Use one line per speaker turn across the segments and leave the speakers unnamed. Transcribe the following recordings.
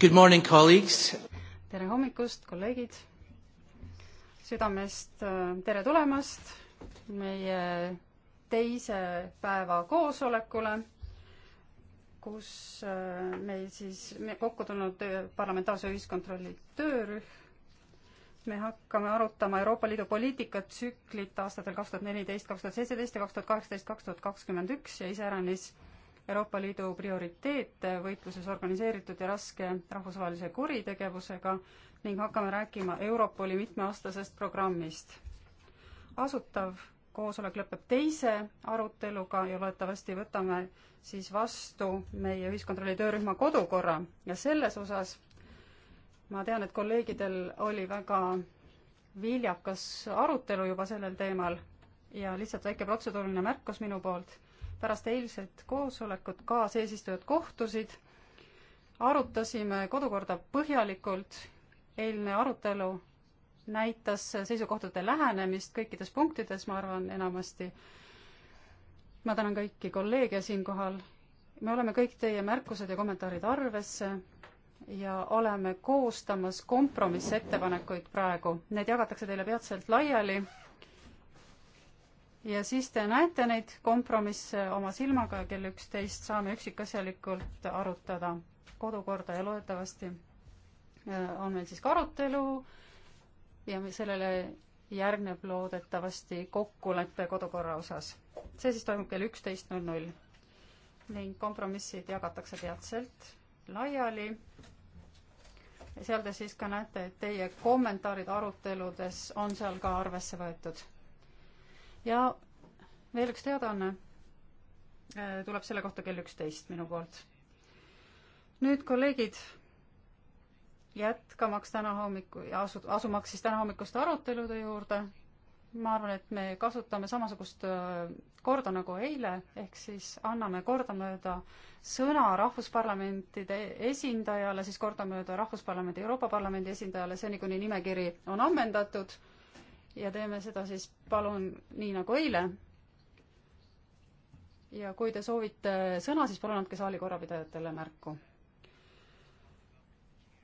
Good morning, colleagues.
tere hommikust, kolleegid! südamest äh, tere tulemast meie teise päeva koosolekule, kus äh, meil siis me kokku tulnud äh, parlamentaarse ühiskontrolli töörühm me hakkame arutama Euroopa Liidu poliitikatsüklit aastatel kaks tuhat neliteist, kaks tuhat seitseteist ja kaks tuhat kaheksateist, kaks tuhat kakskümmend üks ja iseäranis Euroopa Liidu prioriteete võitluses organiseeritud ja raske rahvusvahelise kuritegevusega ning hakkame rääkima Europoli mitmeaastasest programmist. asutav koosolek lõpeb teise aruteluga ja loodetavasti võtame siis vastu meie ühiskontrolli töörühma kodukorra ja selles osas ma tean, et kolleegidel oli väga viljakas arutelu juba sellel teemal ja lihtsalt väike protseduuriline märkus minu poolt. pärast eilset koosolekut kaaseesistujad kohtusid, arutasime kodukorda põhjalikult, eilne arutelu näitas seisukohtade lähenemist kõikides punktides, ma arvan, enamasti. ma tänan kõiki kolleege siinkohal, me oleme kõik teie märkused ja kommentaarid arvesse ja oleme koostamas kompromissettepanekuid praegu, need jagatakse teile peatselt laiali. ja siis te näete neid kompromisse oma silmaga ja kell üksteist saame üksikasjalikult arutada kodukorda ja loodetavasti äh, on meil siis ka arutelu ja sellele järgneb loodetavasti kokkulepe kodukorra osas. see siis toimub kell üksteist null null ning kompromissid jagatakse peatselt laiali ja seal te siis ka näete, et teie kommentaarid aruteludes on seal ka arvesse võetud. ja veel üks teadaanne äh, tuleb selle kohta kell üksteist minu poolt. nüüd kolleegid, jätkamaks täna hommiku ja asu, asumaks siis täna hommikuste arutelude juurde, ma arvan, et me kasutame samasugust äh, korda nagu eile, ehk siis anname kordamööda sõna rahvusparlamentide esindajale, siis kordamööda Rahvusparlamendi, Euroopa Parlamendi esindajale, seni kuni nimekiri on ammendatud ja teeme seda siis palun nii nagu eile. ja kui te soovite sõna, siis palun andke saali korrapidajatele märku.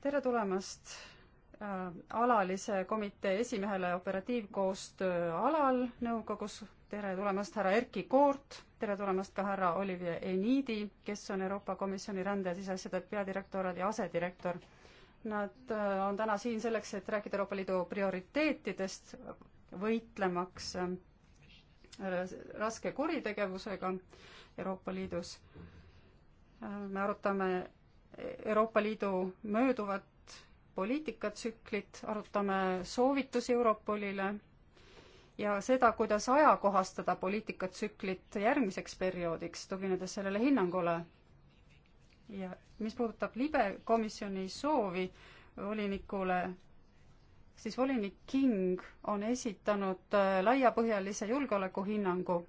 tere tulemast äh, alalise komitee esimehele operatiivkoostöö alal nõukogus tere tulemast, härra Erkki Koort, tere tulemast ka härra Olivier Enidi, kes on Euroopa Komisjoni rände- ja siseasjade peadirektoraadi asedirektor. Nad äh, on täna siin selleks, et rääkida Euroopa Liidu prioriteetidest, võitlemaks äh, raske kuritegevusega Euroopa Liidus. Äh, me arutame Euroopa Liidu mööduvat poliitikatsüklit, arutame soovitusi Europolile ja seda, kuidas ajakohastada poliitikatsüklit järgmiseks perioodiks, tuginedes sellele hinnangule. ja mis puudutab libe komisjoni soovi volinikule, siis volinik King on esitanud äh, laiapõhjalise julgeolekuhinnangu,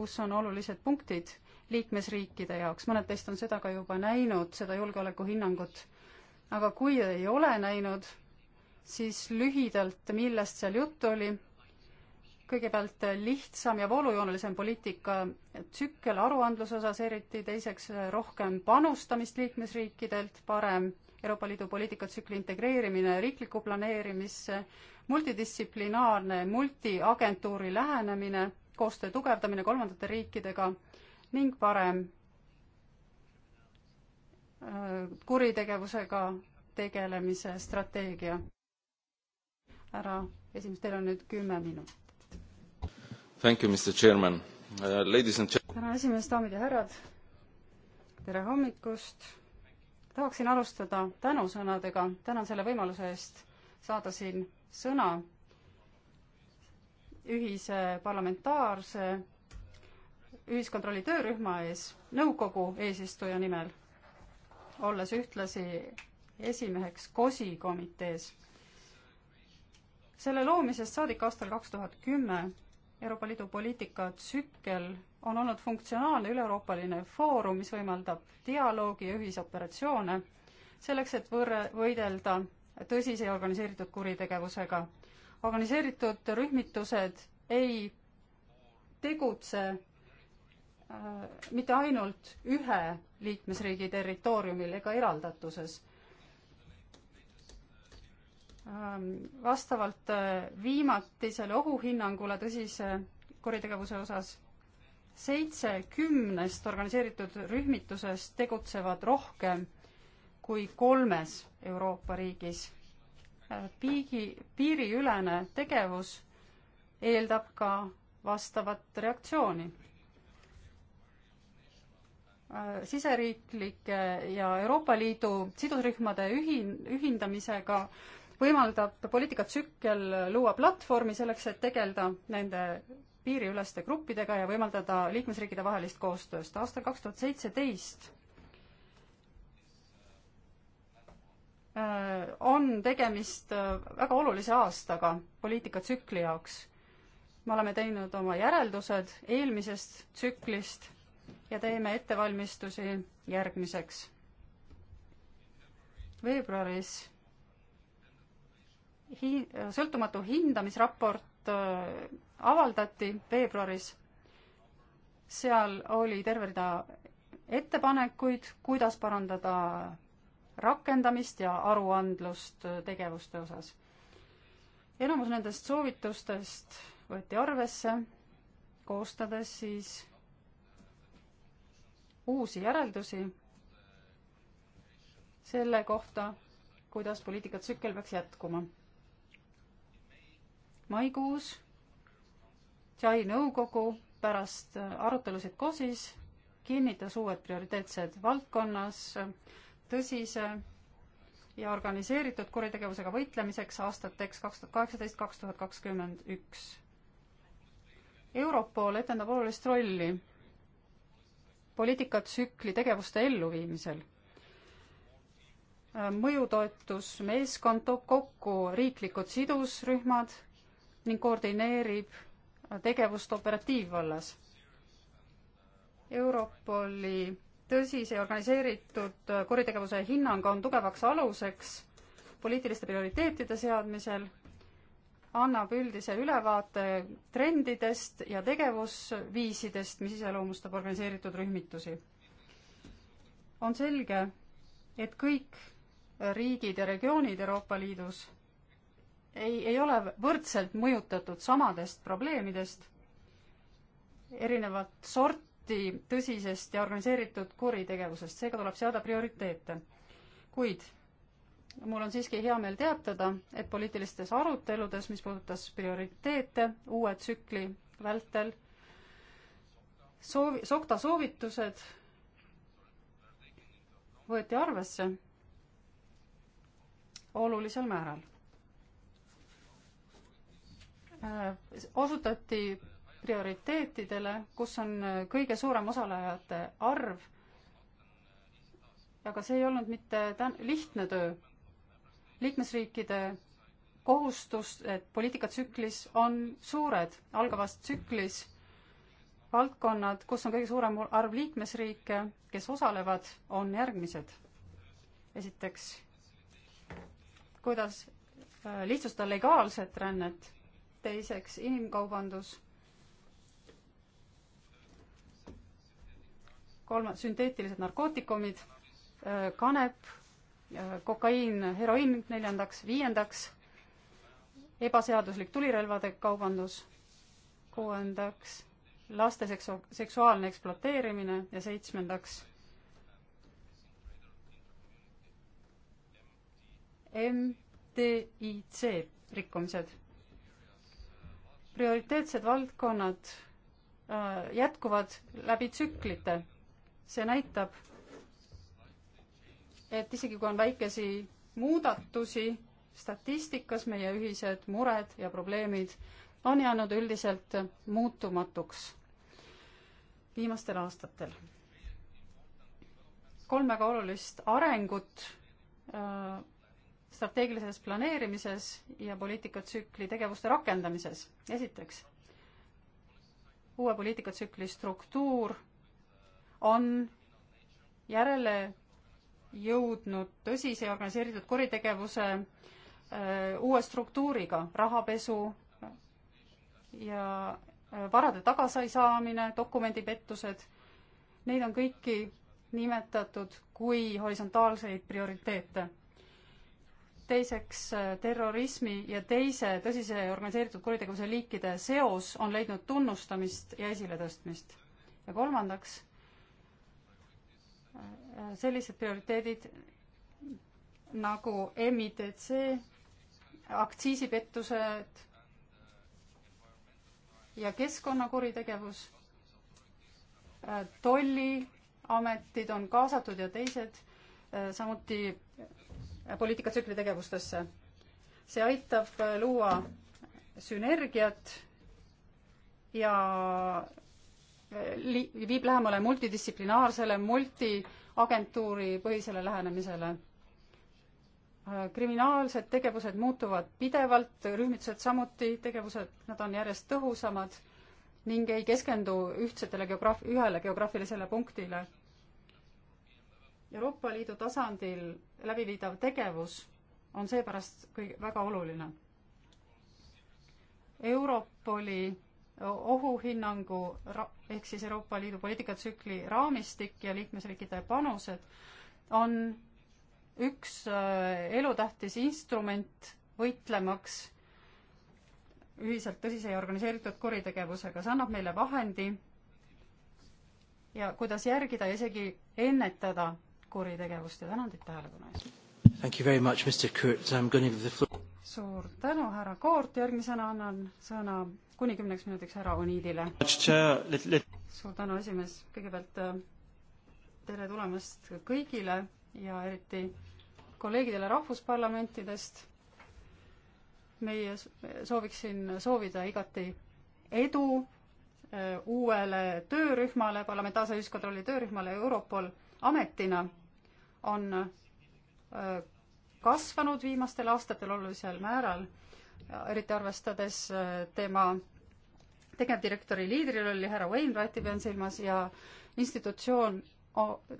kus on olulised punktid liikmesriikide jaoks, mõned teist on seda ka juba näinud, seda julgeolekuhinnangut. aga kui ei ole näinud, siis lühidalt, millest seal juttu oli kõigepealt lihtsam ja voolujoonelisem poliitika tsükkel aruandluse osas eriti, teiseks rohkem panustamist liikmesriikidelt, parem Euroopa Liidu poliitikatsükli integreerimine riiklikku planeerimisse, multidistsiplinaarne multiagentuuri lähenemine, koostöö tugevdamine kolmandate riikidega ning parem äh, kuritegevusega tegelemise strateegia. härra esimees, teil on nüüd kümme minutit
härra
uh, esimees, daamid ja härrad, tere hommikust! tahaksin alustada tänusõnadega, tänan selle võimaluse eest saada siin sõna ühise parlamentaarse ühiskontrolli töörühma ees nõukogu eesistuja nimel, olles ühtlasi esimeheks COSI komitees. selle loomisest saadik aastal kaks tuhat kümme Euroopa Liidu poliitikatsükkel on olnud funktsionaalne üleeuroopaline foorum, mis võimaldab dialoogi ja ühisoperatsioone selleks, et võrre, võidelda tõsise ja organiseeritud kuritegevusega. organiseeritud rühmitused ei tegutse äh, mitte ainult ühe liikmesriigi territooriumil ega eraldatuses Ähm, vastavalt äh, viimatisele ohuhinnangule tõsise kuritegevuse osas seitse kümnest organiseeritud rühmitusest tegutsevad rohkem kui kolmes Euroopa riigis. Äh, piigi, piiriülene tegevus eeldab ka vastavat reaktsiooni äh, siseriiklike ja Euroopa Liidu sidusrühmade ühin-, ühindamisega võimaldab poliitikatsükkel luua platvormi selleks, et tegeleda nende piiriüleste gruppidega ja võimaldada liikmesriikide vahelist koostööst. aastal kaks tuhat seitseteist äh, on tegemist äh, väga olulise aastaga poliitikatsükli jaoks. me oleme teinud oma järeldused eelmisest tsüklist ja teeme ettevalmistusi järgmiseks. veebruaris hi-, sõltumatu hindamisraport äh, avaldati veebruaris. seal oli terve rida ettepanekuid, kuidas parandada rakendamist ja aruandlust äh, tegevuste osas. enamus nendest soovitustest võeti arvesse, koostades siis uusi järeldusi selle kohta, kuidas poliitikatsükkel peaks jätkuma maikuus sai nõukogu pärast äh, arutelusid COSIS kinnitas uued prioriteetsed valdkonnas äh, tõsise ja organiseeritud kuritegevusega võitlemiseks aastateks kaks tuhat kaheksateist, kaks tuhat kakskümmend üks. Europol etendab olulist rolli poliitikatsükli tegevuste elluviimisel. Äh, mõjutoetusmeeskond toob kokku riiklikud sidusrühmad ning koordineerib tegevust operatiivvallas. Europoli tõsise organiseeritud kuritegevuse hinnang on tugevaks aluseks poliitiliste prioriteetide seadmisel, annab üldise ülevaate trendidest ja tegevusviisidest, mis iseloomustab organiseeritud rühmitusi. on selge, et kõik riigid ja regioonid Euroopa Liidus ei, ei ole võrdselt mõjutatud samadest probleemidest, erinevat sorti tõsisest ja organiseeritud kuritegevusest, seega tuleb seada prioriteete. kuid mul on siiski hea meel teatada, et poliitilistes aruteludes, mis puudutas prioriteete uue tsükli vältel, soovi, SOCTA soovitused võeti arvesse olulisel määral Äh, osutati prioriteetidele, kus on kõige suurem osalejate arv. aga see ei olnud mitte tän-, lihtne töö. liikmesriikide kohustused poliitikatsüklis on suured, algavas tsüklis valdkonnad, kus on kõige suurem arv liikmesriike, kes osalevad, on järgmised. esiteks, kuidas äh, lihtsustada legaalset rännet teiseks inimkaubandus, kolmas sünteetilised narkootikumid, äh, kanep, äh, kokaiin, heroiin neljandaks, viiendaks, ebaseaduslik tulirelvade kaubandus, kuuendaks, laste seksu-, seksuaalne ekspluateerimine ja seitsmendaks MDIC rikkumised prioriteetsed valdkonnad äh, jätkuvad läbi tsüklite. see näitab, et isegi kui on väikesi muudatusi statistikas, meie ühised mured ja probleemid on jäänud üldiselt muutumatuks viimastel aastatel. kolm väga olulist arengut äh, strateegilises planeerimises ja poliitikatsükli tegevuste rakendamises. esiteks, uue poliitikatsükli struktuur on järele jõudnud tõsise ja organiseeritud kuritegevuse öö, äh, uue struktuuriga, rahapesu ja äh, varade tagasisaamine, dokumendipettused, neid on kõiki nimetatud kui horisontaalseid prioriteete teiseks, äh, terrorismi ja teise tõsise organiseeritud kuritegevuse liikide seos on leidnud tunnustamist ja esiletõstmist. ja kolmandaks, äh, sellised prioriteedid nagu MITC, aktsiisipettused ja keskkonnakuritegevus, äh, tolliametid on kaasatud ja teised, samuti poliitikatsükli tegevustesse. see aitab luua sünergiat ja li-, viib lähemale multidistsiplinaarsele, multiagentuuri põhisele lähenemisele. kriminaalsed tegevused muutuvad pidevalt, rühmitused samuti, tegevused, nad on järjest tõhusamad ning ei keskendu ühtsetele geograaf-, ühele geograafilisele punktile Euroopa Liidu tasandil läbiviidav tegevus on seepärast kõige, väga oluline. Europoli ohuhinnangu ehk siis Euroopa Liidu poliitikatsükli raamistik ja liikmesriikide panused on üks äh, elutähtis instrument võitlemaks ühiselt tõsise ja organiseeritud kuritegevusega, see annab meile vahendi ja kuidas järgida ja isegi ennetada kuritegevust ja tänan teid tähelepanu
eest.
suur tänu, härra Koort, järgmisena annan sõna kuni kümneks minutiks härra Oniidile. suur tänu, esimees, kõigepealt äh, tere tulemast kõigile ja eriti kolleegidele rahvusparlamentidest. meie sooviksin soovida igati edu äh, uuele töörühmale, parlamentaarse ühiskontrolli töörühmale Europol ametina on äh, kasvanud viimastel aastatel olulisel määral, eriti arvestades äh, tema tegevdirektori liidrirolli, härra Wainwrighti pean silmas, ja institutsioon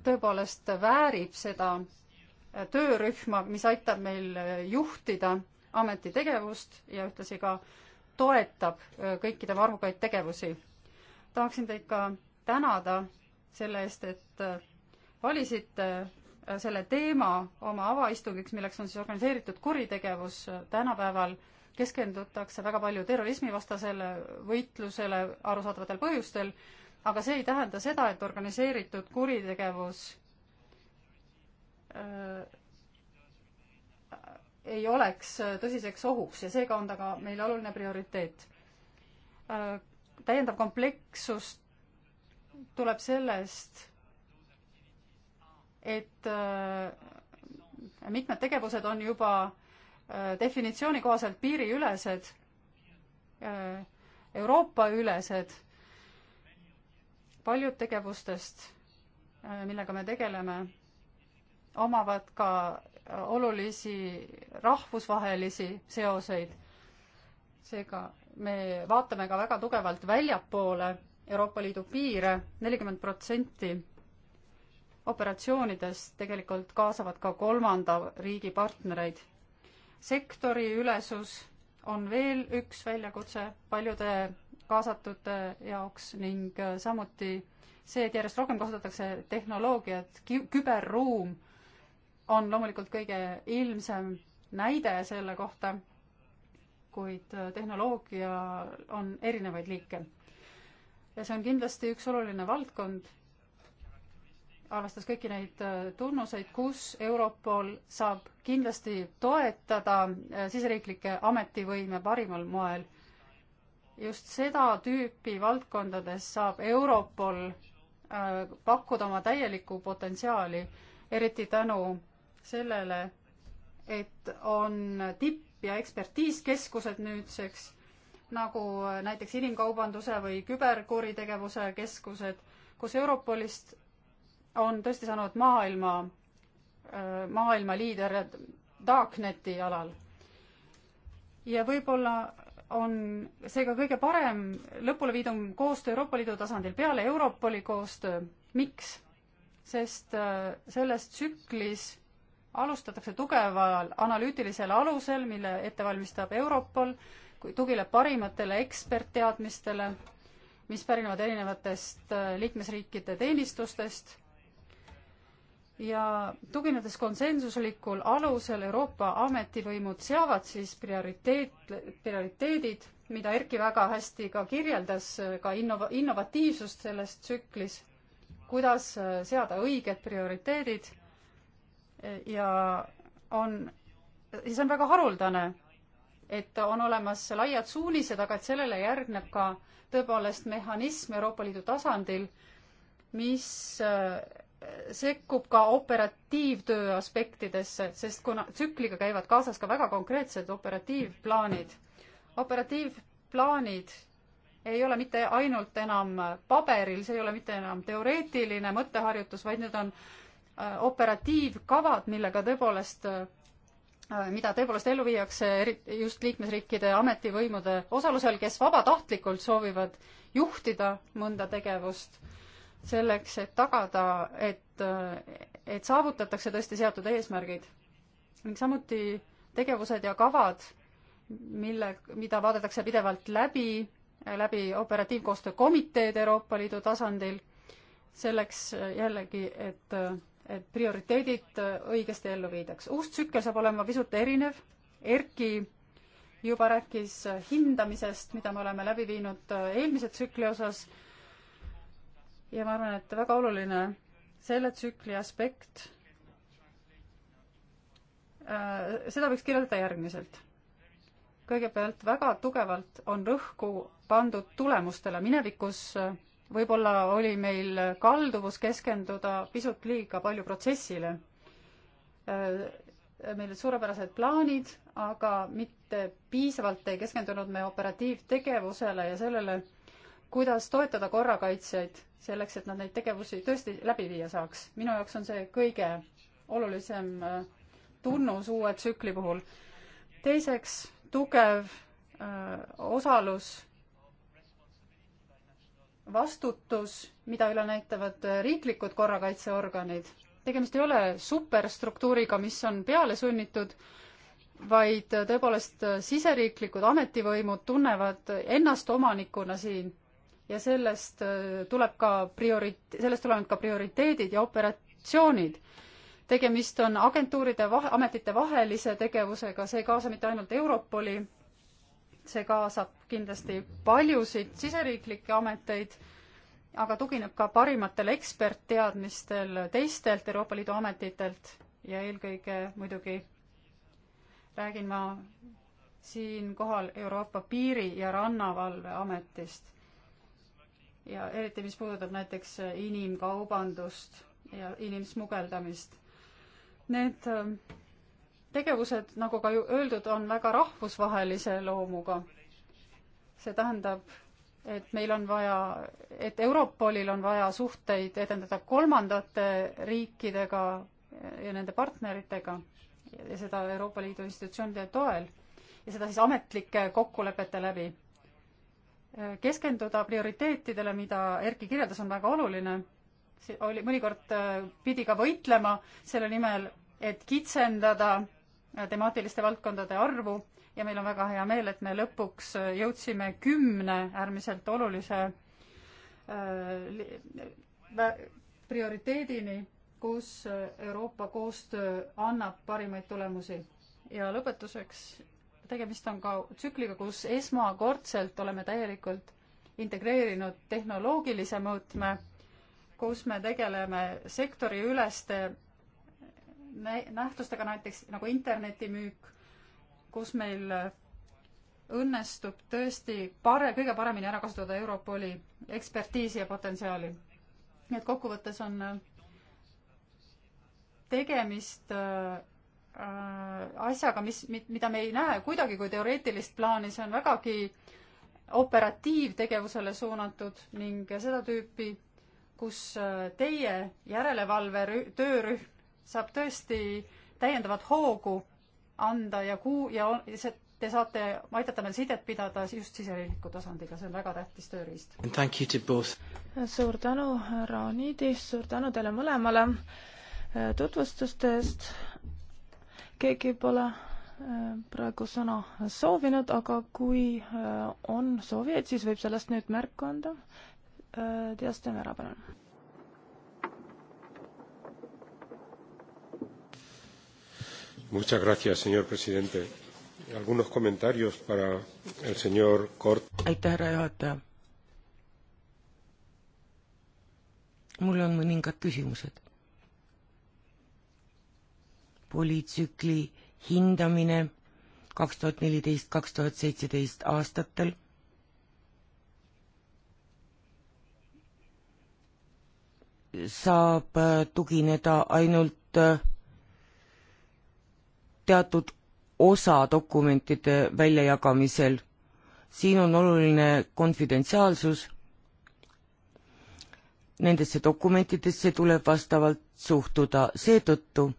tõepoolest väärib seda äh, töörühma, mis aitab meil juhtida ameti tegevust ja ühtlasi ka toetab kõikide varvukaid tegevusi. tahaksin teid ka tänada selle eest, et valisite Äh, selle teema oma avaistungiks, milleks on siis organiseeritud kuritegevus äh, tänapäeval, keskendutakse väga palju terrorismivastasele võitlusele arusaadavatel põhjustel, aga see ei tähenda seda, et organiseeritud kuritegevus äh, ei oleks äh, tõsiseks ohuks ja seega on ta ka meil oluline prioriteet äh,. täiendav komplekssus tuleb sellest, et äh, mitmed tegevused on juba äh, definitsiooni kohaselt piiriülesed, äh, Euroopa-ülesed. paljud tegevustest, millega me tegeleme, omavad ka olulisi rahvusvahelisi seoseid. seega me vaatame ka väga tugevalt väljapoole Euroopa Liidu piire, nelikümmend protsenti operatsioonides tegelikult kaasavad ka kolmanda riigi partnereid. sektori ülesus on veel üks väljakutse paljude kaasatute jaoks ning äh, samuti see, et järjest rohkem kasutatakse tehnoloogiat, küberruum on loomulikult kõige ilmsem näide selle kohta, kuid äh, tehnoloogia on erinevaid liike. ja see on kindlasti üks oluline valdkond arvestades kõiki neid äh, tunnuseid, kus Europol saab kindlasti toetada äh, siseriiklikke ametivõime parimal moel. just seda tüüpi valdkondades saab Europol äh, pakkuda oma täielikku potentsiaali, eriti tänu sellele, et on tipp- ja ekspertiiskeskused nüüdseks, nagu näiteks inimkaubanduse või küberkuritegevuse keskused, kus Europolist on tõesti saanud maailma, äh, maailma liider Darkneti alal. ja võib-olla on seega kõige parem lõpuleviidum koostöö Euroopa Liidu tasandil peale Europoli koostöö. miks? sest äh, selles tsüklis alustatakse tugeval analüütilisel alusel, mille ette valmistab Europol, tugineb parimatele ekspertteadmistele, mis pärinevad erinevatest äh, liikmesriikide teenistustest ja tuginedes konsensuslikul alusel Euroopa ametivõimud seavad siis prioriteet, prioriteedid, mida Erki väga hästi ka kirjeldas, ka innova-, innovatiivsust selles tsüklis, kuidas äh, seada õiged prioriteedid äh, ja on, siis on väga haruldane, et on olemas laiad suunised, aga et sellele järgneb ka tõepoolest mehhanism Euroopa Liidu tasandil, mis äh, sekkub ka operatiivtöö aspektidesse, sest kuna tsükliga käivad kaasas ka väga konkreetsed operatiivplaanid. operatiivplaanid ei ole mitte ainult enam paberil, see ei ole mitte enam teoreetiline mõtteharjutus, vaid need on äh, operatiivkavad, millega tõepoolest, äh, mida tõepoolest ellu viiakse just liikmesriikide ametivõimude osalusel, kes vabatahtlikult soovivad juhtida mõnda tegevust selleks, et tagada, et, et saavutatakse tõesti seatud eesmärgid ning samuti tegevused ja kavad, mille, mida vaadatakse pidevalt läbi, läbi operatiivkoostöö komiteed Euroopa Liidu tasandil, selleks jällegi, et, et prioriteedid õigesti ellu viidaks. uus tsükkel saab olema pisut erinev, Erki juba rääkis hindamisest, mida me oleme läbi viinud eelmise tsükli osas ja ma arvan, et väga oluline selle tsükli aspekt, äh, seda võiks kirjeldada järgmiselt. kõigepealt väga tugevalt on rõhku pandud tulemustele, minevikus äh, võib-olla oli meil kalduvus keskenduda pisut liiga palju protsessile. Äh, meil olid suurepärased plaanid, aga mitte piisavalt ei keskendunud me operatiivtegevusele ja sellele, kuidas toetada korrakaitsjaid selleks, et nad neid tegevusi tõesti läbi viia saaks. minu jaoks on see kõige olulisem äh, tunnus uue tsükli puhul. teiseks, tugev öö, äh, osalus, vastutus, mida üle näitavad äh, riiklikud korrakaitseorganid. tegemist ei ole superstruktuuriga, mis on peale sunnitud, vaid tõepoolest siseriiklikud ametivõimud tunnevad ennast omanikuna siin ja sellest äh, tuleb ka priori-, sellest tulevad ka prioriteedid ja operatsioonid. tegemist on agentuuride vahe, ametite vahelise tegevusega, see ei kaasa mitte ainult Europoli, see kaasab kindlasti paljusid siseriiklikke ameteid, aga tugineb ka parimatel ekspertteadmistel teistelt Euroopa Liidu ametitelt ja eelkõige muidugi räägin ma siinkohal Euroopa Piiri- ja Rannavalveametist ja eriti, mis puudutab näiteks inimkaubandust ja inimsmugeldamist. Need äh, tegevused, nagu ka ju öeldud, on väga rahvusvahelise loomuga. see tähendab, et meil on vaja, et Europolil on vaja suhteid edendada kolmandate riikidega ja nende partneritega ja seda Euroopa Liidu institutsioonide toel ja seda siis ametlike kokkulepete läbi keskenduda prioriteetidele, mida Erki kirjeldas, on väga oluline. see oli, mõnikord äh, pidi ka võitlema selle nimel, et kitsendada äh, temaatiliste valdkondade arvu ja meil on väga hea meel, et me lõpuks äh, jõudsime kümne äärmiselt olulise prioriteedini, kus Euroopa koostöö annab parimaid tulemusi. ja lõpetuseks tegemist on ka tsükliga, kus esmakordselt oleme täielikult integreerinud tehnoloogilise mõõtme, kus me tegeleme sektoriüleste nähtustega, näiteks nagu internetimüük, kus meil õnnestub tõesti pare-, kõige paremini ära kasutada Europoli ekspertiisi ja potentsiaali. nii et kokkuvõttes on tegemist äh, Äh, asjaga, mis, mida me ei näe kuidagi kui teoreetilist plaani, see on vägagi operatiivtegevusele suunatud ning seda tüüpi, kus äh, teie järelevalve töörühm saab tõesti täiendavat hoogu anda ja kuu- ja see, te saate aidata meil sidet pidada just siseriikliku tasandiga, see on väga tähtis tööriist. suur
tänu, härra Aniidi,
suur tänu teile mõlemale äh,
tutvustuste eest keegi pole äh, praegu sõna soovinud, aga kui äh, on soovijaid, siis võib sellest nüüd märku anda. Äh, Dias Temera, palun.
Muchas gracias, señor presidente. Algunos comentarios para el señor Cort-.
aitäh, härra juhataja. mul on mõningad küsimused politsükli hindamine kaks tuhat neliteist, kaks tuhat seitseteist aastatel. saab äh, tugineda ainult äh, teatud osa dokumentide väljajagamisel. siin on oluline konfidentsiaalsus. Nendesse dokumentidesse tuleb vastavalt suhtuda seetõttu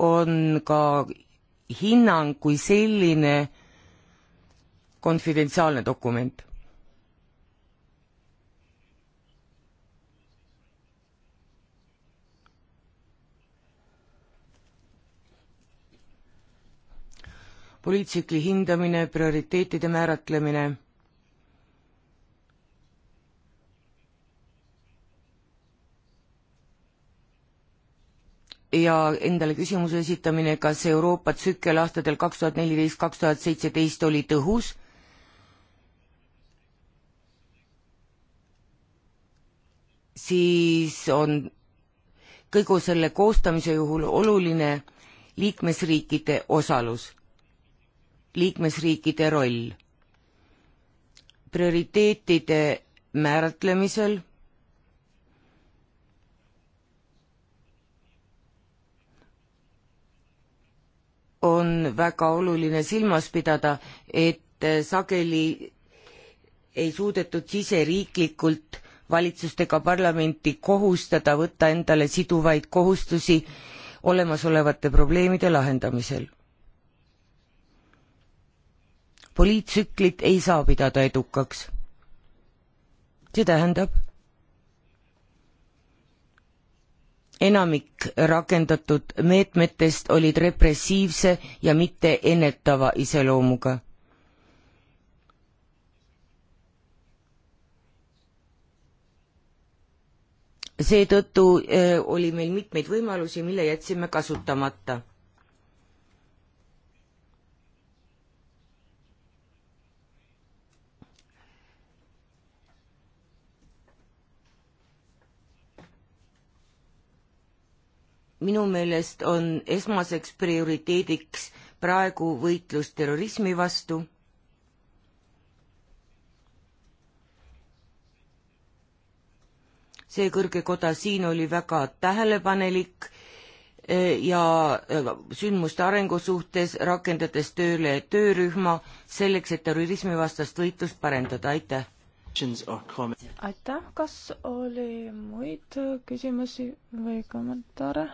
on ka hinnang kui selline konfidentsiaalne dokument. poliitsükli hindamine, prioriteetide määratlemine ja endale küsimuse esitamine, kas Euroopa tsükkel aastatel kaks tuhat neliteist, kaks tuhat seitseteist oli tõhus. siis on kõigu selle koostamise juhul oluline liikmesriikide osalus, liikmesriikide roll prioriteetide määratlemisel on väga oluline silmas pidada, et sageli ei suudetud siseriiklikult valitsust ega parlamenti kohustada võtta endale siduvaid kohustusi olemasolevate probleemide lahendamisel. poliitsüklit ei saa pidada edukaks. see tähendab enamik rakendatud meetmetest olid repressiivse ja mitte ennetava iseloomuga. seetõttu eh, oli meil mitmeid võimalusi, mille jätsime kasutamata minu meelest on esmaseks prioriteediks praegu võitlus terrorismi vastu. see kõrge koda siin oli väga tähelepanelik e, ja e, sündmuste arengu suhtes, rakendades tööle töörühma selleks, et terrorismivastast võitlust parendada, aitäh!
aitäh, kas oli muid küsimusi või kommentaare?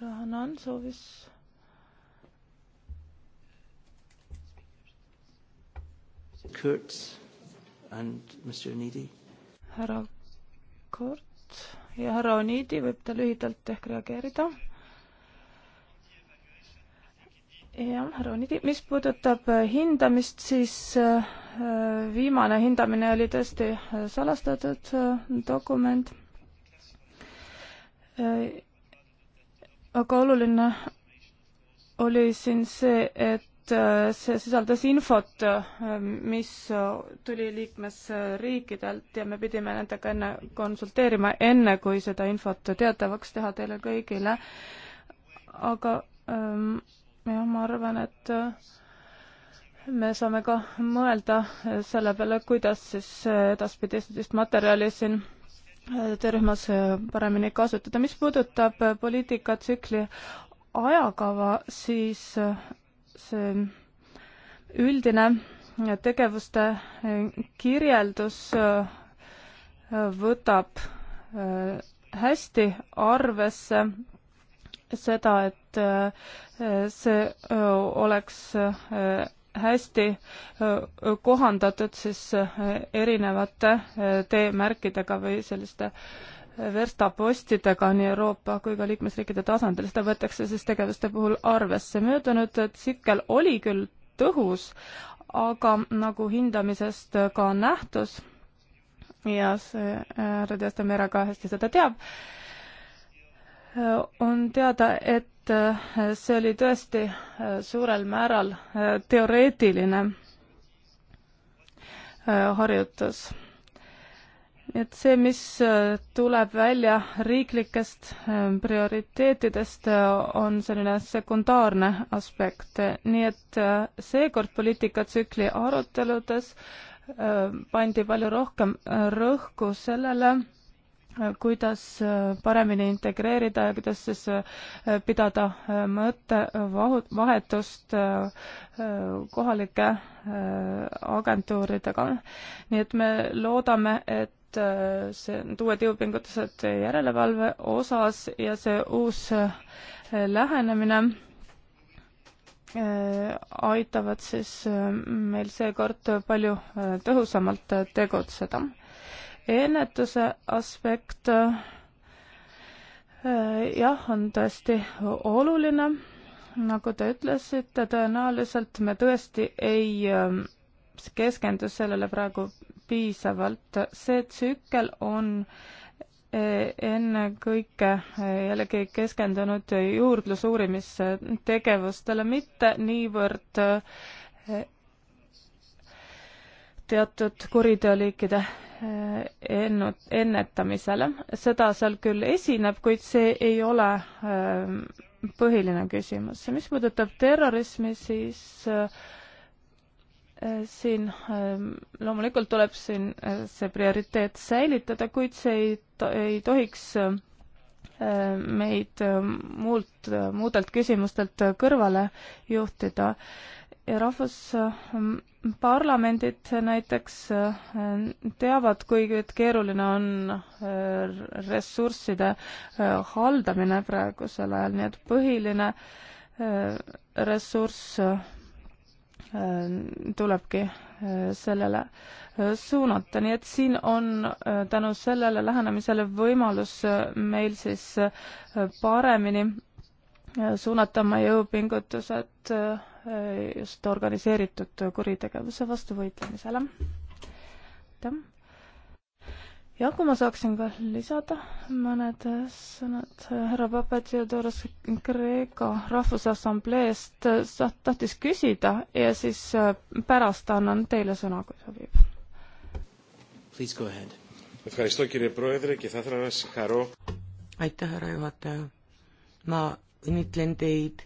härra Hanan soovis
Kurtz and Mr Onidi.
härra Kurt ja härra Onidi võib ta lühidalt ehk reageerida. jah, härra Onidi, mis puudutab äh, hindamist, siis äh, äh, viimane hindamine oli tõesti salastatud dokument aga oluline oli siin see, et äh, see sisaldas infot, äh, mis tuli liikmesriikidelt ja me pidime nendega enne konsulteerima, enne kui seda infot teatavaks teha teile kõigile. aga ähm, jah, ma arvan, et äh, me saame ka mõelda selle peale, kuidas siis edaspidi sellist materjali siin töörühmas äh, paremini kasutada. mis puudutab äh, poliitikatsükli ajakava, siis äh, see üldine tegevuste kirjeldus võtab hästi arvesse seda, et see oleks hästi kohandatud siis erinevate teemärkidega või selliste verstapostidega nii Euroopa kui ka liikmesriikide tasandil, seda võetakse siis tegevuste puhul arvesse. möödunud tsikkel oli küll tõhus, aga nagu hindamisest ka nähtus ja see härra Teaste Mere ka hästi seda teab, on teada, et et äh, see oli tõesti äh, suurel määral äh, teoreetiline harjutus. et see, mis tuleb välja riiklikest prioriteetidest, on selline sekundaarne aspekt, nii et seekord poliitikatsükli aruteludes pandi palju rohkem rõhku sellele, kuidas äh, paremini integreerida ja kuidas siis äh, pidada äh, mõttevahetust kohalike agentuuridega. nii et me loodame, et see, need uued jõupingutused järelevalve osas ja see uus lähenemine aitavad siis meil seekord palju tõhusamalt tegutseda ennetuse aspekt äh, jah, on tõesti oluline, nagu te ütlesite, tõenäoliselt me tõesti ei äh, keskendu sellele praegu piisavalt, see tsükkel on äh, ennekõike jällegi keskendunud juurdlusuurimistegevustele, mitte niivõrd teatud kuriteoliikide ennud, ennetamisele. seda seal küll esineb, kuid see ei ole ähm, põhiline küsimus. mis puudutab terrorismi, siis äh, siin ähm, loomulikult tuleb siin äh, see prioriteet säilitada, kuid see ei, ei tohiks äh, meid muult, muudelt küsimustelt kõrvale juhtida ja rahvusparlamendid näiteks äh, teavad, kui keeruline on äh, ressursside äh, haldamine praegusel ajal, nii et põhiline ressurss tulebki sellele suunata, nii et siin on tänu sellele lähenemisele võimalus meil siis paremini suunata oma jõupingutused äh, just organiseeritud kuritegevuse vastu võitlemisele. aitäh! jah, kui ma saaksin ka lisada mõned sõnad äh, härra Papadiodorus Kreeka Rahvusassambleest äh, tahtis küsida ja siis pärast annan teile sõna, kui sobib.
aitäh, härra juhataja. ma õnnitlen teid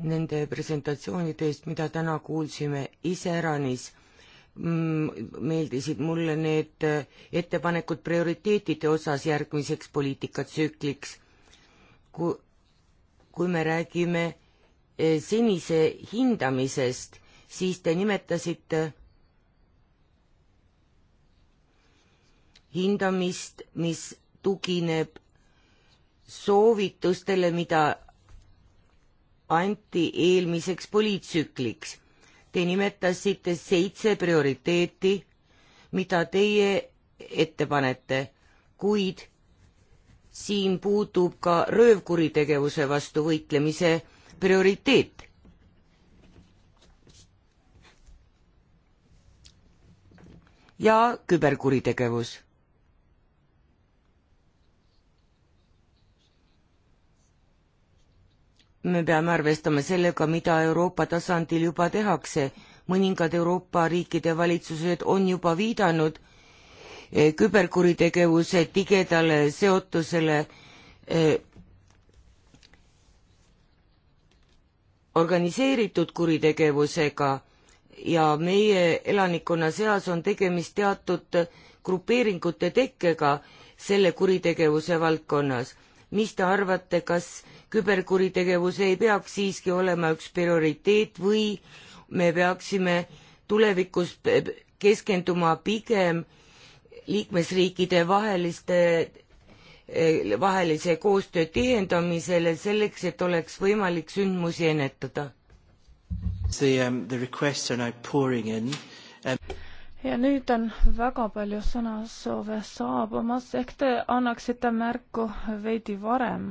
nende presentatsioonide eest, mida täna kuulsime iseäranis. Mm, meeldisid mulle need äh, ettepanekud prioriteetide osas järgmiseks poliitikatsükliks. kui, kui me räägime äh, senise hindamisest, siis te nimetasite hindamist, mis tugineb soovitustele, mida anti eelmiseks poliitsükliks. Te nimetasite seitse prioriteeti, mida teie ette panete, kuid siin puudub ka röövkuritegevuse vastu võitlemise prioriteet. ja küberkuritegevus me peame arvestama sellega, mida Euroopa tasandil juba tehakse. mõningad Euroopa riikide valitsused on juba viidanud eh, küberkuritegevuse tigedale seotusele eh, organiseeritud kuritegevusega ja meie elanikkonna seas on tegemist teatud grupeeringute tekkega selle kuritegevuse valdkonnas. mis te arvate, kas küberkuritegevus ei peaks siiski olema üks prioriteet või me peaksime tulevikus keskenduma pigem liikmesriikide vaheliste eh, vahelise koostöö tihendamisele selleks, et oleks võimalik sündmusi ennetada.
Um, um, ja nüüd on
väga palju
sõnasoove saabumas, ehk te annaksite märku veidi varem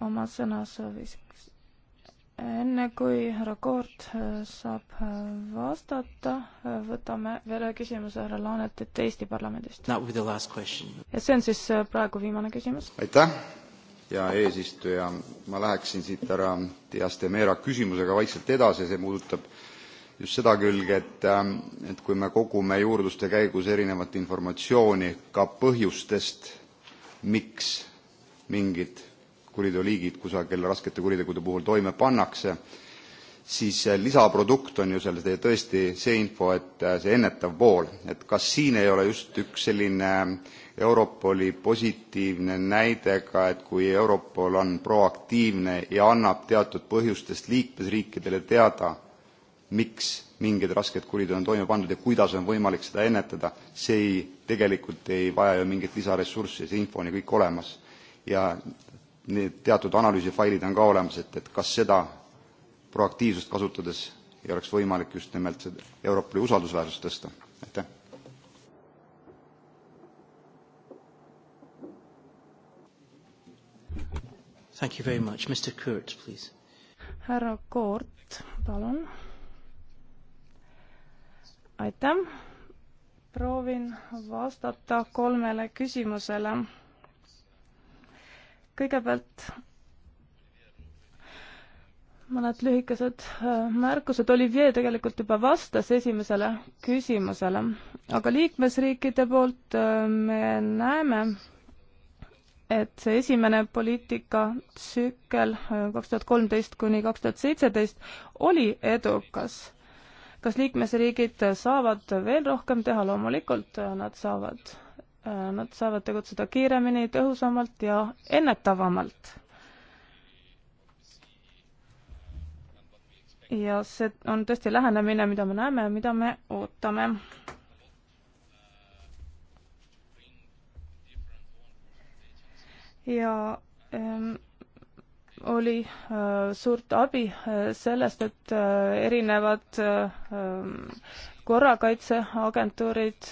oma sõnasooviseks. enne kui härra Koort äh, saab äh, vastata, äh, võtame veel ühe küsimuse härra Laanetilt Eesti
parlamendist. ja
see on siis praegu viimane küsimus.
aitäh hea eesistuja, ma läheksin siit härra Dias de Mera küsimusega vaikselt edasi, see puudutab just seda külge, et, ähm, et kui me kogume juurdluste käigus erinevat informatsiooni ka põhjustest, miks mingid kuriteoliigid kusagil raskete kuritegude puhul toime pannakse, siis lisaprodukt on ju selles tõesti see info, et äh, see ennetav pool, et kas siin ei ole just üks selline Europoli positiivne näide ka, et kui Europol on proaktiivne ja annab teatud põhjustest liikmesriikidele teada, miks mingid rasked kuriteod on toime pandud ja kuidas on võimalik seda ennetada, see ei, tegelikult ei vaja ju mingit lisaressurssi, see info on ju kõik olemas. ja need teatud analüüsifailid on ka olemas, et, et kas seda proaktiivsust kasutades ei oleks võimalik just nimelt Europoli usaldusväärsust tõsta, aitäh.
Thank you very much, Mr Kurt, please.
härra Koort, palun. aitäh, proovin vastata kolmele küsimusele kõigepealt mõned lühikesed äh, märkused. Olivier tegelikult juba vastas esimesele küsimusele, aga liikmesriikide poolt äh, me näeme, et see esimene poliitikatsükkel äh, kaks tuhat kolmteist kuni kaks tuhat seitseteist oli edukas. kas liikmesriigid saavad veel rohkem teha? loomulikult nad saavad Äh, nad saavad tegutseda kiiremini, tõhusamalt ja ennetavamalt. ja see on tõesti lähenemine, mida me näeme ja mida me ootame. ja ähm, oli äh, suurt abi äh, sellest, et äh, erinevad äh, ähm, korrakaitseagentuurid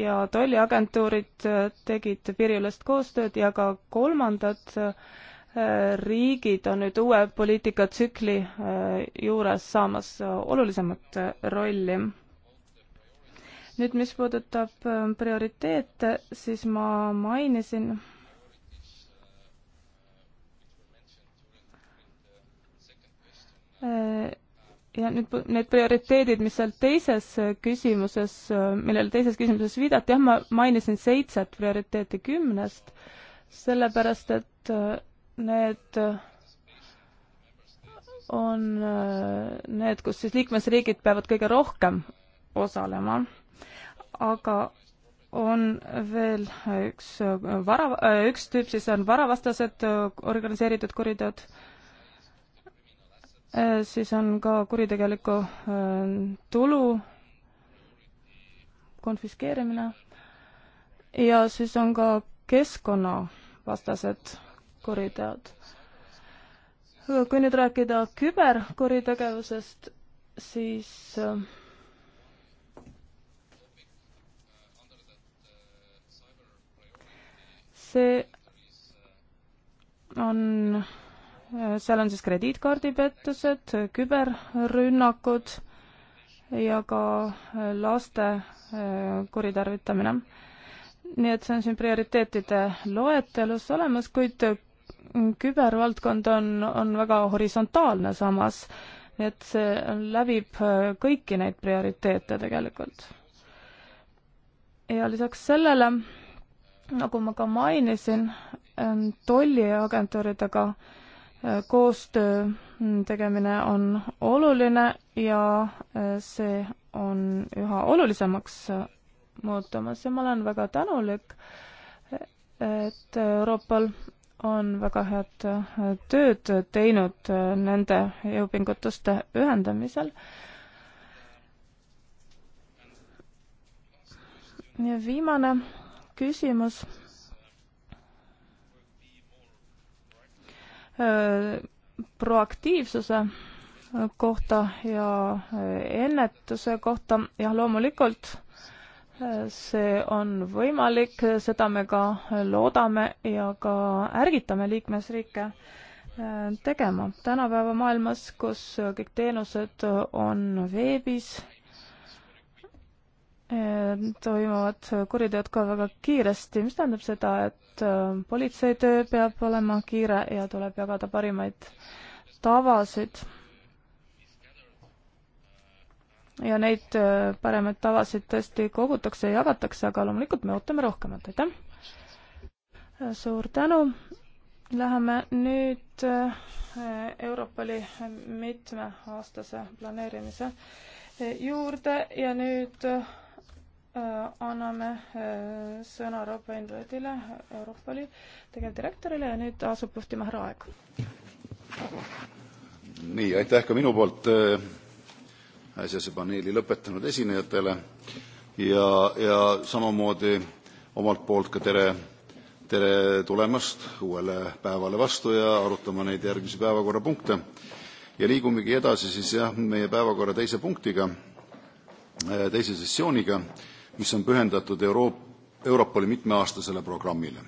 ja tolliagentuurid tegid piiriülest koostööd ja ka kolmandad äh, riigid on nüüd uue poliitikatsükli äh, juures saamas äh, olulisemat rolli. nüüd, mis puudutab prioriteete, siis ma mainisin ja nüüd need prioriteedid, mis seal teises äh, küsimuses, äh, millele teises küsimuses viidati, jah, ma mainisin seitset prioriteeti kümnest, sellepärast et äh, need on need, kus siis liikmesriigid peavad kõige rohkem osalema, aga on veel üks vara, üks tüüp siis on varavastased organiseeritud kuriteod Äh, siis on ka kuritegelikku äh, tulu konfiskeerimine ja siis on ka keskkonnavastased kuriteod. Äh, kui nüüd rääkida küberkuritegevusest, siis see on seal on siis krediitkaardipettused, küberrünnakud ja ka äh, laste äh, kuritarvitamine. nii et see on siin prioriteetide loetelus olemas, kuid äh, kübervaldkond on, on väga horisontaalne samas, nii et see läbib kõiki neid prioriteete tegelikult. ja lisaks sellele, nagu ma ka mainisin, tolliagentuuridega äh, koostöö tegemine on oluline ja äh, see on üha olulisemaks äh, muutumas ja ma olen väga tänulik, äh, et Euroopal on väga head tööd teinud nende jõupingutuste ühendamisel. ja viimane küsimus Äh, proaktiivsuse kohta ja äh, ennetuse kohta, jah, loomulikult äh, see on võimalik, seda me ka loodame ja ka ärgitame liikmesriike tegema. tänapäeva maailmas, kus kõik teenused on veebis Ehm, toimuvad kuriteod ka väga kiiresti, mis tähendab seda, et ehm, politsei töö peab olema kiire ja tuleb jagada parimaid tavasid. ja neid ehm, paremaid tavasid tõesti kogutakse ja jagatakse, aga loomulikult me ootame rohkemat, aitäh! suur tänu! Läheme nüüd Europoli mitmeaastase planeerimise juurde ja nüüd Äh, anname äh, sõna Euroopa Invadile, Euroopa Liidu tegevdirektorile ja nüüd asub juhtima härra Aeg.
nii, aitäh ka minu poolt äsjase äh, paneeli lõpetanud esinejatele ja, ja samamoodi omalt poolt ka tere, tere tulemast uuele päevale vastu ja arutama neid järgmisi päevakorrapunkte. ja liigumegi edasi siis jah, meie päevakorra teise punktiga, teise sessiooniga mis on pühendatud Euro-, Europoli mitmeaastasele programmile.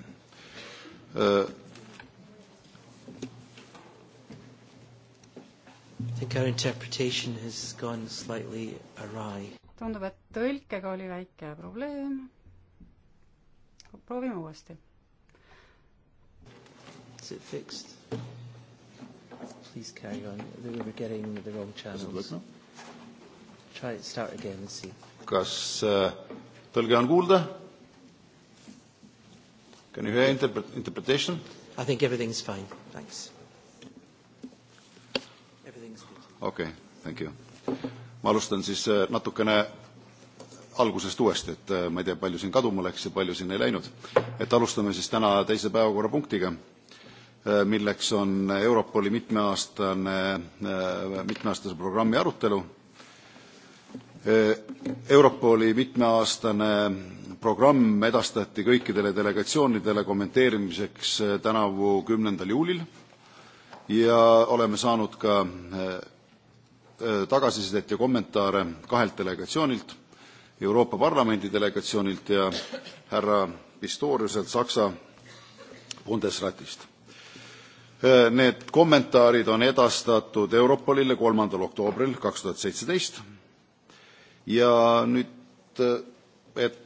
tundub, et tõlkega oli väike probleem. proovime uuesti.
Is it fixed? please carry on. We were getting the wrong channels. Try it, start again and see.
Kas äh, tõlge on kuulda? Can you hear interpret interpretation? I think everything's fine, thanks. okei okay,, thank you. ma alustan siis äh, natukene algusest uuesti, et äh, ma ei tea, palju siin kaduma läks ja palju siin ei läinud. et alustame siis täna teise päevakorrapunktiga, äh, milleks on Europoli mitmeaastane, mitmeaastase programmi arutelu Europoli mitmeaastane programm edastati kõikidele delegatsioonidele kommenteerimiseks tänavu 10. juulil ja oleme saanud ka tagasisidet ja kommentaare kahelt delegatsioonilt, Euroopa Parlamendi delegatsioonilt ja härra Pistoriuselt Saksa Bundesratist. Need kommentaarid on edastatud Europolile 3. oktoobril 2017 ja nüüd, äh, et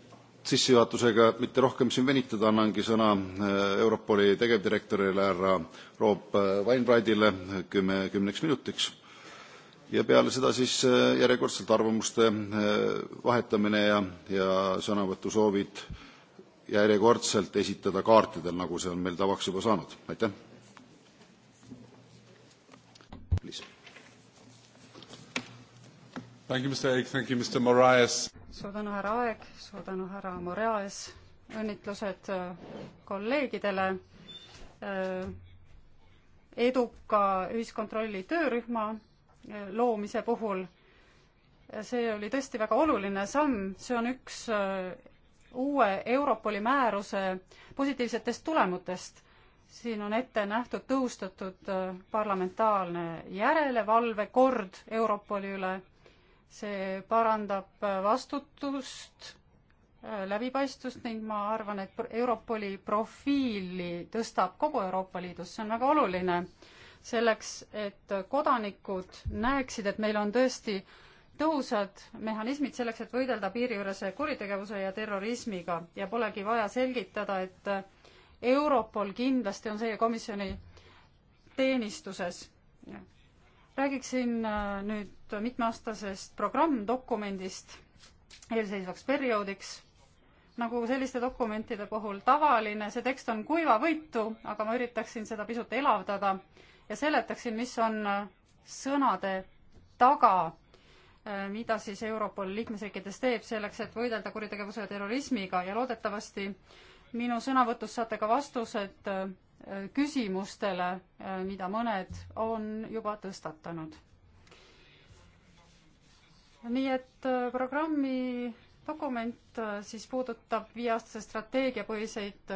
sissejuhatusega mitte rohkem siin venitada, annangi sõna äh, Europoli tegevdirektorile härra Rob äh, Weinbrightile kümme, kümneks minutiks. ja peale seda siis järjekordselt arvamuste vahetamine ja, ja sõnavõtusoovid järjekordselt esitada kaartidel, nagu see on meil tavaks juba saanud, aitäh. Please suur
tänu, härra Aeg, suur tänu, härra Moraes, õnnitlused äh, kolleegidele, äh, eduka ühiskontrolli töörühma äh, loomise puhul. see oli tõesti väga oluline samm, see on üks uue Europoli määruse positiivsetest tulemutest siin on ette nähtud tõustatud parlamentaarne järelevalvekord Europoli üle see parandab äh, vastutust, äh, läbipaistvust ning ma arvan, et Europoli profiili tõstab kogu Euroopa Liidus, see on väga oluline. selleks, et kodanikud näeksid, et meil on tõesti tõhusad mehhanismid selleks, et võidelda piiriülese kuritegevuse ja terrorismiga ja polegi vaja selgitada, et äh, Europol kindlasti on selle komisjoni teenistuses räägiksin äh, nüüd mitmeaastasest programmdokumendist eelseisvaks perioodiks. nagu selliste dokumentide puhul tavaline, see tekst on kuivavõitu, aga ma üritaksin seda pisut elavdada ja seletaksin, mis on äh, sõnade taga, äh, mida siis Europol liikmesriikides teeb selleks, et võidelda kuritegevuse ja terrorismiga ja loodetavasti minu sõnavõtus saate ka vastused küsimustele, äh, mida mõned on juba tõstatanud. nii et äh, programmi dokument äh, siis puudutab viieaastase strateegiapõhiseid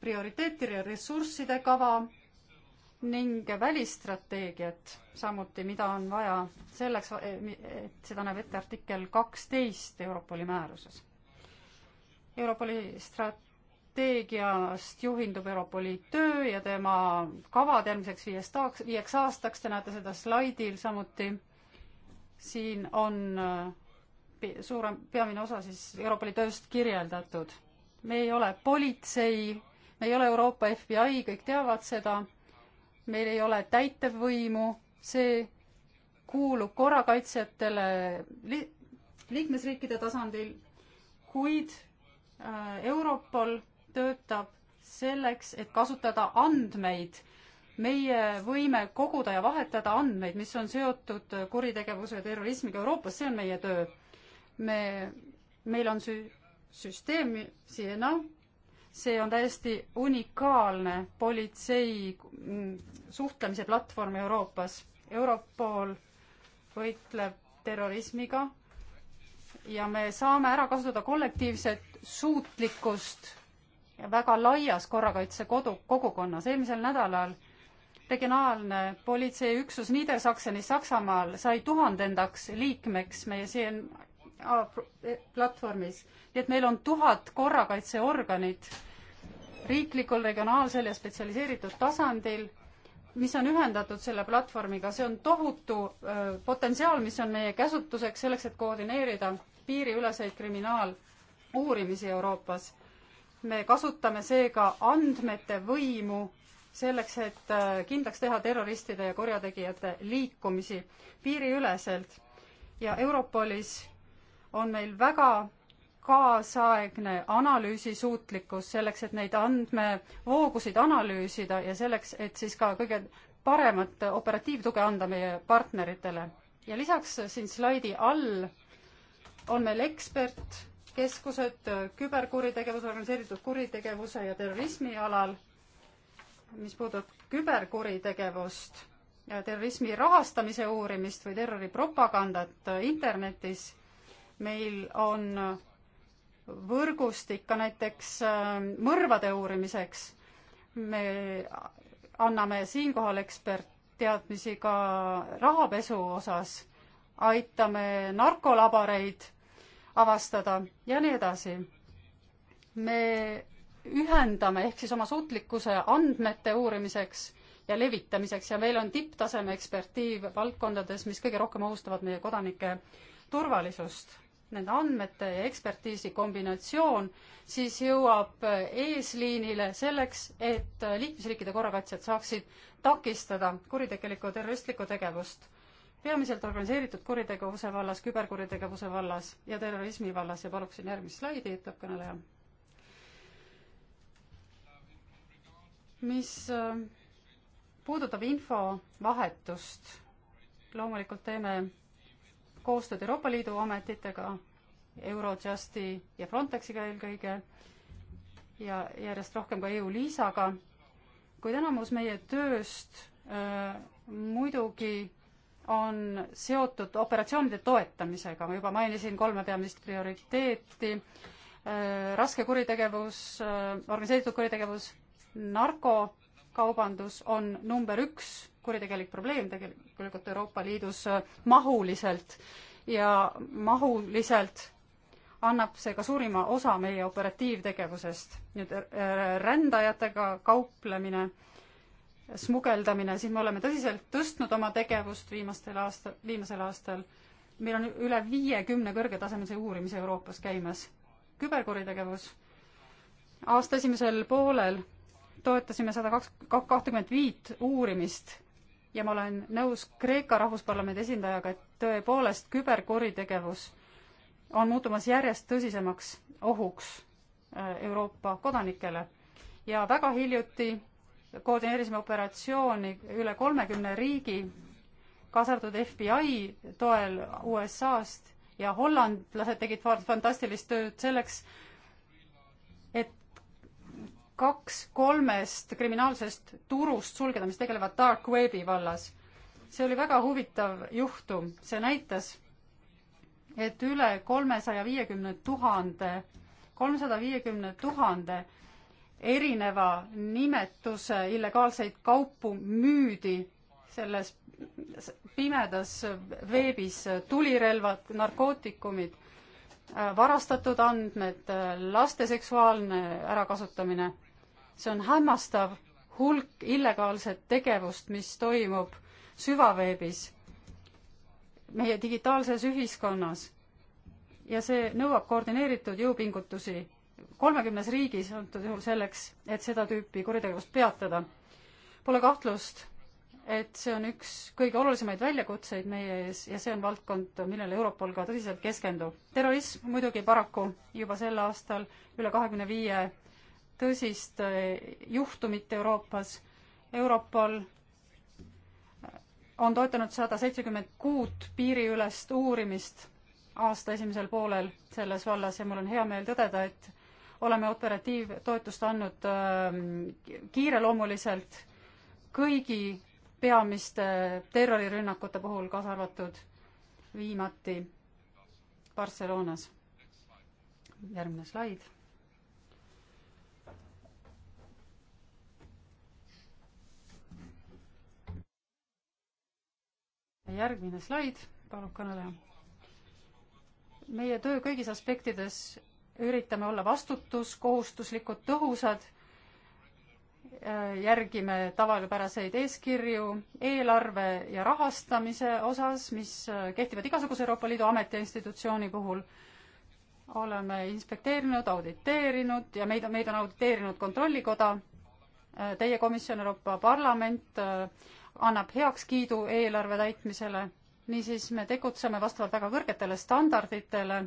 prioriteete ja ressursside kava ning välistrateegiat samuti, mida on vaja selleks, et seda näeb ette artikkel kaksteist Europoli määruses. Europoli strat-, strateegiast juhindub Euroopa Liit töö ja tema kavad järgmiseks viiest aaks, viieks aastaks, te näete seda slaidil samuti. siin on äh, suurem, peamine osa siis Euroopa Liidu tööst kirjeldatud. me ei ole politsei, me ei ole Euroopa FBI, kõik teavad seda. meil ei ole täitevvõimu, see kuulub korrakaitsjatele li liikmesriikide tasandil, kuid äh, Europol töötab selleks, et kasutada andmeid, meie võime koguda ja vahetada andmeid, mis on seotud kuritegevuse ja terrorismiga Euroopas, see on meie töö. me, meil on sü-, süsteem, Siena, see on täiesti unikaalne politsei mm, suhtlemise platvorm Euroopas. Europol võitleb terrorismiga ja me saame ära kasutada kollektiivset suutlikkust väga laias korrakaitse kodu, kogukonnas. eelmisel nädalal regionaalne politseiüksus Niedersachsenis Saksamaal sai tuhandendaks liikmeks meie CNA eh, platvormis. nii et meil on tuhat korrakaitseorganit riiklikul, regionaalsel ja spetsialiseeritud tasandil, mis on ühendatud selle platvormiga, see on tohutu öö, eh, potentsiaal, mis on meie käsutuseks selleks, et koordineerida piiriüleseid kriminaaluurimisi Euroopas me kasutame seega andmete võimu selleks, et äh, kindlaks teha terroristide ja kurjategijate liikumisi piiriüleselt. ja Europolis on meil väga kaasaegne analüüsisuutlikkus selleks, et neid andmevoogusid analüüsida ja selleks, et siis ka kõige paremat operatiivtuge anda meie partneritele. ja lisaks siin slaidi all on meil ekspert keskused küberkuritegevuse, organiseeritud kuritegevuse ja terrorismi alal, mis puudutab küberkuritegevust ja terrorismi rahastamise uurimist või terroripropagandat internetis, meil on võrgustik ka näiteks äh, mõrvade uurimiseks. me anname siinkohal ekspertteadmisi ka rahapesu osas, aitame narkolabareid avastada ja nii edasi. me ühendame ehk siis oma suutlikkuse andmete uurimiseks ja levitamiseks ja meil on tipptaseme ekspertiiv valdkondades, mis kõige rohkem ohustavad meie kodanike turvalisust. Nende andmete ja ekspertiisi kombinatsioon siis jõuab eesliinile selleks, et liikmesriikide korrakaitsjad saaksid takistada kuritegelikku terroristlikku tegevust peamiselt organiseeritud kuritegevuse vallas, küberkuritegevuse vallas ja terrorismi vallas ja paluksin järgmist slaidi, ütleb kõneleja. mis äh, puudutab infovahetust, loomulikult teeme koostööd Euroopa Liidu ametitega, Eurojusti ja Frontexiga eelkõige ja järjest rohkem ka EU-LISAga, kuid enamus meie tööst öö, äh, muidugi on seotud operatsioonide toetamisega, ma juba mainisin kolme peamist prioriteeti, äh, raske kuritegevus, äh, organiseeritud kuritegevus, narkokaubandus on number üks kuritegelik probleem tegelikult Euroopa Liidus äh, mahuliselt ja mahuliselt annab see ka suurima osa meie operatiivtegevusest. nüüd rändajatega kauplemine smugeldamine, siin me oleme tõsiselt tõstnud oma tegevust viimastel aasta, viimasel aastal. meil on üle viiekümne kõrgetasemelise uurimise Euroopas käimas. küberkuritegevus. aasta esimesel poolel toetasime sada kaks, kahtekümmet viit uurimist ja ma olen nõus Kreeka rahvusparlamendi esindajaga, et tõepoolest küberkuritegevus on muutumas järjest tõsisemaks ohuks äh, Euroopa kodanikele ja väga hiljuti koordineerisime operatsiooni üle kolmekümne riigi, kaasa arvatud FBI toel USA-st ja hollandlased tegid fantastilist tööd selleks, et kaks kolmest kriminaalsest turust sulgeda, mis tegelevad dark webi vallas. see oli väga huvitav juhtum, see näitas, et üle kolmesaja viiekümne tuhande, kolmesada viiekümne tuhande erineva nimetuse illegaalseid kaupu müüdi selles pimedas veebis, tulirelvad, narkootikumid, varastatud andmed, laste seksuaalne ärakasutamine. see on hämmastav hulk illegaalset tegevust, mis toimub süvaveebis, meie digitaalses ühiskonnas. ja see nõuab koordineeritud jõupingutusi kolmekümnes riigis antud juhul selleks, et seda tüüpi kuritegevust peatada. Pole kahtlust, et see on üks kõige olulisemaid väljakutseid meie ees ja see on valdkond, millele Europol ka tõsiselt keskendub. terrorism muidugi paraku juba sel aastal üle kahekümne viie tõsist eh, juhtumit Euroopas. Europol on toetanud sada seitsekümmend kuut piiriülest uurimist aasta esimesel poolel selles vallas ja mul on hea meel tõdeda, et oleme operatiivtoetust andnud ähm, kiireloomuliselt kõigi peamiste terrorirünnakute puhul, kaasa arvatud viimati Barcelonas. järgmine slaid järgmine slaid, palub kõneleja. meie töö kõigis aspektides üritame olla vastutuskohustuslikud, tõhusad, järgime tavapäraseid eeskirju eelarve ja rahastamise osas, mis kehtivad igasuguse Euroopa Liidu ameti ja institutsiooni puhul. oleme inspekteerinud, auditeerinud ja meid on, meid on auditeerinud Kontrollikoda, teie komisjon, Euroopa Parlament annab heakskiidu eelarve täitmisele niisiis me tegutseme vastavalt väga kõrgetele standarditele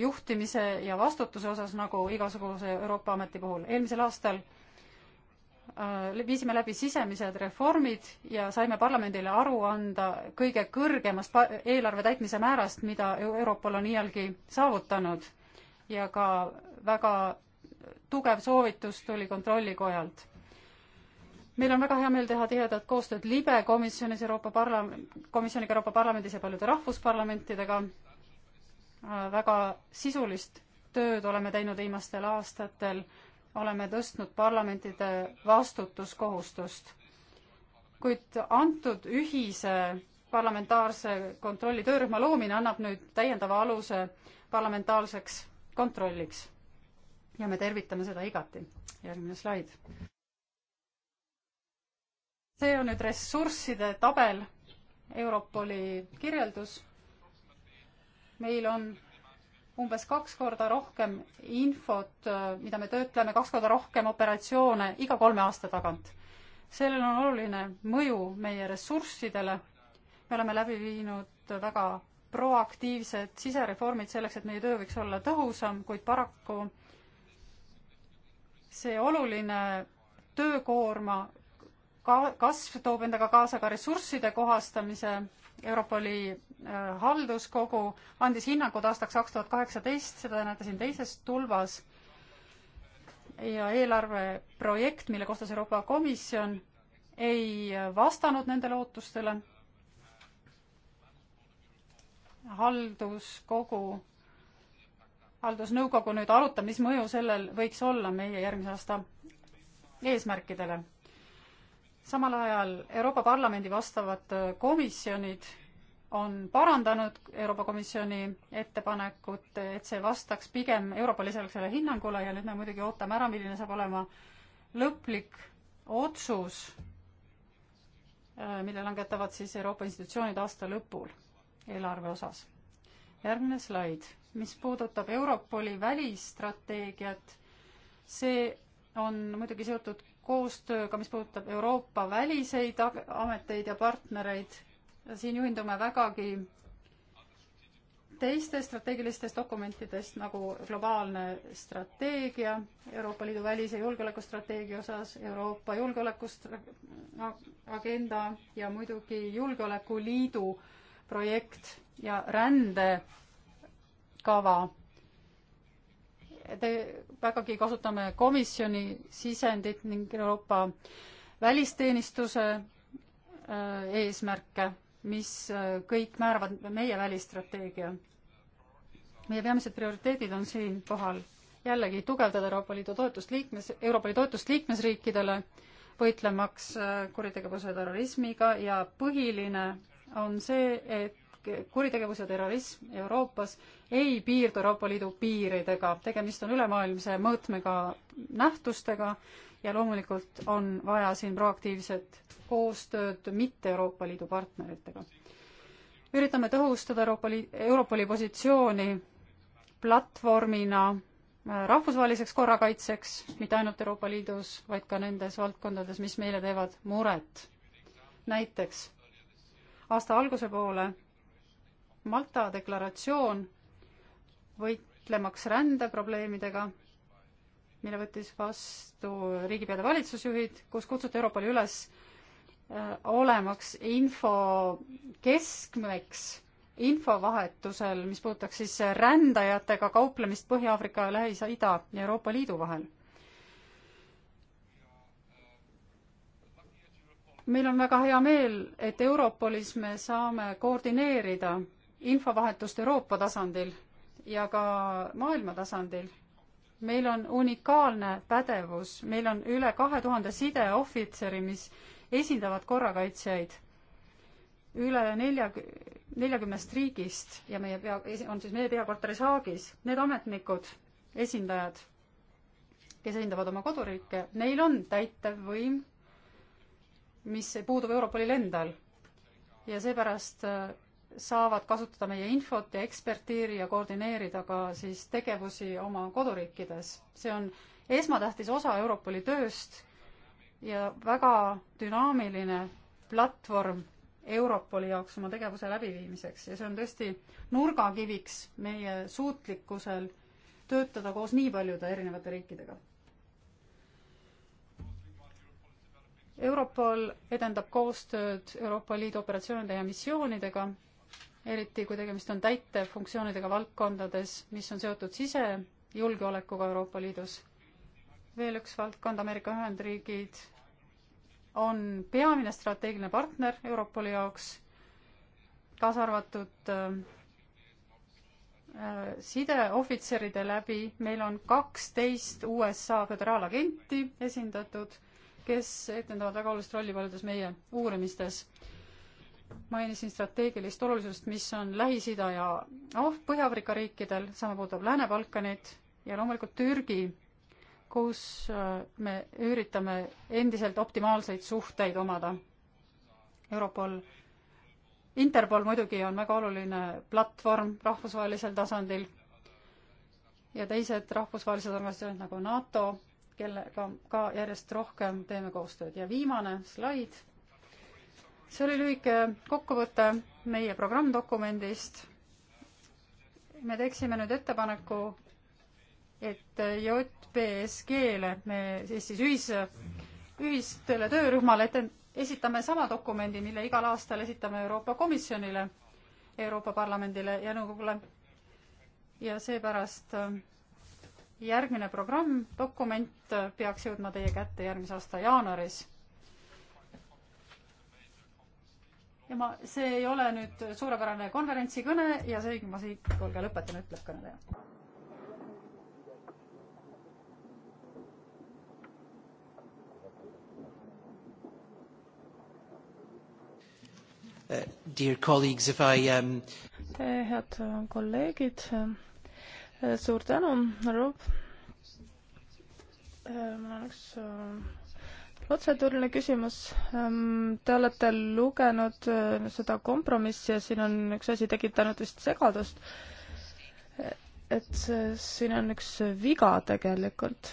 juhtimise ja vastutuse osas, nagu igasuguse Euroopa ameti puhul. eelmisel aastal äh, viisime läbi sisemised reformid ja saime parlamendile aru anda kõige kõrgemast eelarve täitmise määrast, mida Europol on iialgi saavutanud. ja ka väga tugev soovitus tuli Kontrollikojalt. meil on väga hea meel teha tihedat koostööd libe komisjonis Euroopa Parlam-, komisjoniga Euroopa Parlamendis ja paljude rahvusparlamentidega väga sisulist tööd oleme teinud viimastel aastatel, oleme tõstnud parlamentide vastutuskohustust. kuid antud ühise parlamentaarse kontrolli töörühma loomine annab nüüd täiendava aluse parlamentaarseks kontrolliks. ja me tervitame seda igati. järgmine slaid. see on nüüd ressursside tabel, Europoli kirjeldus meil on umbes kaks korda rohkem infot, äh, mida me töötleme, kaks korda rohkem operatsioone iga kolme aasta tagant. sellel on oluline mõju meie ressurssidele. me oleme läbi viinud väga proaktiivsed sisereformid selleks, et meie töö võiks olla tõhusam, kuid paraku see oluline töökoorma kasv toob endaga kaasa ka ressursside kohastamise Europoli äh, halduskogu andis hinnangud aastaks kaks tuhat kaheksateist, seda näitasin teises tulbas, ja eelarveprojekt, mille koostas Euroopa Komisjon, ei vastanud nendele ootustele. halduskogu, haldusnõukogu nüüd arutab, mis mõju sellel võiks olla meie järgmise aasta eesmärkidele samal ajal Euroopa Parlamendi vastavad äh, komisjonid on parandanud Euroopa Komisjoni ettepanekut, et see vastaks pigem Euroopa lisalisele hinnangule ja nüüd me muidugi ootame ära, milline saab olema lõplik otsus, äh, mille langetavad siis Euroopa institutsioonid aasta lõpul eelarve osas. järgmine slaid, mis puudutab Europoli välistrateegiat, see on muidugi seotud koostööga, mis puudutab Euroopa väliseid ameteid ja partnereid. siin juhindume vägagi teistest strateegilistest dokumentidest nagu globaalne strateegia Euroopa Liidu välise julgeolekustrateegia osas, Euroopa julgeolekuagenda ja muidugi Julgeolekuliidu projekt ja rändekava vägagi kasutame komisjoni sisendit ning Euroopa välisteenistuse äh, eesmärke, mis äh, kõik määravad meie välistrateegia. meie peamised prioriteedid on siinkohal jällegi tugevdada Euroopa Liidu toetust liikmes, Euroopa Liidu toetust liikmesriikidele, võitlemaks äh, kuritegevuse terrorismiga ja põhiline on see, et kuritegevus ja terrorism Euroopas ei piirdu Euroopa Liidu piiridega, tegemist on ülemaailmse mõõtmega nähtustega ja loomulikult on vaja siin proaktiivset koostööd mitte Euroopa Liidu partneritega. üritame tõhustada Euroopa Liit, Europoli positsiooni platvormina äh, rahvusvaheliseks korrakaitseks, mitte ainult Euroopa Liidus, vaid ka nendes valdkondades, mis meile teevad muret. näiteks aasta alguse poole Malta deklaratsioon võitlemaks rändeprobleemidega, mille võttis vastu riigipeade valitsusjuhid, kus kutsuti Euroopale üles äh, olemaks info keskmeks infovahetusel, mis puudutaks siis rändajatega kauplemist Põhja-Aafrika ja Lähis-Ida ja Euroopa Liidu vahel. meil on väga hea meel, et Europolis me saame koordineerida infovahetust Euroopa tasandil ja ka maailma tasandil. meil on unikaalne pädevus, meil on üle kahe tuhande sideohvitseri, mis esindavad korrakaitsjaid üle nelja, neljakümnest riigist ja meie pea, on siis meie peakorteris Haagis, need ametnikud, esindajad, kes esindavad oma koduriike, neil on täitevvõim, mis puudub Europolil endal. ja seepärast äh, saavad kasutada meie infot ja ekspertiiri ja koordineerida ka siis tegevusi oma koduriikides. see on esmatähtis osa Europoli tööst ja väga dünaamiline platvorm Europoli jaoks oma tegevuse läbiviimiseks ja see on tõesti nurgakiviks meie suutlikkusel töötada koos nii paljude erinevate riikidega. Europol edendab koostööd Euroopa Liidu operatsioonide ja missioonidega eriti kui tegemist on täitefunktsioonidega valdkondades, mis on seotud sisejulgeolekuga Euroopa Liidus. veel üks valdkond, Ameerika Ühendriigid on peamine strateegiline partner Europoli jaoks, kaasa arvatud äh, äh, sideohvitseride läbi, meil on kaksteist USA föderaalagenti esindatud, kes etendavad väga olulist rolli paljudes meie uurimistes mainisin strateegilist olulisust, mis on Lähis-Ida ja oh, Põhja-Aafrika riikidel, sama puudutab Lääne-Balkanit ja loomulikult Türgi, kus äh, me üritame endiselt optimaalseid suhteid omada. Europol, Interpol muidugi on väga oluline platvorm rahvusvahelisel tasandil ja teised rahvusvahelised organisatsioonid nagu NATO, kellega ka järjest rohkem teeme koostööd ja viimane slaid see oli lühike kokkuvõte meie programmdokumendist. me teeksime nüüd ettepaneku, et JBSG-le me siis siis ühis, ühistele töörühmale ette, esitame sama dokumendi, mille igal aastal esitame Euroopa Komisjonile, Euroopa Parlamendile ja nõukogule. ja seepärast äh, järgmine programm, dokument äh, peaks jõudma teie kätte järgmise aasta jaanuaris ja ma, see ei ole nüüd suurepärane konverentsikõne ja seegi ma siinkohal ka lõpetan, ütleb kõneleja.
Uh, dear colleagues, if I um...
Te, head kolleegid, suur tänu, Rob. Uh, mul on üks uh, protseduuriline küsimus. Ehm, te olete lugenud äh, seda kompromissi ja siin on üks asi tekitanud vist segadust. E, et see, äh, siin on üks viga tegelikult.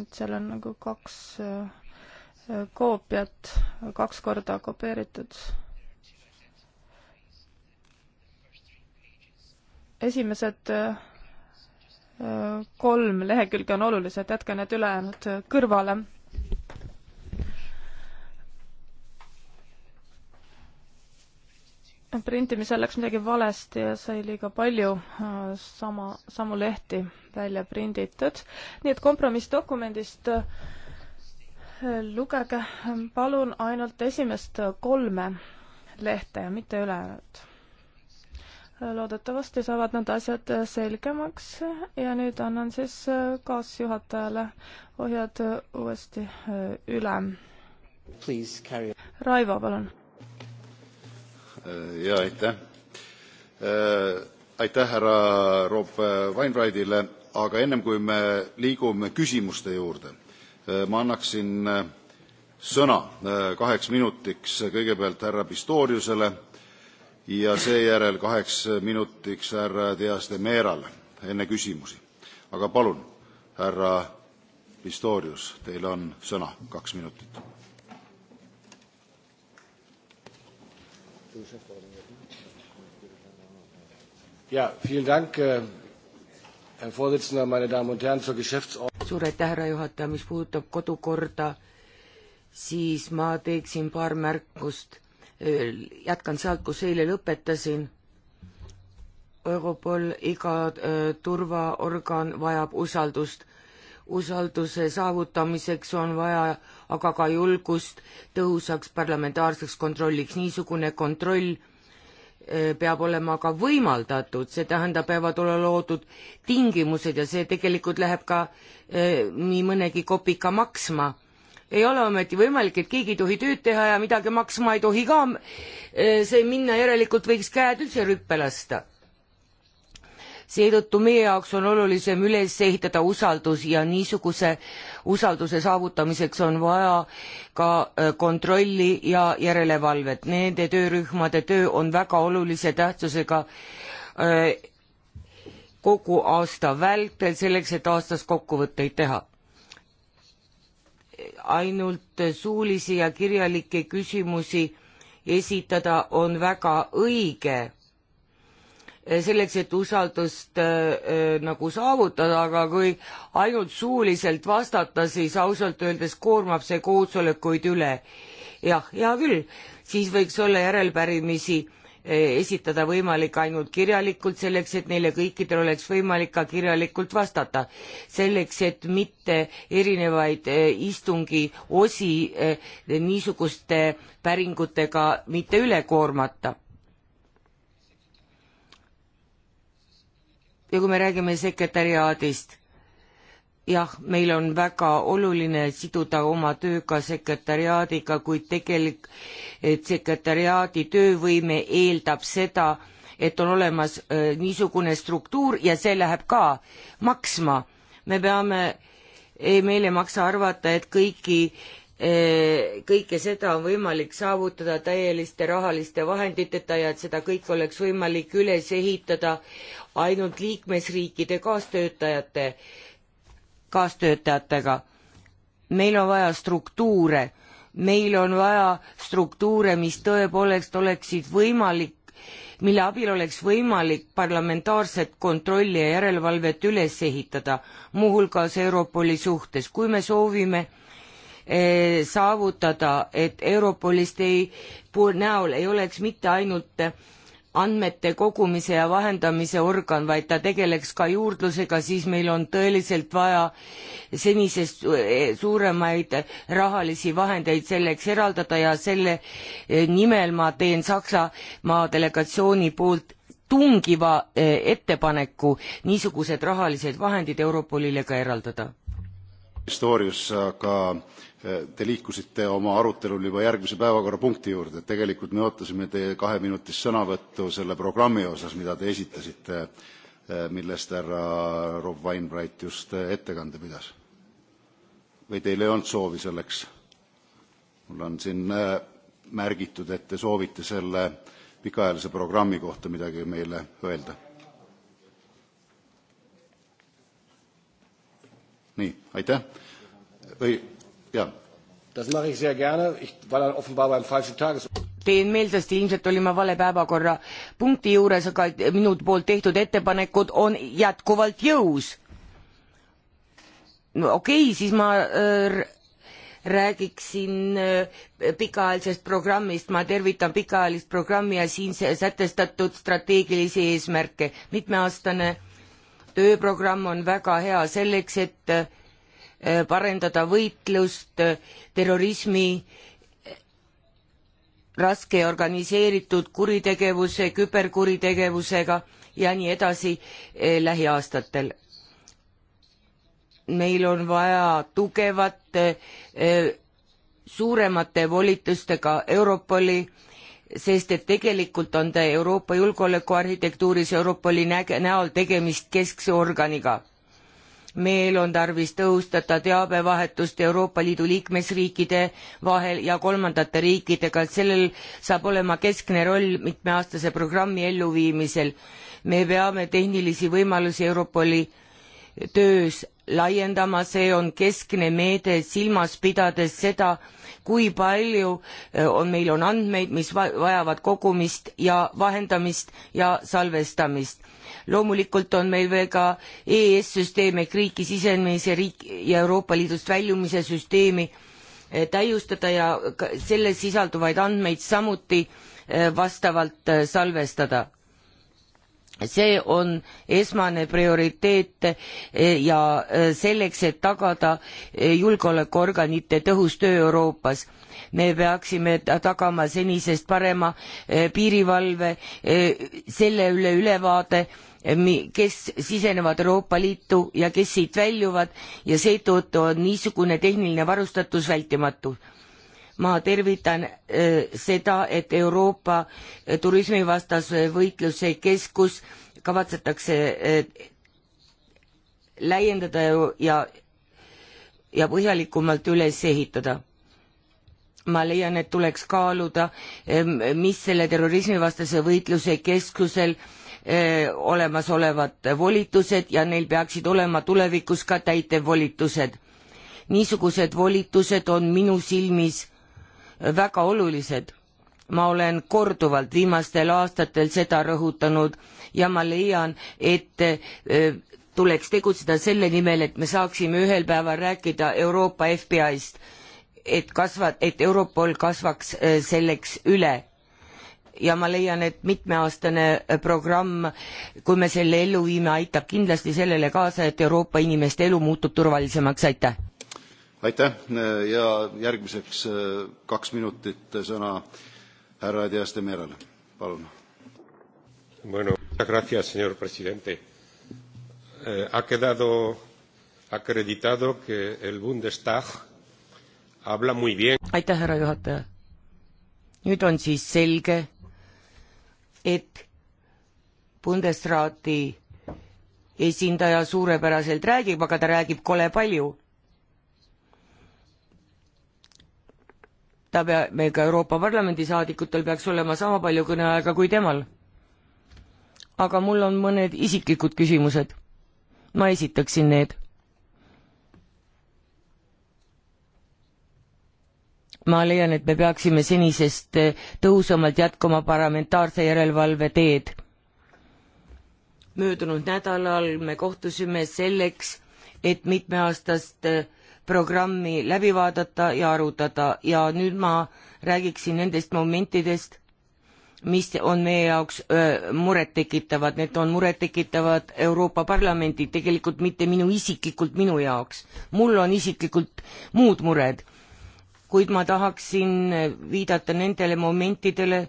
et seal on nagu kaks äh, koopiat, kaks korda kopeeritud. esimesed kolm lehekülge on olulised, jätke need ülejäänud kõrvale printimisel läks midagi valesti ja sai liiga palju äh, sama, samu lehti välja prinditud. nii et kompromissdokumendist äh, lugege äh, palun ainult esimest kolme lehte ja mitte ülejäänud. loodetavasti saavad need asjad selgemaks ja nüüd annan siis kaasjuhatajale ohjad uuesti üle. Raivo, palun
ja aitäh. Äh, aitäh härra Rob äh, Weinreidile, aga ennem kui me liigume küsimuste juurde, äh, ma annaksin sõna kaheks minutiks kõigepealt härra Pistoriusele ja seejärel kaheks minutiks härra Dias de Merale enne küsimusi. aga palun, härra Pistorius, teil on sõna, kaks minutit
Ja, vielen Dank, äh, Herr Vorsitzender, meine Damen und Herren, zur Geschäftsordnung.
suur aitäh, härra juhataja, mis puudutab kodukorda, siis ma teeksin paar märkust. jätkan sealt, kus eile lõpetasin. Europol, iga turvaorgan vajab usaldust usalduse saavutamiseks on vaja aga ka julgust tõhusaks parlamentaarseks kontrolliks. niisugune kontroll eh, peab olema ka võimaldatud, see tähendab, peavad olema loodud tingimused ja see tegelikult läheb ka eh, nii mõnegi kopika maksma. ei ole ometi võimalik, et keegi ei tohi tööd teha ja midagi maksma ei tohi ka eh, see minna, järelikult võiks käed üldse rüppe lasta seetõttu meie jaoks on olulisem üles ehitada usaldus ja niisuguse usalduse saavutamiseks on vaja ka äh, kontrolli ja järelevalvet. Nende töörühmade töö on väga olulise tähtsusega äh, kogu aasta vältel selleks, et aastas kokkuvõtteid teha ainult suulisi ja kirjalikke küsimusi esitada on väga õige selleks, et usaldust äh, äh, nagu saavutada, aga kui ainult suuliselt vastata, siis ausalt öeldes koormab see koosolekuid üle. jah, hea küll, siis võiks olla järelpärimisi äh, esitada võimalik ainult kirjalikult, selleks et neile kõikidel oleks võimalik ka kirjalikult vastata. selleks, et mitte erinevaid äh, istungi osi äh, niisuguste päringutega mitte üle koormata ja kui me räägime sekretäriaadist, jah, meil on väga oluline siduda oma töö ka sekretäriaadiga, kuid tegelik, et sekretäriaadi töövõime eeldab seda, et on olemas öö, äh, niisugune struktuur ja see läheb ka maksma. me peame, meil ei maksa arvata, et kõiki Eh, kõike seda on võimalik saavutada täieliste rahaliste vahenditeta ja et seda kõik oleks võimalik üles ehitada ainult liikmesriikide kaastöötajate, kaastöötajatega. meil on vaja struktuure, meil on vaja struktuure, mis tõepoolest oleksid võimalik, mille abil oleks võimalik parlamentaarset kontrolli ja järelevalvet üles ehitada, muuhulgas Europoli suhtes, kui me soovime Eh, saavutada, et Europolist ei, näol ei oleks mitte ainult andmete kogumise ja vahendamise organ, vaid ta tegeleks ka juurdlusega, siis meil on tõeliselt vaja senisest eh, suuremaid rahalisi vahendeid selleks eraldada ja selle eh, nimel ma teen Saksamaa delegatsiooni poolt tungiva ettepaneku niisugused rahalised vahendid Europolile ka eraldada.
Pistorius, aga Eh, te liikusite oma arutelul juba järgmise päevakorrapunkti juurde et tegelikult me ootasime teie kaheminutist sõnavõttu selle programmi osas mida te esitasite eh, millest härra rob wainwright just eh, ettekande pidas või teil ei olnud soovi selleks mul on siin märgitud et te soovite selle pikaajalise programmi kohta midagi meile öelda nii aitäh või jah, das mache ich sehr gerne, ich war dann
offenbar beim falschen Tages- teen meelsasti, ilmselt olin ma vale päevakorrapunkti juures, aga minu poolt tehtud ettepanekud on jätkuvalt jõus. no okei okay,, siis ma äh, räägiksin äh, pikaajalisest programmist, ma tervitan pikaajalist programmi ja siin sätestatud strateegilisi eesmärke. mitmeaastane tööprogramm on väga hea selleks, et äh, Eh, parendada võitlust terrorismi, raske organiseeritud kuritegevuse, küberkuritegevusega ja nii edasi eh, lähiaastatel. meil on vaja tugevat, eh, suuremate volitustega Europoli, sest et tegelikult on ta Euroopa julgeolekuarhitektuuris Europoli näge-, näol tegemist keskse organiga meil on tarvis tõhustada teabevahetust Euroopa Liidu liikmesriikide vahel ja kolmandate riikidega, et sellel saab olema keskne roll mitmeaastase programmi elluviimisel. me peame tehnilisi võimalusi Europoli töös laiendama, see on keskne meede, silmas pidades seda, kui palju eh, on, meil on andmeid, mis vajavad kogumist ja vahendamist ja salvestamist. loomulikult on meil veel ka EES-süsteem ehk riiki sisenemise riik ja Euroopa Liidust väljumise süsteemi eh, täiustada ja selles sisalduvaid andmeid samuti eh, vastavalt salvestada see on esmane prioriteet e, ja e, selleks, et tagada e, julgeolekuorganite tõhus töö Euroopas me peaksime tagama senisest parema piirivalve, selle üle ülevaade, kes sisenevad Euroopa Liitu ja kes siit väljuvad ja seetõttu on niisugune tehniline varustatus vältimatu ma tervitan äh, seda, et Euroopa äh, turismivastase võitluse keskus kavatsetakse äh, läiendada ja, ja põhjalikumalt üles ehitada. ma leian, et tuleks kaaluda, ähm, mis selle terrorismivastase võitluse keskusel olemasolevad volitused ja neil peaksid olema tulevikus ka täitevvolitused. niisugused volitused on minu silmis väga olulised. ma olen korduvalt viimastel aastatel seda rõhutanud ja ma leian, et e, tuleks tegutseda selle nimel, et me saaksime ühel päeval rääkida Euroopa FBI-st, et kasva-, et Europol kasvaks e, selleks üle ja ma leian, et mitmeaastane e, programm, kui me selle ellu viime, aitab kindlasti sellele kaasa, et Euroopa inimeste elu muutub turvalisemaks, aitäh!
aitäh ja järgmiseks äh, kaks minutit
sõna härra Dias de Merale, palun. Bueno, muchas gracias, señor presidente. Eh, ha quedado acreditado que el Bundestag habla muy bien. aitäh, härra juhataja.
nüüd on siis selge, et Bundesrati esindaja suurepäraselt räägib, aga ta räägib kole palju ta pea-, ega Euroopa Parlamendi saadikutel peaks olema sama palju kõneaega kui temal. aga mul on mõned isiklikud küsimused. ma esitaksin need. ma leian, et me peaksime senisest tõhusamalt jätkama parlamentaarse järelevalve teed. möödunud nädalal me kohtusime selleks, et mitmeaastast programmi läbi vaadata ja arutada ja nüüd ma räägiksin nendest momentidest, mis on meie jaoks murettekitavad, need on murettekitavad Euroopa Parlamendi, tegelikult mitte minu isiklikult minu jaoks. mul on isiklikult muud mured, kuid ma tahaksin viidata nendele momentidele,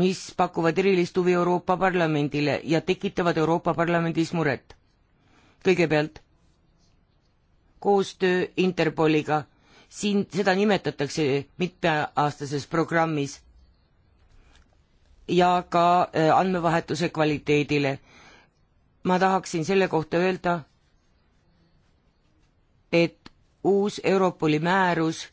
mis pakuvad erilist huvi Euroopa Parlamendile ja tekitavad Euroopa Parlamendis muret. kõigepealt koostöö Interpoliga. siin seda nimetatakse mitmeaastases programmis ja ka äh, andmevahetuse kvaliteedile. ma tahaksin selle kohta öelda, et uus Europoli määrus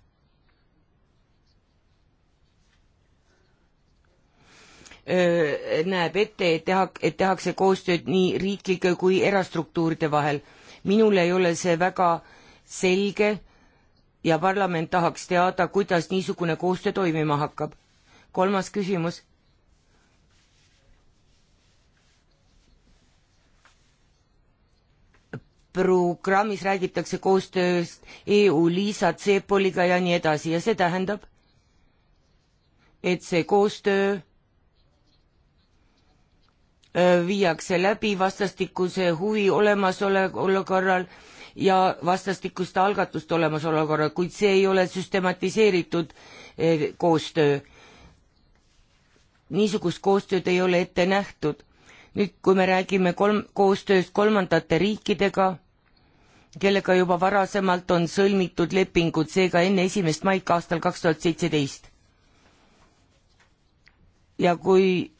äh, näeb ette, et teha, et tehakse koostööd nii riiklike kui erastruktuuride vahel. minul ei ole see väga äh, selge ja parlament tahaks teada, kuidas niisugune koostöö toimima hakkab. kolmas küsimus. programmis räägitakse koostööst EU-LISA, CEPOL-iga ja nii edasi ja see tähendab, et see koostöö äh, viiakse läbi vastastikuse huvi olemasoleku korral ja vastastikuste algatuste olemasolu korral, kuid see ei ole süstematiseeritud eh, koostöö. niisugust koostööd ei ole ette nähtud. nüüd, kui me räägime kolm, koostööst kolmandate riikidega, kellega juba varasemalt on sõlmitud lepingud, seega enne esimest maik aastal kaks tuhat seitseteist. ja kui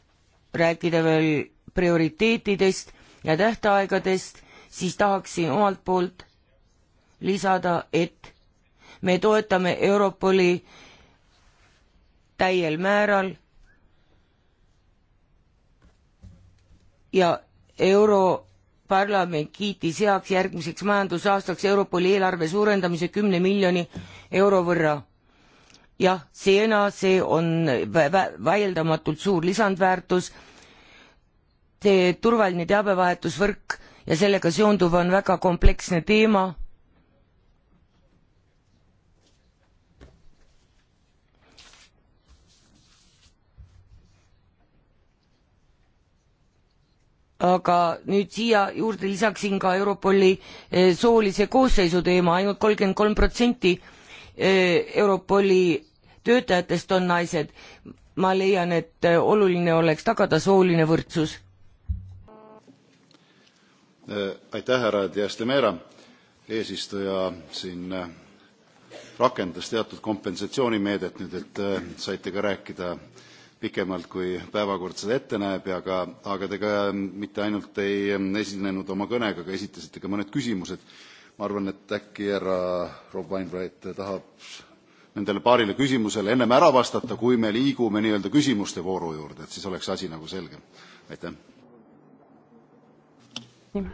rääkida veel prioriteetidest ja tähtaegadest, siis tahaksin omalt poolt lisada, et me toetame Europoli täiel määral ja Europarlament kiitis heaks järgmiseks majandusaastaks Europoli eelarve suurendamise kümne miljoni euro võrra. jah, seena see on vaieldamatult suur lisandväärtus, see turvaline teabevahetusvõrk ja sellega seonduv on väga kompleksne teema aga nüüd siia juurde lisaksin ka Europoli eh, soolise koosseisu teema ainult, ainult kolmkümmend kolm protsenti eh, Europoli töötajatest on naised. ma leian, et eh, oluline oleks tagada sooline võrdsus.
aitäh, härra Diastemera, eesistuja siin rakendas teatud kompensatsioonimeedet nüüd, et saite ka rääkida äh, pikemalt, kui päevakord seda ette näeb ja ka, aga te ka ähm, mitte ainult ei ähm, esinenud oma kõnega, aga esitasite ka mõned küsimused. ma arvan, et äkki härra Rob Wainwright tahab nendele paarile küsimusele ennem ära vastata, kui me liigume nii-öelda küsimuste vooru juurde, et siis oleks asi nagu selgem. aitäh. Uh,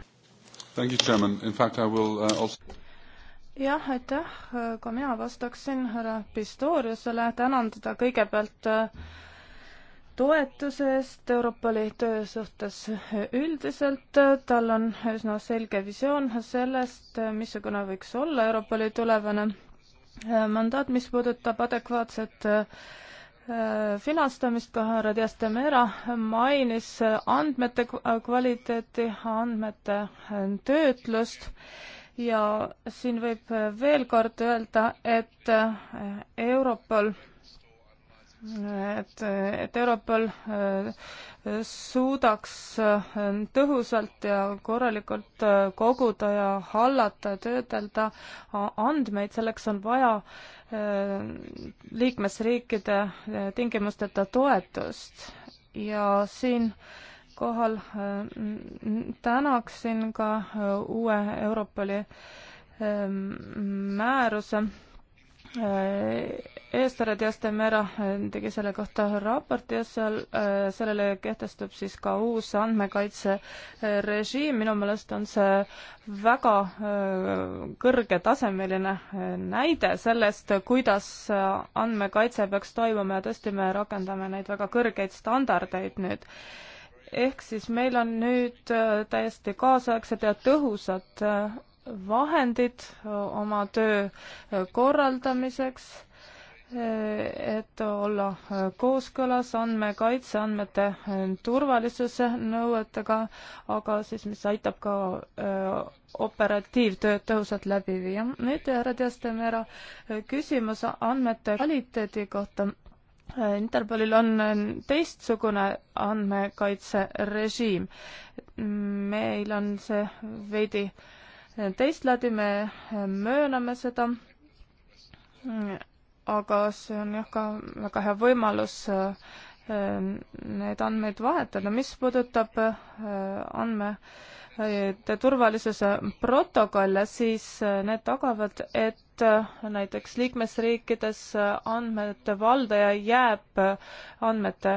jah, aitäh, ka mina vastaksin härra Pistoriusele, tänan teda kõigepealt äh, toetuse eest Euroopa Liidu suhtes üldiselt. Äh, tal on üsna selge visioon sellest, äh, missugune võiks olla Euroopa Liidu tulevane äh, mandaat, mis puudutab adekvaatset finantsstamist, ka härra Dias de Mera mainis andmete kvaliteeti, andmete töötlust ja siin võib veel kord öelda, et Europol et, et Europol äh, suudaks äh, tõhusalt ja korralikult äh, koguda ja hallata ja töödelda andmeid, selleks on vaja liikmesriikide tingimusteta toetust ja siin kohal tänaksin ka uue Europoli määruse Eestare äh, Diastemera äh, tegi selle kohta raporti ja seal, äh, sellele kehtestub siis ka uus andmekaitserežiim, minu meelest on see väga kõrgetasemeline näide sellest, kuidas andmekaitse peaks toimuma ja tõesti, me rakendame neid väga kõrgeid standardeid nüüd ehk siis meil on nüüd täiesti kaasaegsed ja tõhusad vahendid oma töö korraldamiseks, et olla kooskõlas andmekaitse, andmete turvalisuse nõuetega, aga siis, mis aitab ka operatiivtööd tõhusalt läbi viia. nüüd härra Diastemera küsimus andmete kvaliteedi kohta Interpolil on teistsugune andmekaitserežiim. meil on see veidi teist läbi, me mööname seda, aga see on jah ka väga hea võimalus äh, need andmeid vahetada, mis puudutab äh, andme äh, turvalisuse protokolle, siis need tagavad, et et äh, näiteks liikmesriikides äh, andmete valdaja jääb äh, andmete,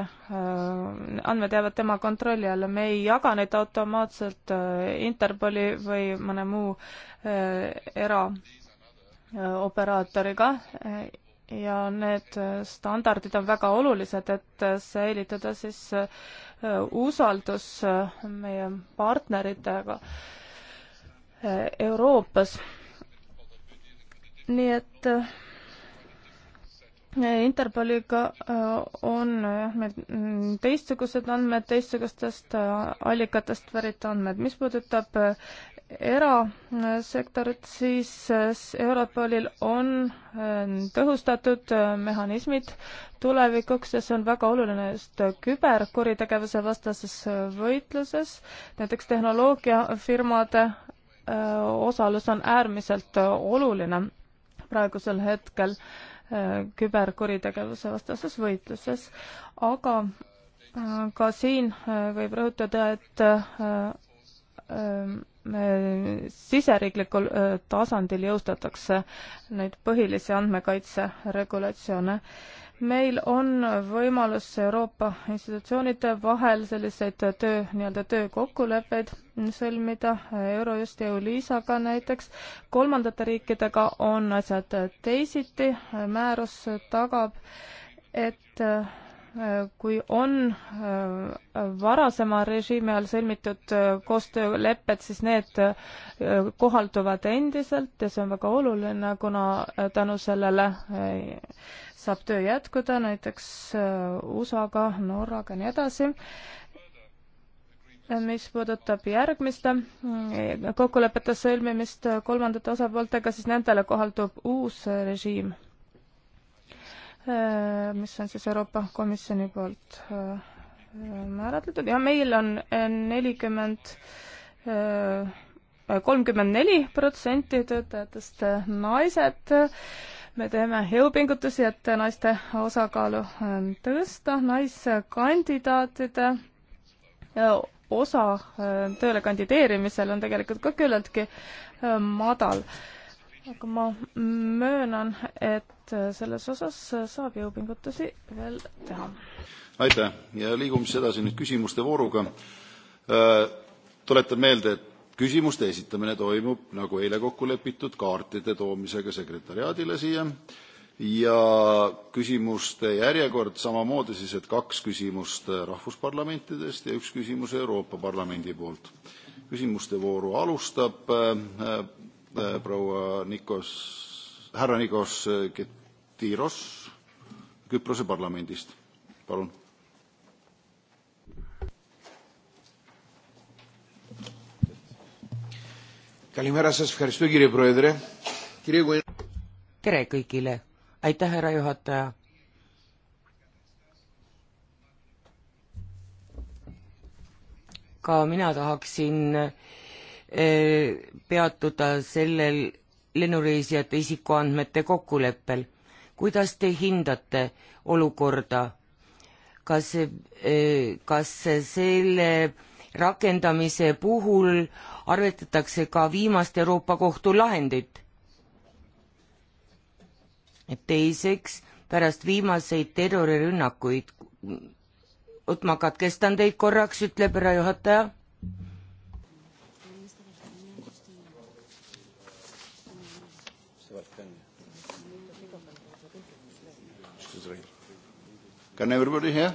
andmed jäävad tema kontrolli alla, me ei jaga neid automaatselt Interpoli või mõne muu eraoperaatoriga ja need standardid on väga olulised, et säilitada siis usaldus meie partneritega Euroopas nii et äh, Interpoliga äh, on meil teistsugused andmed, teistsugustest äh, allikatest pärit andmed. mis puudutab erasektorit, siis Europolil on tõhustatud mehhanismid tulevikuks ja see on väga oluline just küberkuritegevuse vastases võitluses. näiteks tehnoloogiafirmade osalus on äärmiselt oluline praegusel hetkel äh, küberkuritegevuse vastases võitluses, aga äh, ka siin äh, võib rõhutada, et siseriiklikul tasandil jõustatakse neid põhilisi andmekaitse regulatsioone äh, meil on võimalus Euroopa institutsioonide vahel selliseid töö, nii-öelda töökokkuleppeid sõlmida, Eurojust ja Euliisaga näiteks. kolmandate riikidega on asjad teisiti, määrus tagab, et äh, kui on äh, varasema režiimi all sõlmitud äh, koostöölepped, siis need kohalduvad endiselt ja see on väga oluline, kuna tänu sellele saab töö jätkuda näiteks äh, USA-ga, Norraga ja nii edasi. mis puudutab järgmiste äh, kokkulepete sõlmimist kolmandate osapooltega, siis nendele kohaldub uus režiim, äh, mis on siis Euroopa Komisjoni poolt määratletud ja meil on nelikümmend kolmkümmend neli protsenti töötajatest naised me teeme jõupingutusi, et naiste osakaalu ähm, tõsta, naiskandidaatide äh, osa ähm, tööle kandideerimisel on tegelikult ka küllaltki ähm, madal. aga ma möönan, et äh, selles osas äh, saab jõupingutusi veel teha.
aitäh ja liigume siis edasi nüüd küsimuste vooruga. tuletan meelde, et küsimuste esitamine toimub nagu eile kokku lepitud kaartide toomisega sekretariaadile siia ja küsimuste järjekord samamoodi siis, et kaks küsimust rahvusparlamentidest ja üks küsimus Euroopa Parlamendi poolt. küsimuste vooru alustab äh, äh, proua Nikos, härra Nikos Ketiros Küprose parlamendist, palun
Kalimera, sest Haristo Kirje Proedre.
tere kõigile, aitäh, härra juhataja. ka mina tahaksin e, peatuda sellel lennureisijate isikuandmete kokkuleppel. kuidas te hindate olukorda? kas, e, kas selle rakendamise puhul arvestatakse ka viimast Euroopa Kohtu lahendit. teiseks, pärast viimaseid terrorirünnakuid, oot ma katkestan teid korraks, ütleb härra juhataja
Can everybody hear?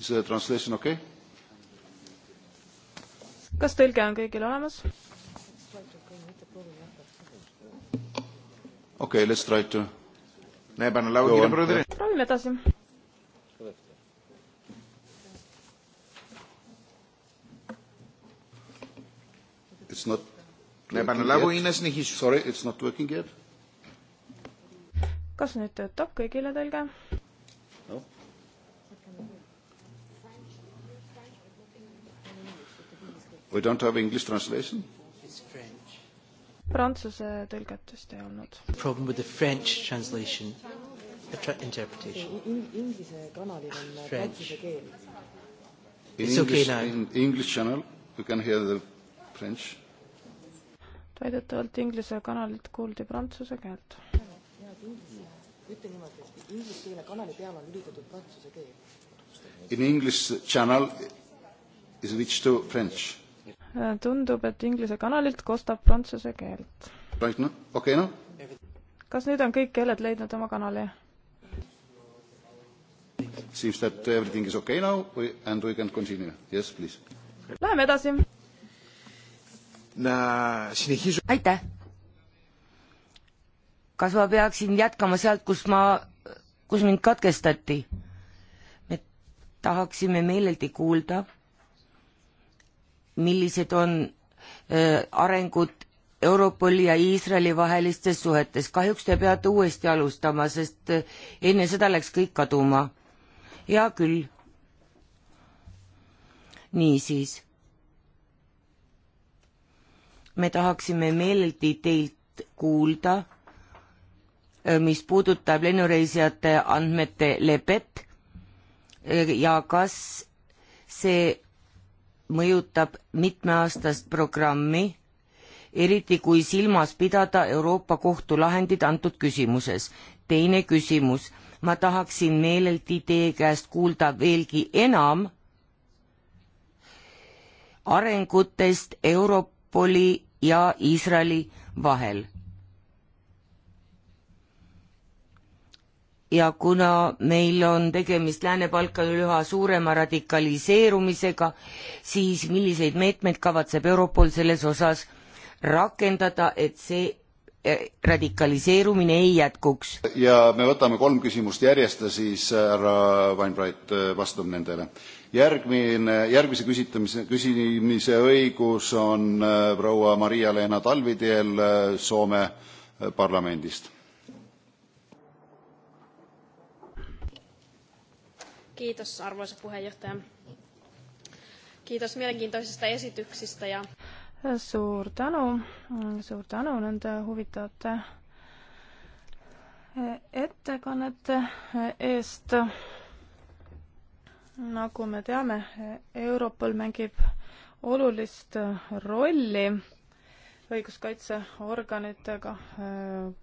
Is the translation okay?
kas tõlge on kõigil olemas?
okei okay,, let's try to. proovime edasi. It's not. Sorry, it's not working yet.
kas nüüd töötab kõigile tõlge?
We don't have English translation?
Prantsuse tõlgetust ei
olnud. Problem with the French translation, the tra interpretation.
Inglise kanalil on prantsuse keel.
It's okay now. In English channel you can hear the French.
väidetavalt Inglise kanalilt kuuldi
prantsuse keelt. ütle niimoodi, et inglise keele kanali peal on lülitatud prantsuse
keel. In English channel is reached to French
tundub, et Inglise kanalilt kostab prantsuse keelt. okei, noh. kas nüüd on kõik keeled leidnud oma kanali?
Seems that everything is okay now and we can continue. Yes, please. Läheme edasi. aitäh.
kas ma peaksin jätkama sealt, kus ma, kus mind katkestati? me tahaksime meeleldi kuulda millised on arengud Europoli ja Iisraeli vahelistes suhetes. kahjuks te peate uuesti alustama, sest enne seda läks kõik kaduma. hea küll. niisiis. me tahaksime meeleldi teilt kuulda, mis puudutab lennureisijate andmete lepet ja kas see mõjutab mitmeaastast programmi, eriti kui silmas pidada Euroopa Kohtu lahendid antud küsimuses. teine küsimus, ma tahaksin meeleldi teie käest kuulda veelgi enam arengutest Europoli ja Iisraeli vahel ja kuna meil on tegemist Lääne-Balkanil üha suurema radikaliseerumisega, siis milliseid meetmeid kavatseb Europol selles osas rakendada, et see e, radikaliseerumine ei jätkuks?
ja me võtame kolm küsimust järjest ja siis härra Weinbreit e, vastab nendele. järgmine, järgmise küsitamise, küsimise õigus on e, proua Maria-Leena Talvitiel Soome parlamendist
Kiitos, arvoisa puheenjohtaja. Kiitos mielenkiintoisista esityksistä ja suur tänu, suur tänu nende huvitavate eh, ettekannete eh, eest. nagu me teame, eh, Europol mängib olulist rolli õiguskaitseorganitega äh,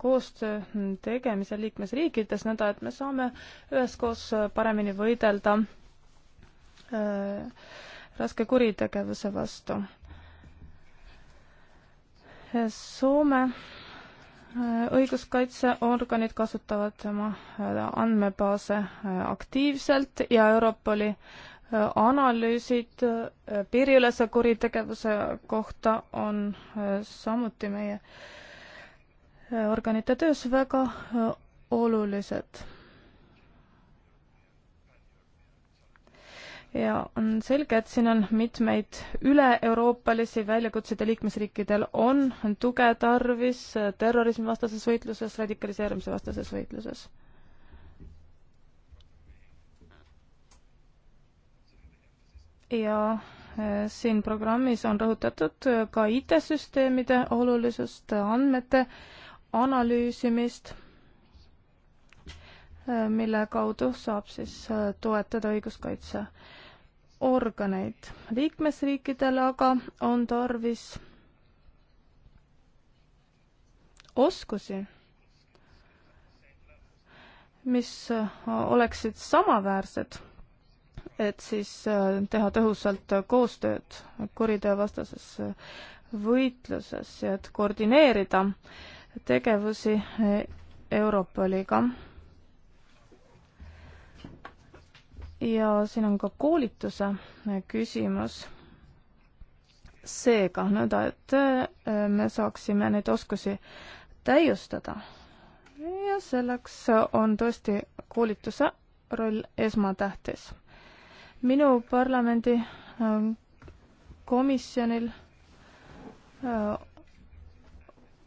koostöö tegemisel liikmesriikides, nõnda et me saame üheskoos paremini võidelda äh, raske kuritegevuse vastu. Soome äh, õiguskaitseorganid kasutavad oma andmebaase aktiivselt ja Europoli äh, analüüsid äh, piiriülese kuritegevuse kohta on äh, samuti meie äh, organite töös väga olulised. ja on selge, et siin on mitmeid üle-euroopalisi väljakutseid ja liikmesriikidel on tuge tarvis terrorismivastases võitluses, radikaliseerumise vastases võitluses ja äh, siin programmis on rõhutatud äh, ka IT-süsteemide olulisust, andmete analüüsimist, äh, mille kaudu saab siis toetada õiguskaitseorganeid. liikmesriikidel aga on tarvis oskusi, mis oleksid samaväärsed et siis äh, teha tõhusalt äh, koostööd kuriteovastases äh, võitluses ja et koordineerida tegevusi Europoliga. ja siin on ka koolituse küsimus. seega nõnda, et me saaksime neid oskusi täiustada. ja selleks on tõesti koolituse roll esmatähtis minu parlamendi ähm, komisjonil äh,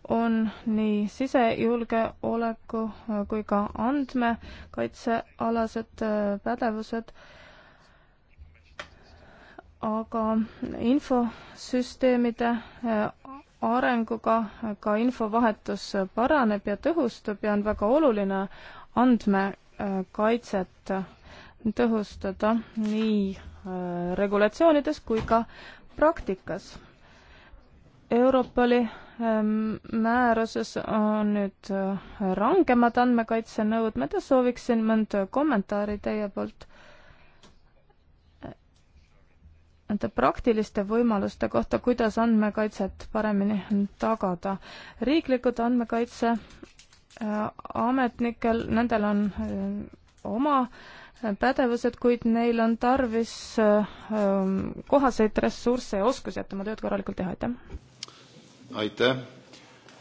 on nii sisejulgeoleku äh, kui ka andmekaitsealased äh, pädevused, aga infosüsteemide arenguga ka infovahetus paraneb ja tõhustub ja on väga oluline andmekaitset tõhustada nii äh, regulatsioonides kui ka praktikas. Europoli ähm, määruses on nüüd äh, rangemad andmekaitsenõudmed ja sooviksin mõnda kommentaari teie poolt äh, nende praktiliste võimaluste kohta, kuidas andmekaitset paremini tagada. riiklikud andmekaitseametnikel, nendel on oma äh, pädevused, kuid neil on tarvis ähm, kohaseid ressursse ja oskusi, et oma tööd korralikult teha, aitäh!
aitäh!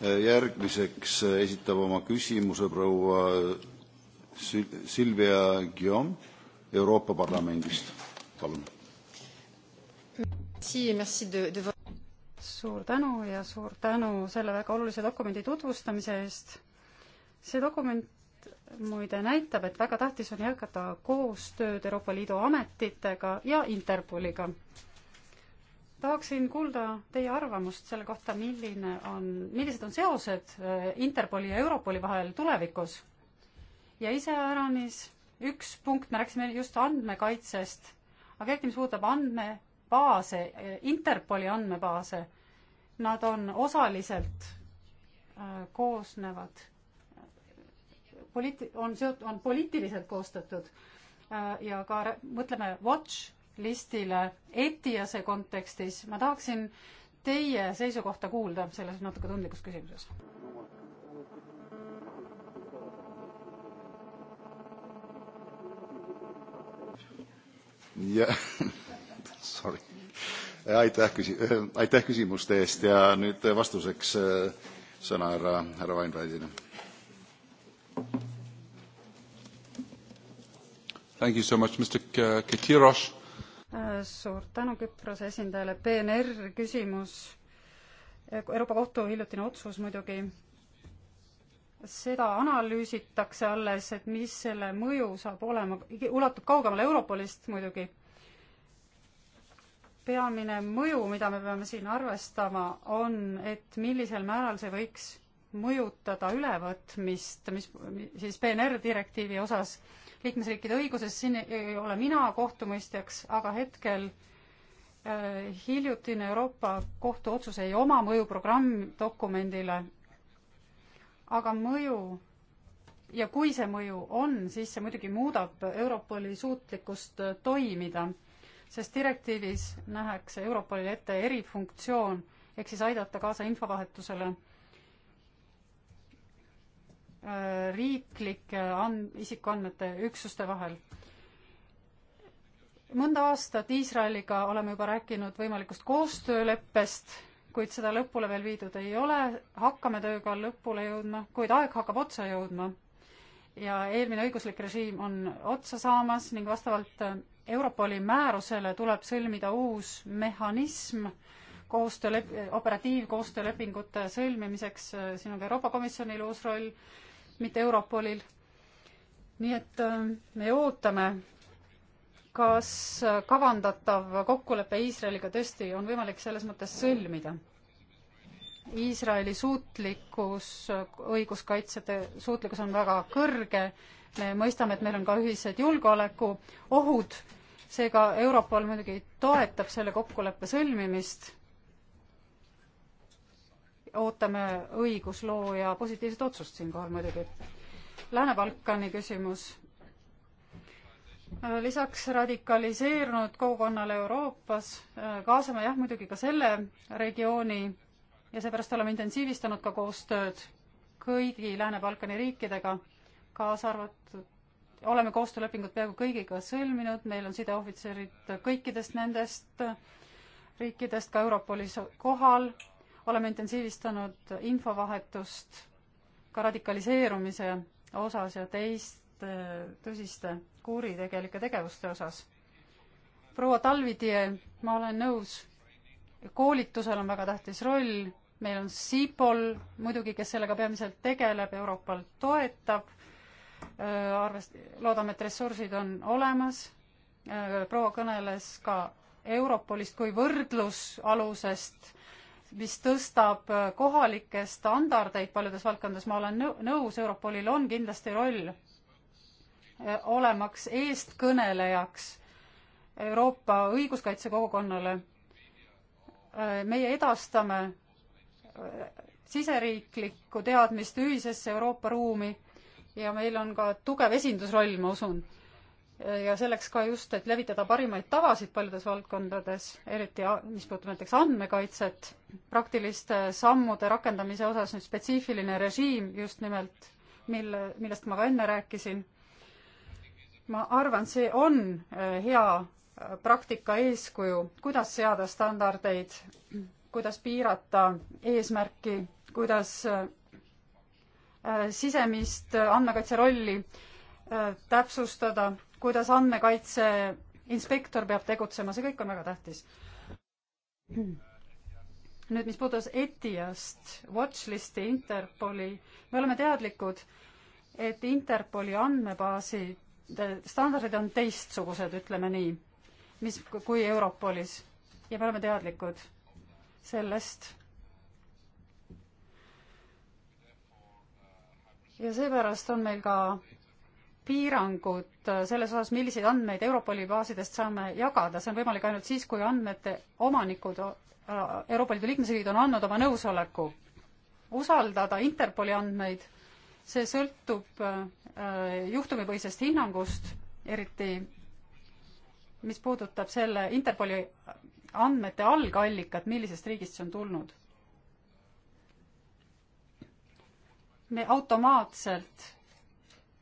järgmiseks äh, esitab oma küsimuse proua äh, Silvia Guillaume Euroopa Parlamendist, palun!
suur tänu ja suur tänu selle väga olulise dokumendi tutvustamise eest. see dokument muide näitab, et väga tähtis on jätkata koostööd Euroopa Liidu ametitega ja Interpoliga. tahaksin kuulda teie arvamust selle kohta, milline on, millised on seosed äh, Interpoli ja Europoli vahel tulevikus. ja iseäranis üks punkt, me rääkisime just andmekaitsest, aga eriti, mis puudutab andmebaase, äh, Interpoli andmebaase, nad on osaliselt äh, koosnevad poliit-, on seot-, on poliitiliselt koostatud äh, ja ka mõtleme watch listile ETIAS-e kontekstis, ma tahaksin teie seisukohta kuulda selles natuke tundlikus küsimuses.
jah, sorry. aitäh küsi-, aitäh küsimuste eest ja nüüd vastuseks äh, sõna härra, härra Vainraidile Thank you so
much, Mr Ketiroš.
Äh, suur tänu Küprose esindajale, PNR küsimus, Euroopa Kohtu hiljutine otsus muidugi, seda analüüsitakse alles, et mis selle mõju saab olema, ulatub kaugemale Europolist muidugi peamine mõju, mida me peame siin arvestama, on, et millisel määral see võiks mõjutada ülevõtmist, mis siis PNR direktiivi osas liikmesriikide õiguses, siin ei ole mina kohtumõistjaks, aga hetkel äh, hiljutine Euroopa Kohtu otsus ei oma mõju programmdokumendile, aga mõju ja kui see mõju on, siis see muidugi muudab Europoli suutlikkust äh, toimida, sest direktiivis nähakse Europolile ette erifunktsioon, ehk siis aidata kaasa infovahetusele Äh, riiklike and-, isikuandmete üksuste vahel. mõnda aastat Iisraeliga oleme juba rääkinud võimalikust koostööleppest, kuid seda lõpule veel viidud ei ole, hakkame tööga lõpule jõudma, kuid aeg hakkab otsa jõudma. ja eelmine õiguslik režiim on otsa saamas ning vastavalt Europoli määrusele tuleb sõlmida uus mehhanism koostöö, operatiivkoostöölepingute sõlmimiseks, siin on ka Euroopa Komisjonil uus roll mitte Europolil. nii et äh, me ootame, kas äh, kavandatav kokkulepe Iisraeliga tõesti on võimalik selles mõttes sõlmida. Iisraeli suutlikkus, äh, õiguskaitsjate suutlikkus on väga kõrge, me mõistame, et meil on ka ühised julgeolekuohud, seega Europol muidugi toetab selle kokkuleppe sõlmimist ootame õiguslooja positiivset otsust siinkohal muidugi. Lääne-Balkani küsimus. lisaks radikaliseerunud kogukonnale Euroopas kaasame jah, muidugi ka selle regiooni ja seepärast oleme intensiivistanud ka koostööd kõigi Lääne-Balkani riikidega, kaasa arvatud oleme koostöölepingud peaaegu kõigiga sõlminud, meil on sideohvitserid kõikidest nendest riikidest ka Europolis kohal, oleme intensiivistanud infovahetust ka radikaliseerumise osas ja teiste tõsiste kuritegelike tegevuste osas. proua Talvitie, ma olen nõus, koolitusel on väga tähtis roll, meil on SIPOL muidugi, kes sellega peamiselt tegeleb, Europol toetab, äh, arvest-, loodame, et ressursid on olemas, äh, proua kõneles ka Europolist kui võrdlusalusest mis tõstab äh, kohalikke standardeid paljudes valdkondades, ma olen nõus, Europolil on kindlasti roll äh, olemaks eestkõnelejaks Euroopa õiguskaitsekogukonnale. Äh, meie edastame siseriiklikku teadmist ühisesse Euroopa ruumi ja meil on ka tugev esindusroll, ma usun ja selleks ka just, et levitada parimaid tavasid paljudes valdkondades, eriti mis puudutab näiteks andmekaitset, praktiliste sammude rakendamise osas nüüd spetsiifiline režiim just nimelt, mille, millest ma ka enne rääkisin. ma arvan, see on äh, hea äh, praktika eeskuju, kuidas seada standardeid, kuidas piirata eesmärki, kuidas äh, sisemist andmekaitse rolli täpsustada kuidas andmekaitse inspektor peab tegutsema, see kõik on väga tähtis. nüüd, mis puudutas ETIAst, Watchlisti, Interpoli, me oleme teadlikud, et Interpoli andmebaasi standardid on teistsugused, ütleme nii, mis, kui Europolis ja me oleme teadlikud sellest. ja seepärast on meil ka piirangud äh, selles osas, milliseid andmeid Europoli baasidest saame jagada, see on võimalik ainult siis, kui andmete omanikud, äh, Euroopa Liidu liikmesriigid on andnud oma nõusoleku. usaldada Interpoli andmeid, see sõltub äh, juhtumipõhisest hinnangust, eriti mis puudutab selle Interpoli andmete algallikat, millisest riigist see on tulnud. me automaatselt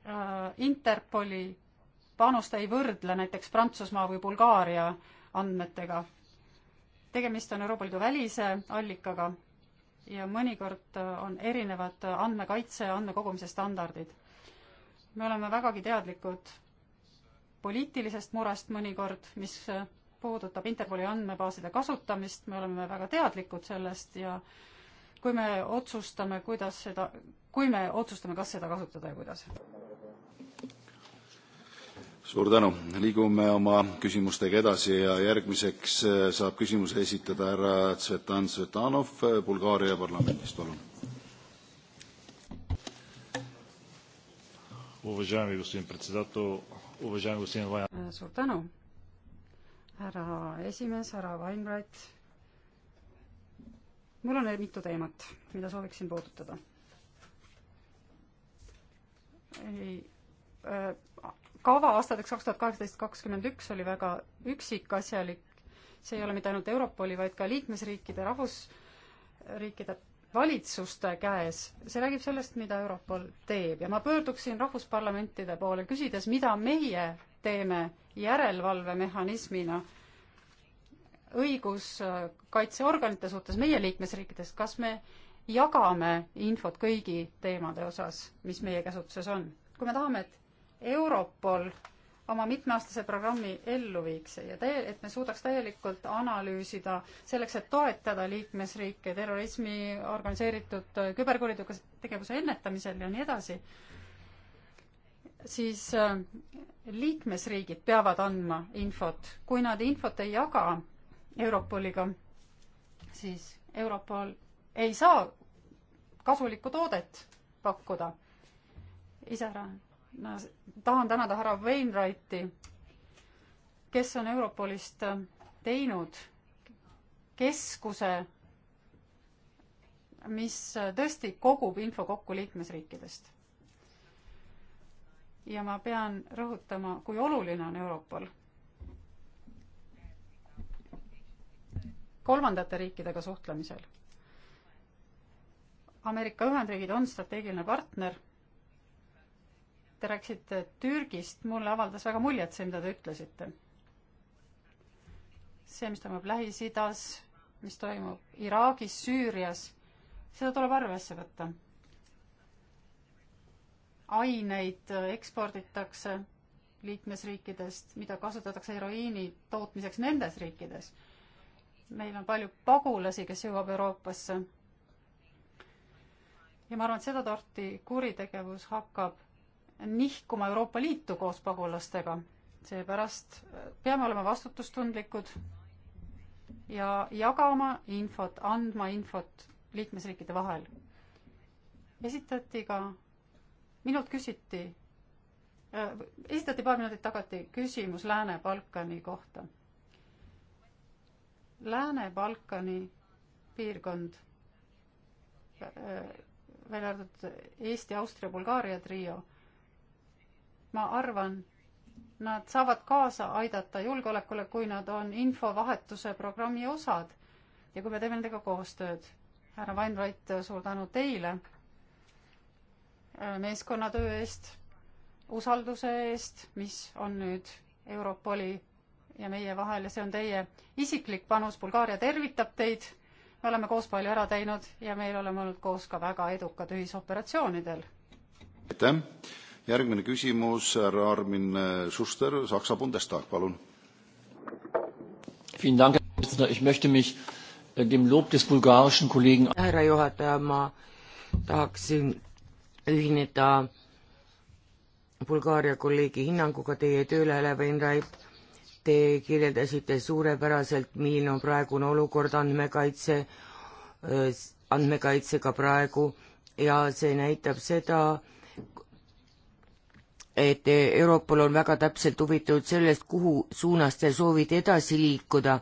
Äh, Interpoli panust ei võrdle näiteks Prantsusmaa või Bulgaaria andmetega. tegemist on Euroopa Liidu välise allikaga ja mõnikord äh, on erinevad äh, andmekaitse ja andmekogumise standardid. me oleme vägagi teadlikud poliitilisest murest mõnikord, mis puudutab Interpoli andmebaaside kasutamist, me oleme väga teadlikud sellest ja kui me otsustame, kuidas seda, kui me otsustame, kas seda kasutada ja kuidas
suur tänu, liigume oma küsimustega edasi ja järgmiseks äh, saab küsimuse esitada härra Tsvetan Tsvetanov äh, Bulgaaria parlamendist, palun. Äh, suur
tänu, härra esimees, härra Weinreit. mul on mitu teemat, mida sooviksin puudutada. ei äh, kava aastateks kaks tuhat kaheksateist, kakskümmend üks oli väga üksikasjalik, see ei ole mitte ainult Europoli, vaid ka liikmesriikide, rahvusriikide valitsuste käes, see räägib sellest, mida Europol teeb ja ma pöörduksin rahvusparlamentide poole, küsides, mida meie teeme järelevalvemehhanismina õiguskaitseorganite suhtes meie liikmesriikides, kas me jagame infot kõigi teemade osas, mis meie käsutuses on? kui me tahame, et Europol oma mitmeaastase programmi ellu viiks ja täie-, et me suudaks täielikult analüüsida selleks, et toetada liikmesriike terrorismi, organiseeritud küberkuritegevuse ennetamisel ja nii edasi, siis äh, liikmesriigid peavad andma infot. kui nad infot ei jaga Europoliga, siis Europol ei saa kasulikku toodet pakkuda. iseäranis Äh, tahan tänada härra Wainwrighti, kes on Europolist äh, teinud keskuse, mis äh, tõesti kogub info kokku liikmesriikidest. ja ma pean rõhutama, kui oluline on Europol. kolmandate riikidega suhtlemisel. Ameerika Ühendriigid on strateegiline partner te rääkisite Türgist, mulle avaldas väga muljet see, mida te ütlesite. see, mis toimub Lähis-Idas, mis toimub Iraagis, Süürias, seda tuleb arvesse võtta. aineid eksporditakse liikmesriikidest, mida kasutatakse heroiini tootmiseks nendes riikides. meil on palju pagulasi, kes jõuab Euroopasse ja ma arvan, et seda torti kuritegevus hakkab nihkuma Euroopa Liitu koos pagulastega. seepärast peame olema vastutustundlikud ja jagama infot, andma infot liikmesriikide vahel. esitati ka, minult küsiti, äh, esitati paar minutit tagasi küsimus Lääne-Balkani kohta. Lääne-Balkani piirkond äh, välja arvatud Eesti, Austria, Bulgaaria trio ma arvan, nad saavad kaasa aidata julgeolekule, kui nad on infovahetuse programmi osad ja kui me teeme nendega koostööd. härra Vainrait, suur tänu teile äh, meeskonnatöö eest, usalduse eest, mis on nüüd Europoli ja meie vahel ja see on teie isiklik panus, Bulgaaria tervitab teid, me oleme koos palju ära teinud ja meil oleme olnud koos ka väga edukad ühisoperatsioonidel.
aitäh! järgmine küsimus, härra Armin äh, Schuster, Saksa Bundestag, palun.
Äh, härra juhataja, ma tahaksin ühineda Bulgaaria kolleegi hinnanguga teie tööle, Eleven Raip. Te kirjeldasite suurepäraselt, milline on praegune olukord andmekaitse, äh, andmekaitsega praegu ja see näitab seda, et Europol on väga täpselt huvitatud sellest, kuhu suunas te soovite edasi liikuda.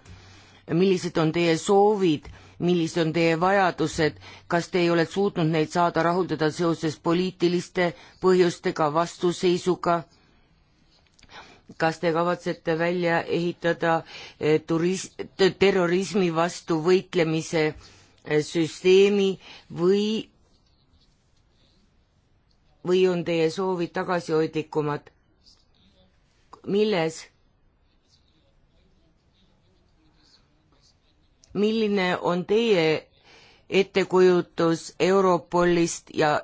millised on teie soovid, millised on teie vajadused, kas te ei ole suutnud neid saada rahuldada seoses poliitiliste põhjustega, vastuseisuga? kas te kavatsete välja ehitada eh, turis-, terrorismi vastu võitlemise eh, süsteemi või või on teie soovid tagasihoidlikumad? milles? milline on teie ettekujutus Europolist ja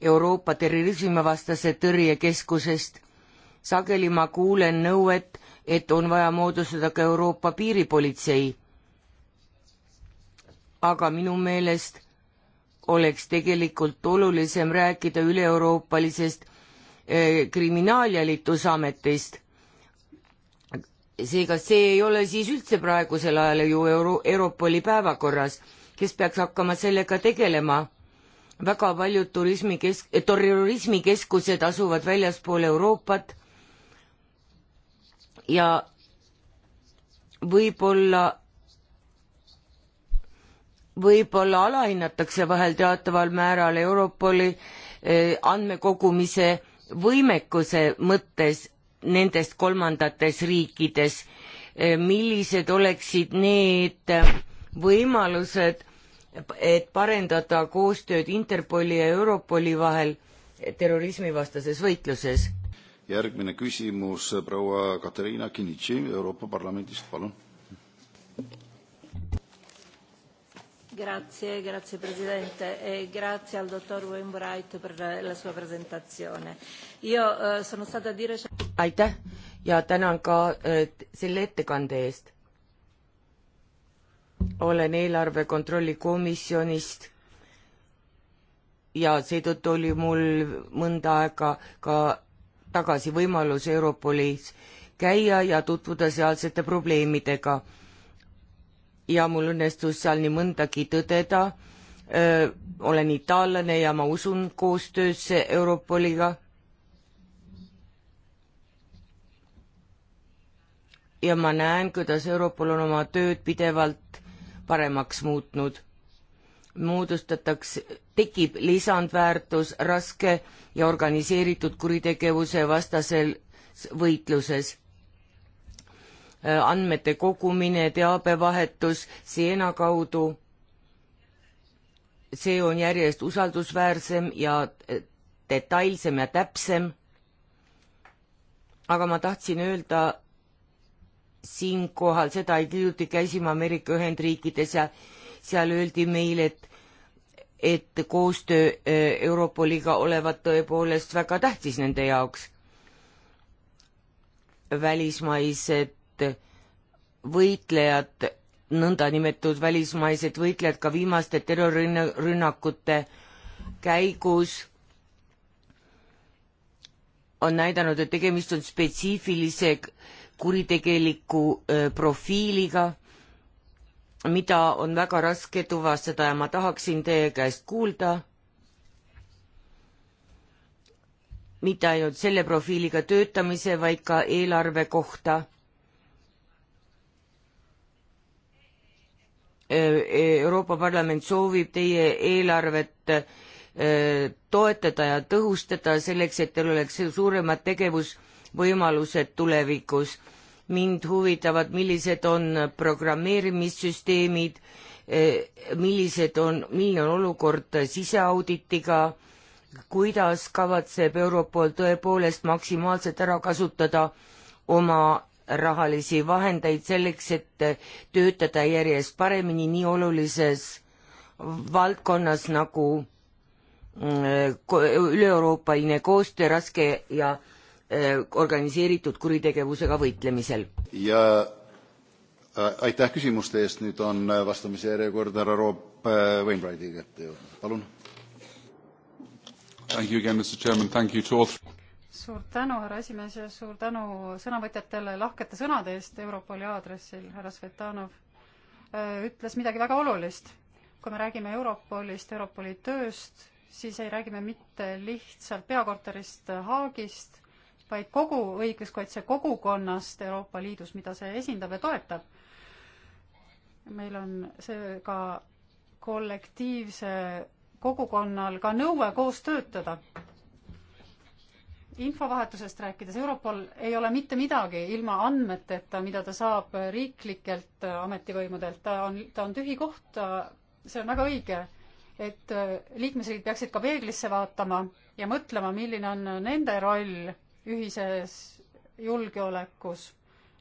Euroopa terrorismivastase tõrjekeskusest? sageli ma kuulen nõuet, et on vaja moodustada ka Euroopa piiripolitsei. aga minu meelest oleks tegelikult olulisem rääkida üle-euroopalisest eh, kriminaaljälitusametist. seega see ei ole siis üldse praegusel ajal ju Euro-, Europoli päevakorras, kes peaks hakkama sellega tegelema. väga paljud turismikesk-, terrorismikeskused asuvad väljaspool Euroopat ja võib-olla võib-olla alahinnatakse vahel teataval määral Europoli eh, andmekogumise võimekuse mõttes nendest kolmandates riikides, eh, millised oleksid need eh, võimalused, et parendada koostööd Interpoli ja Europoli vahel terrorismivastases võitluses?
järgmine küsimus proua Katariina Kinitši Euroopa Parlamendist, palun
Grazie, grazie Presidente e grazie al dottor Wainwright per la, la sua
presentazione.
Io eh, sono stata dire...
aitäh ja tänan ka eh, selle ettekande eest. olen eelarve kontrolli komisjonist ja seetõttu oli mul mõnda aega ka tagasi võimalus Europolis käia ja tutvuda sealsete probleemidega ja mul õnnestus seal nii mõndagi tõdeda. olen itaallane ja ma usun koostöösse Europoliga. ja ma näen, kuidas Europol on oma tööd pidevalt paremaks muutnud. moodustatakse, tekib lisandväärtus raske ja organiseeritud kuritegevuse vastasel võitluses Äh, andmete kogumine, teabevahetus Siena kaudu. see on järjest usaldusväärsem ja äh, detailsem ja täpsem. aga ma tahtsin öelda siinkohal seda, et hiljuti käisime Ameerika Ühendriikides ja seal öeldi meile, et et koostöö äh, Europoliga olevat tõepoolest väga tähtis nende jaoks. välismaised et võitlejad, nõndanimetatud välismaised võitlejad ka viimaste terrorirünnakute käigus on näidanud, et tegemist on spetsiifilise kuritegeliku profiiliga, mida on väga raske tuvastada ja ma tahaksin teie käest kuulda mitte ainult selle profiiliga töötamise, vaid ka eelarve kohta. Äh, äh, Euroopa Parlament soovib teie eelarvet äh, toetada ja tõhustada selleks, et teil oleks suuremad tegevusvõimalused tulevikus. mind huvitavad, millised on programmeerimissüsteemid, millised on, milline on olukord siseauditiga, kuidas kavatseb Europol tõepoolest maksimaalselt ära kasutada oma rahalisi vahendeid selleks, et töötada järjest paremini nii olulises valdkonnas nagu mm, üleeuroopaline koostöö raske ja eh, organiseeritud kuritegevusega võitlemisel.
ja äh, aitäh küsimuste eest, nüüd on äh, vastamise järjekord härra Roop äh, Wainwrighti kätte jõudnud, palun. Thank you again, Mr Chairman, thank you to all
suur tänu, härra esimees ja suur tänu sõnavõtjatele lahkete sõnade eest Europoli aadressil, härra Svetanov äh, ütles midagi väga olulist. kui me räägime Europolist, Europoli tööst, siis ei räägi me mitte lihtsalt peakorterist Haagist, vaid kogu õiguskaitse kogukonnast Euroopa Liidus, mida see esindab ja toetab. meil on seega kollektiivse kogukonnal ka nõue koos töötada infovahetusest rääkides, Europol ei ole mitte midagi ilma andmeteta, mida ta saab riiklikelt ametivõimudelt, ta on, ta on tühi koht, see on väga õige, et liikmesriigid peaksid ka peeglisse vaatama ja mõtlema, milline on nende roll ühises julgeolekus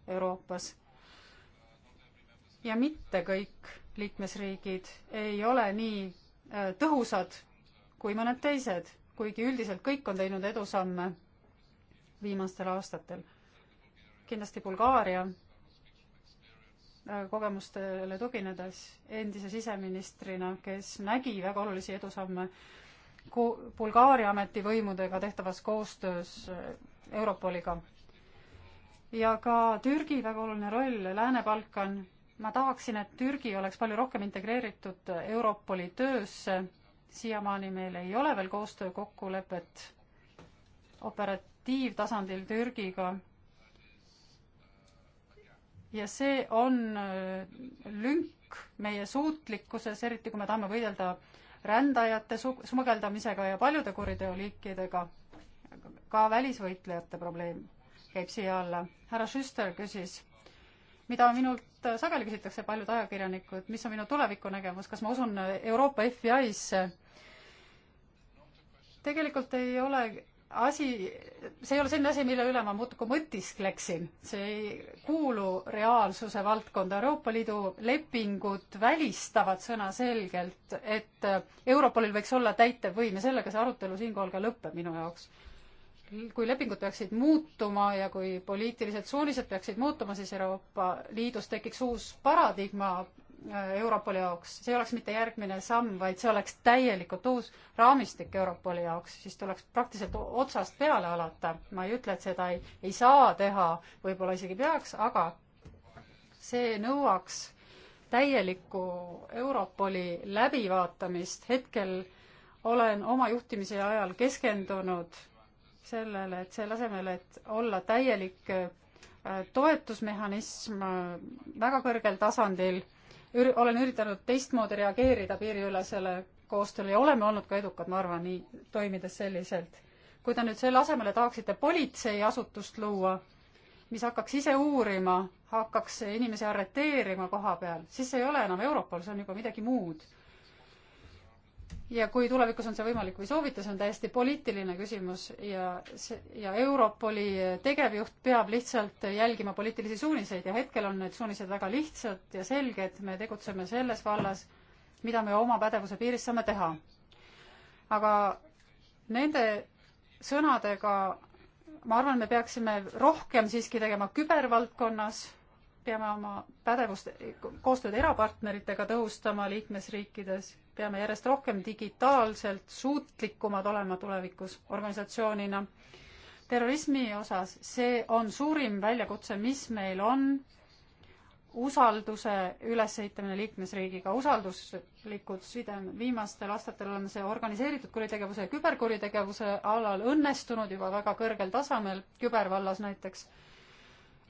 Euroopas. ja mitte kõik liikmesriigid ei ole nii äh, tõhusad kui mõned teised kuigi üldiselt kõik on teinud edusamme viimastel aastatel. kindlasti Bulgaaria äh, kogemustele tuginedes endise siseministrina, kes nägi väga olulisi edusamme ku-, Bulgaaria ametivõimudega tehtavas koostöös äh, Europoliga. ja ka Türgi väga oluline roll, Lääne-Balkan, ma tahaksin, et Türgi oleks palju rohkem integreeritud äh, Europoli töösse, siiamaani meil ei ole veel koostöökokkulepet operat-, operatiivtasandil Türgiga. ja see on äh, lünk meie suutlikkuses, eriti kui me tahame võidelda rändajate su-, smugeldamisega ja paljude kuriteoliikidega, ka välisvõitlejate probleem käib siia alla. härra Schüster küsis, mida minult sageli küsitakse, paljud ajakirjanikud, mis on minu tulevikunägemus, kas ma usun Euroopa FBI-sse? tegelikult ei ole asi, see ei ole selline asi, mille üle ma muudkui mõtiskleksin, see ei kuulu reaalsuse valdkonda. Euroopa Liidu lepingud välistavad sõnaselgelt, et Europolil võiks olla täitevvõim ja sellega see arutelu siinkohal ka lõpeb minu jaoks. kui lepingud peaksid muutuma ja kui poliitilised suunised peaksid muutuma, siis Euroopa Liidus tekiks uus paradigma Äh, Europoli jaoks, see oleks mitte järgmine samm, vaid see oleks täielikult uus raamistik Europoli jaoks, siis tuleks praktiliselt otsast peale alata. ma ei ütle, et seda ei, ei saa teha, võib-olla isegi peaks, aga see nõuaks täielikku Europoli läbivaatamist. hetkel olen oma juhtimise ajal keskendunud sellele, et selle asemel, et olla täielik äh, toetusmehhanism äh, väga kõrgel tasandil ür-, olen üritanud teistmoodi reageerida piiriülesele koostööle ja oleme olnud ka edukad, ma arvan, nii toimides selliselt. kui te nüüd selle asemele tahaksite politseiasutust luua, mis hakkaks ise uurima, hakkaks inimesi arreteerima koha peal, siis see ei ole enam Europol, see on juba midagi muud ja kui tulevikus on see võimalik või soovite, see on täiesti poliitiline küsimus ja see ja Europoli tegevjuht peab lihtsalt jälgima poliitilisi suuniseid ja hetkel on need suunised väga lihtsad ja selged, me tegutseme selles vallas, mida me oma pädevuse piiris saame teha. aga nende sõnadega ma arvan, me peaksime rohkem siiski tegema kübervaldkonnas, peame oma pädevust, koostööd erapartneritega tõhustama liikmesriikides peame järjest rohkem digitaalselt suutlikumad olema tulevikus organisatsioonina. terrorismi osas, see on suurim väljakutse, mis meil on, usalduse ülesehitamine liikmesriigiga, usalduslikud sidem, viimastel aastatel oleme see organiseeritud kuritegevuse ja küberkuritegevuse alal õnnestunud juba väga kõrgel tasemel, kübervallas näiteks,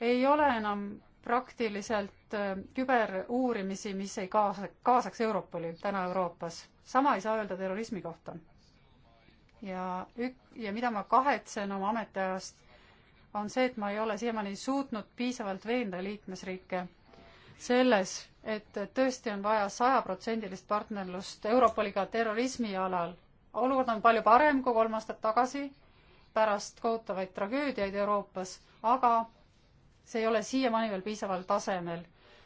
ei ole enam praktiliselt äh, küberuurimisi, mis ei kaasa, kaasaks Europoli täna Euroopas. sama ei saa öelda terrorismi kohta. ja ük-, ja mida ma kahetsen oma ametiajast, on see, et ma ei ole siiamaani suutnud piisavalt veenda liikmesriike selles, et tõesti on vaja sajaprotsendilist partnerlust Europoliga terrorismi alal. olukord on palju parem kui kolm aastat tagasi, pärast kohutavaid tragöödiaid Euroopas, aga see ei ole siiamaani veel piisaval tasemel.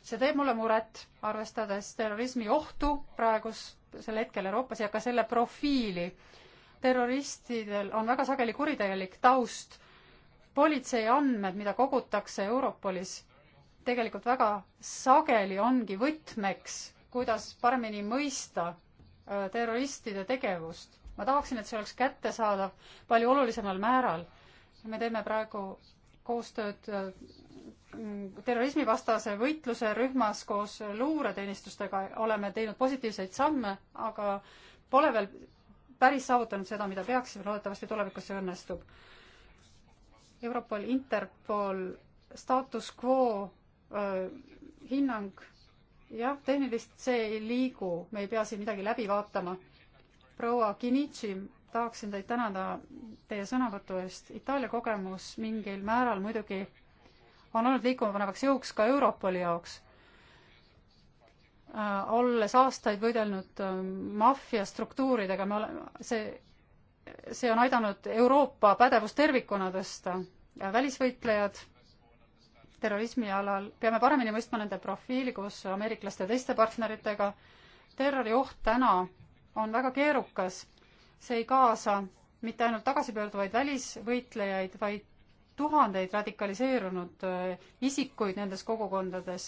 see teeb mulle muret, arvestades terrorismi ohtu praegusel hetkel Euroopas ja ka selle profiili. terroristidel on väga sageli kuritegelik taust. politsei andmed, mida kogutakse Europolis, tegelikult väga sageli ongi võtmeks, kuidas paremini mõista äh, terroristide tegevust. ma tahaksin, et see oleks kättesaadav palju olulisemal määral. me teeme praegu koostööd äh, terrorismivastase võitluse rühmas koos luureteenistustega oleme teinud positiivseid samme, aga pole veel päris saavutanud seda, mida peaksime, loodetavasti tulevikus see õnnestub. Europol, Interpol, status quo öö, hinnang, jah, tehnilist see ei liigu, me ei pea siin midagi läbi vaatama. proua Kinitši, tahaksin teid tänada teie sõnavõtu eest, Itaalia kogemus mingil määral muidugi on olnud liikumapanevaks jõuks ka Europoli jaoks. Äh, olles aastaid võidelnud äh, maffiastruktuuridega, me oleme, see, see on aidanud Euroopa pädevust tervikuna tõsta. välisvõitlejad terrorismi alal, peame paremini mõistma nende profiili koos ameeriklaste ja teiste partneritega. terrorioht täna on väga keerukas, see ei kaasa mitte ainult tagasipöörduvaid välisvõitlejaid, vaid tuhandeid radikaliseerunud äh, isikuid nendes kogukondades.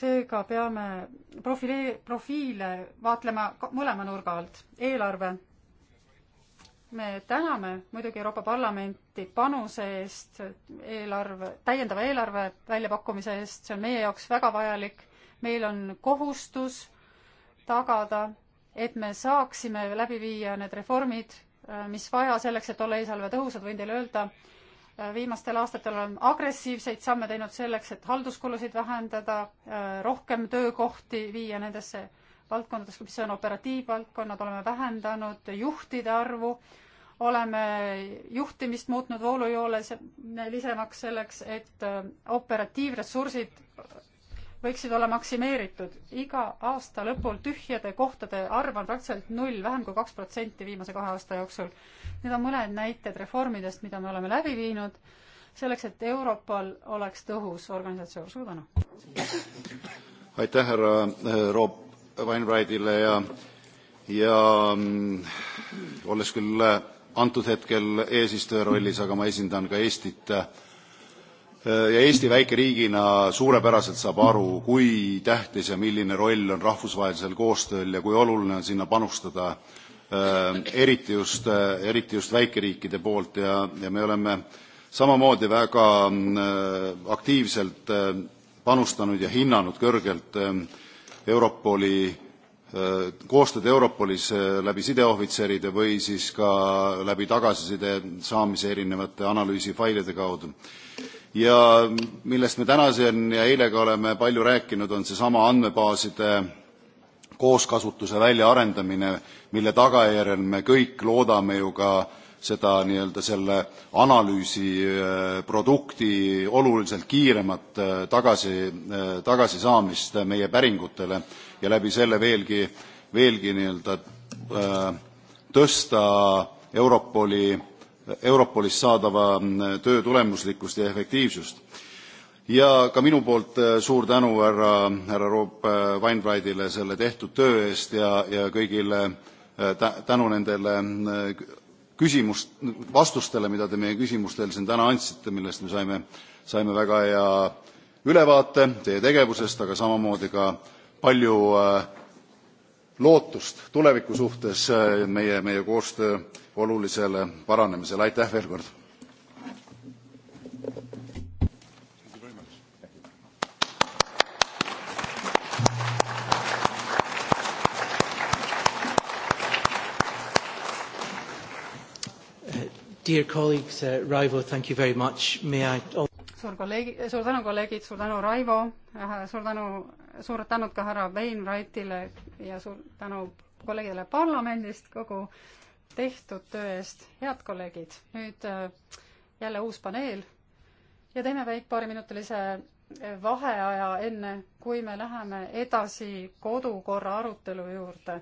seega peame profilee-, profiile vaatlema mõlema nurga alt. eelarve. me täname muidugi Euroopa Parlamenti panuse eest, eelarve, täiendava eelarve väljapakkumise eest, see on meie jaoks väga vajalik. meil on kohustus tagada, et me saaksime läbi viia need reformid, äh, mis vaja selleks, et olla eelarve tõhusad, võin teile öelda, viimastel aastatel oleme agressiivseid samme teinud selleks, et halduskulusid vähendada, rohkem töökohti viia nendesse valdkondadesse, mis on operatiivvaldkonnad, oleme vähendanud juhtide arvu, oleme juhtimist muutnud voolujoonelisemaks selleks, et operatiivressursid võiksid olla maksimeeritud. iga aasta lõpul tühjade kohtade arv on praktiliselt null, vähem kui kaks protsenti viimase kahe aasta jooksul. Need on mõned näited reformidest, mida me oleme läbi viinud, selleks et Europol oleks tõhus organisatsioon. suur tänu!
aitäh härra äh, Rob Weinbrightile ja, ja mm, olles küll äh, antud hetkel eesistuja rollis, aga ma esindan ka Eestit äh, Äh, ja Eesti väikeriigina suurepäraselt saab aru, kui tähtis ja milline roll on rahvusvahelisel koostööl ja kui oluline on sinna panustada, äh, eriti just, äh, eriti just väikeriikide poolt ja, ja me oleme samamoodi väga mm, aktiivselt panustanud ja hinnanud kõrgelt Europoli, koostööd Europolis läbi sideohvitseride või siis ka läbi tagasiside saamise erinevate analüüsifailide kaudu ja millest me tänaseni ja eile ka oleme palju rääkinud, on seesama andmebaaside kooskasutuse väljaarendamine, mille tagajärjel me kõik loodame ju ka seda nii-öelda selle analüüsi äh, produkti oluliselt kiiremat äh, tagasi, äh, tagasisaamist meie päringutele ja läbi selle veelgi, veelgi nii-öelda tõsta Europoli Europolist saadava mm, töö tulemuslikkust ja efektiivsust. ja ka minu poolt äh, suur tänu härra, härra Rob äh, Weinbrightile selle tehtud töö eest ja, ja kõigile äh, tänu nendele küsimust, vastustele, mida te meie küsimustele siin täna andsite, millest me saime, saime väga hea ülevaate teie tegevusest, aga samamoodi ka palju äh, lootust tuleviku suhtes äh, meie, meie koostöö olulisele paranemisele, aitäh veel kord!
Dear colleagues, uh, Raivo, thank you very much. May I...
suur kolleegi, suur tänu, kolleegid, suur tänu, Raivo, äh, suur tänu suured tänud ka härra Wainwrightile ja suur tänu kolleegidele parlamendist kogu tehtud töö eest. head kolleegid, nüüd äh, jälle uus paneel ja teeme väik paariminutilise äh, vaheaja, enne kui me läheme edasi kodukorra arutelu juurde.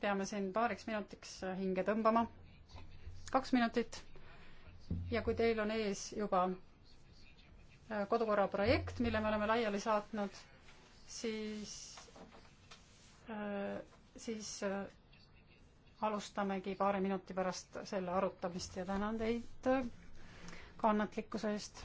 peame siin paariks minutiks äh, hinge tõmbama. kaks minutit. ja kui teil on ees juba kodukorra projekt, mille me oleme laiali saatnud siis, äh, siis äh, alustamegi paari minuti pärast selle arutamist ja tänan teid äh, kannatlikkuse eest.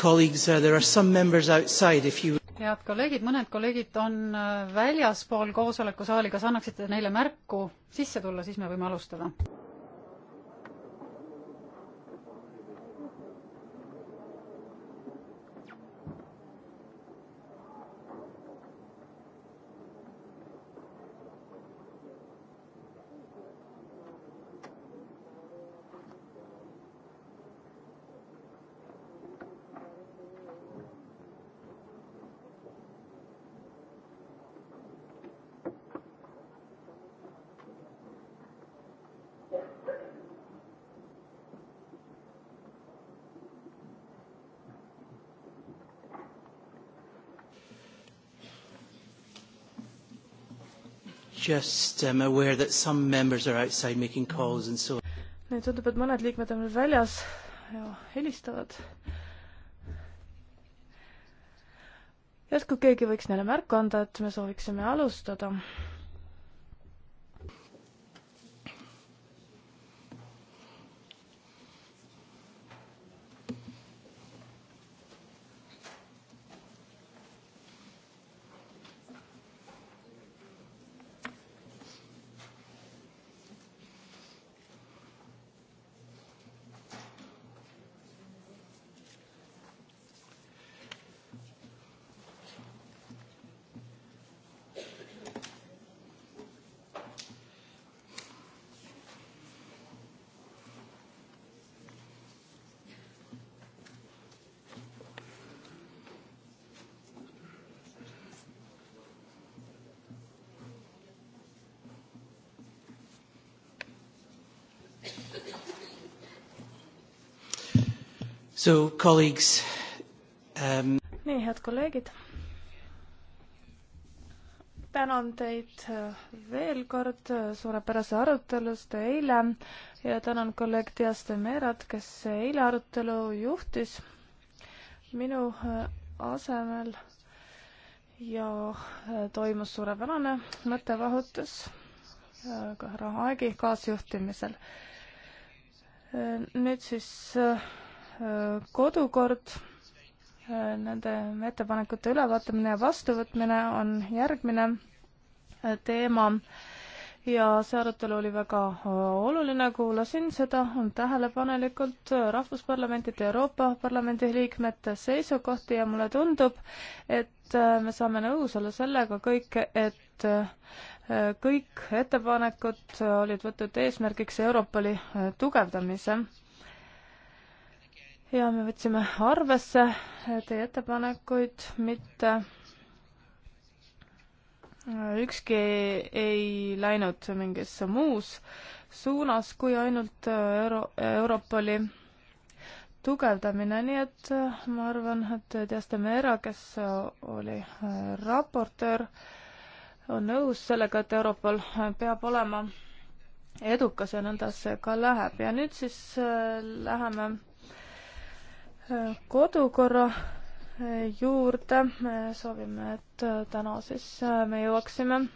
colleagues, uh, there are some members outside if you
head kolleegid, mõned kolleegid on uh, väljaspool koosolekusaali, kas annaksite neile märku sisse tulla, siis me võime alustada?
just um, aware that some members are outside making calls and so
nüüd tundub, et mõned liikmed on veel väljas ja helistavad. järsku keegi võiks neile märku anda, et me sooviksime alustada
So colleagues um....
nii, head kolleegid. tänan teid äh, veel kord äh, suurepärase arutelust eile ja tänan kolleeg Dias de Merat, kes eile arutelu juhtis minu äh, asemel ja toimus suurepärane mõttevahutus ka härra Aegi kaasjuhtimisel. nüüd siis kodukord, nende ettepanekute ülevaatamine ja vastuvõtmine on järgmine teema ja see arutelu oli väga oluline, kuulasin seda tähelepanelikult Rahvusparlamentide ja Euroopa Parlamendi liikmete seisukohti ja mulle tundub, et me saame nõus olla sellega kõik, et kõik ettepanekud olid võtnud eesmärgiks Europoli tugevdamise ja me võtsime arvesse teie ettepanekuid, mitte ükski ei läinud mingisse muus suunas kui ainult euro, Europoli tugevdamine, nii et äh, ma arvan, et Dias de Mera, kes oli äh, raportöör, on nõus sellega, et Europol äh, peab olema edukas ja nõnda see ka läheb ja nüüd siis läheme kodukorra juurde soovime, et täna siis me jõuaksime äh,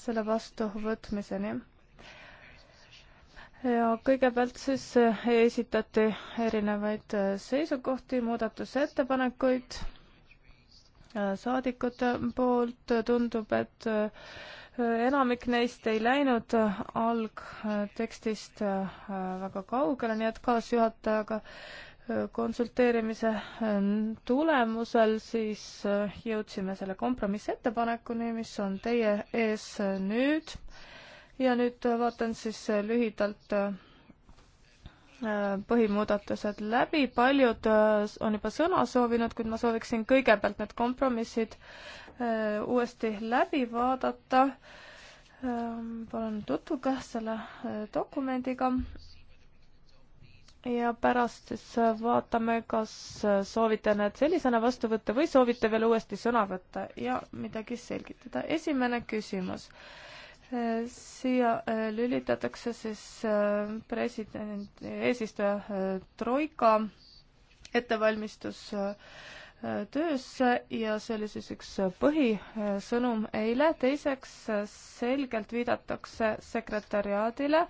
selle vastuvõtmiseni. ja kõigepealt siis äh, esitati erinevaid äh, seisukohti, muudatusettepanekuid saadikute poolt, tundub, et enamik neist ei läinud algtekstist väga kaugele, nii et kaasjuhatajaga konsulteerimise ähm, tulemusel siis äh, jõudsime selle kompromissettepanekuni, mis on teie ees äh, nüüd. ja nüüd äh, vaatan siis lühidalt põhimuudatused läbi, paljud on juba sõna soovinud, kuid ma sooviksin kõigepealt need kompromissid uuesti läbi vaadata. Ähm, palun tutvuge selle dokumendiga ja pärast siis äh, vaatame, kas äh, soovite need sellisena vastu võtta või soovite veel uuesti sõna võtta ja midagi selgitada. esimene küsimus. Äh, siia lülitatakse siis president, eesistuja Troika ettevalmistus äh, töösse ja see oli siis üks põhisõnum eile. teiseks selgelt viidatakse sekretäriaadile,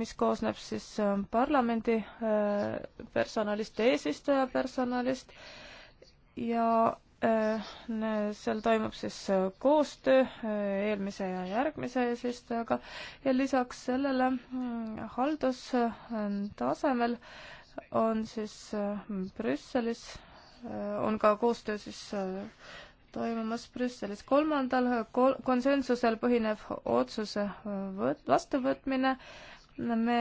mis koosneb siis parlamendi äh, personalist ja eesistuja personalist ja äh, seal toimub siis koostöö äh, eelmise ja järgmise eesistujaga ja lisaks sellele mm, haldustasemel on siis Brüsselis on ka koostöö siis äh, toimumas Brüsselis. kolmandal kol-, konsensusel põhinev otsuse võt-, vastuvõtmine, me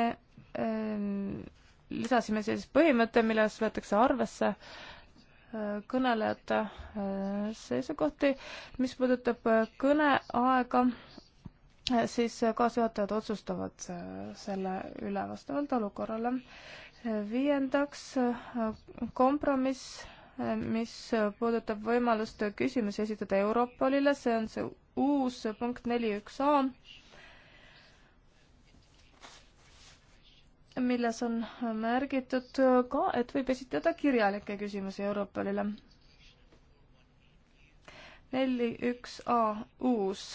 ähm, lisasime siis põhimõtte, milles võetakse arvesse äh, kõnelejate äh, seisukohti. mis puudutab kõneaega, siis kaasjuhatajad otsustavad selle üle vastavalt olukorrale. viiendaks kompromiss mis puudutab võimalust küsimusi esitada Europolile, see on see uus punkt neli üks A, milles on märgitud ka, et võib esitada kirjalikke küsimusi Europolile. neli üks A uus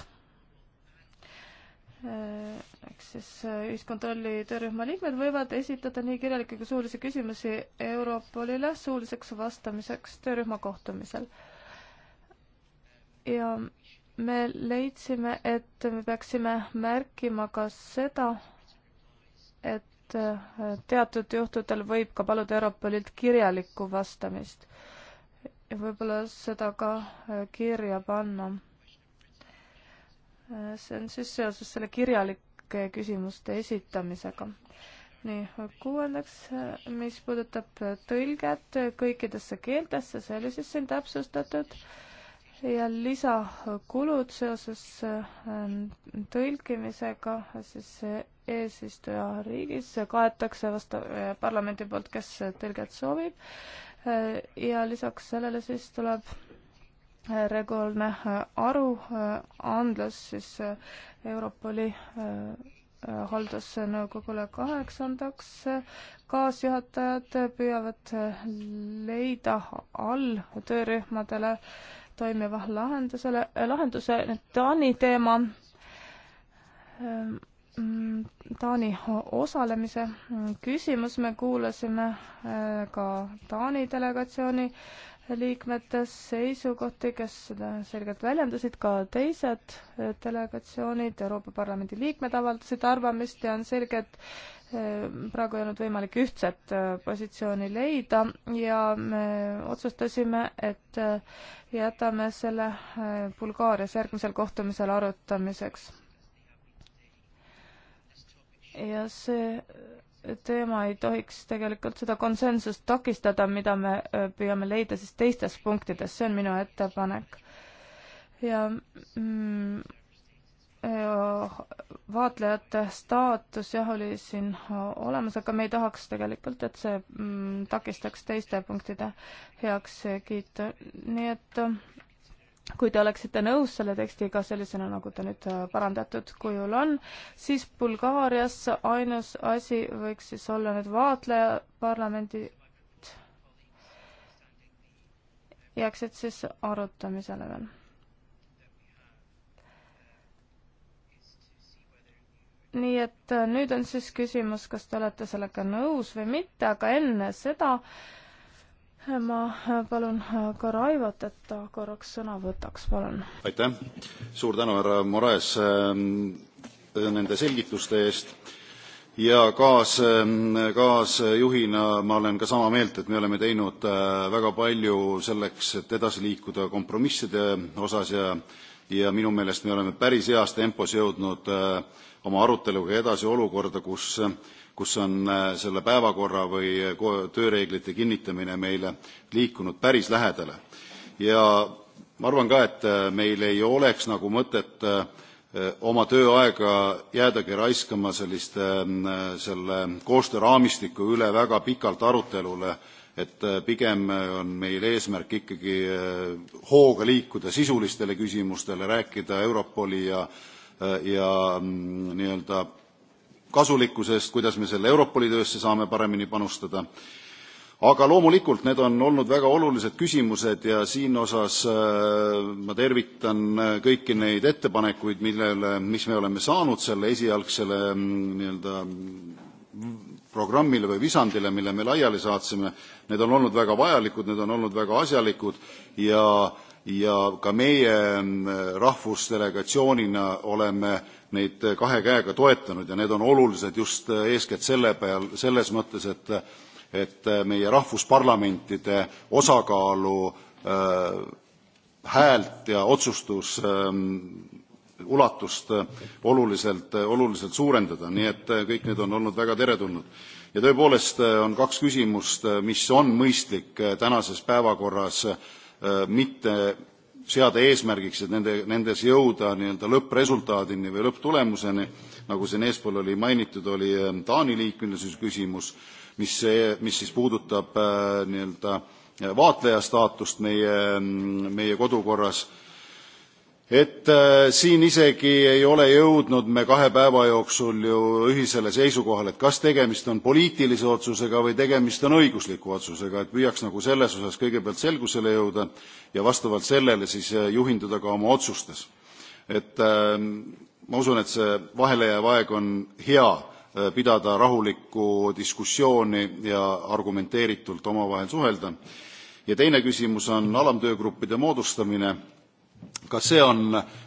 ehk siis äh, ühiskontrolli töörühma liikmed võivad esitada nii kirjalikke kui suulisi küsimusi Europolile suuliseks vastamiseks töörühma kohtumisel. ja me leidsime, et me peaksime märkima ka seda, et äh, teatud juhtudel võib ka paluda Europolilt kirjalikku vastamist. võib-olla seda ka äh, kirja panna see on siis seoses selle kirjalike küsimuste esitamisega. nii, kuuendaks, mis puudutab tõlget kõikidesse keeltesse, see oli siis siin täpsustatud ja lisakulud seoses ähm, tõlkimisega siis eesistuja riigis kaetakse vastav äh, parlamendi poolt, kes tõlget soovib. Äh, ja lisaks sellele siis tuleb regulaarne aruandlus siis äh, Europoli äh, haldusnõukogule kaheksandaks. kaasjuhatajad püüavad äh, leida all töörühmadele toimiva lahendusele, lahenduse. Taani teema, Taani osalemise küsimus, me kuulasime ka Taani delegatsiooni liikmete seisukohti, kes seda selgelt väljendasid, ka teised eh, delegatsioonid, Euroopa Parlamendi liikmed avaldasid arvamist ja on selge, et eh, praegu ei olnud võimalik ühtset eh, positsiooni leida ja me otsustasime, et jätame selle Bulgaarias järgmisel kohtumisel arutamiseks. ja see teema ei tohiks tegelikult seda konsensust takistada, mida me äh, püüame leida siis teistes punktides, see on minu ettepanek. ja mm, äh, vaatlejate staatus jah, oli siin olemas, aga me ei tahaks tegelikult, et see mm, takistaks teiste punktide heakskiitu, nii et kui te oleksite nõus selle tekstiga sellisena, nagu ta nüüd äh, parandatud kujul on, siis Bulgaarias ainus asi võiks siis olla nüüd vaatleja parlamendi jääksid siis arutamisele veel. nii et äh, nüüd on siis küsimus, kas te olete sellega nõus või mitte, aga enne seda äh, ma palun ka Raivat, et ta korraks sõna võtaks, palun.
aitäh, suur tänu, härra Moraes, ähm, nende selgituste eest ja kaas, ähm, kaasjuhina ma olen ka sama meelt, et me oleme teinud äh, väga palju selleks, et edasi liikuda kompromisside osas ja ja minu meelest me oleme päris heas tempos jõudnud äh, oma aruteluga edasi olukorda, kus kus on äh, selle päevakorra või äh, tööreeglite kinnitamine meile liikunud päris lähedale. ja ma arvan ka, et äh, meil ei oleks nagu mõtet oma tööaega jäädagi raiskama selliste, selle koostööraamistiku üle väga pikalt arutelule, et pigem on meil eesmärk ikkagi hooga liikuda sisulistele küsimustele, rääkida Europoli ja ja nii-öelda kasulikkusest, kuidas me selle Europoli töösse saame paremini panustada. aga loomulikult need on olnud väga olulised küsimused ja siin osas äh, ma tervitan äh, kõiki neid ettepanekuid, millele, mis me oleme saanud selle esialgsele mm, nii-öelda mm, programmile või visandile, mille me laiali saatsime, need on olnud väga vajalikud, need on olnud väga asjalikud ja, ja ka meie mm, rahvusdelegatsioonina oleme neid eh, kahe käega toetanud ja need on olulised just eh, eeskätt selle peal, selles mõttes, et et eh, meie rahvusparlamentide osakaalu äh, häält ja otsustus äh, ulatust oluliselt, oluliselt suurendada, nii et kõik need on olnud väga teretulnud. ja tõepoolest on kaks küsimust, mis on mõistlik tänases päevakorras mitte seada eesmärgiks, et nende, nendes jõuda nii-öelda lõppresultaadini või lõpptulemuseni, nagu siin eespool oli mainitud, oli eh, Taani liikmelisuse küsimus, mis, mis siis puudutab eh, nii-öelda eh, vaatleja staatust meie, mm, meie kodukorras et äh, siin isegi ei ole jõudnud me kahe päeva jooksul ju ühisele seisukohale, et kas tegemist on poliitilise otsusega või tegemist on õigusliku otsusega, et püüaks nagu selles osas kõigepealt selgusele jõuda ja vastavalt sellele siis äh, juhinduda ka oma otsustes. et ähm, ma usun, et see vahelejääv aeg on hea äh, pidada rahulikku diskussiooni ja argumenteeritult omavahel suhelda. ja teine küsimus on alamtöögruppide moodustamine kas see on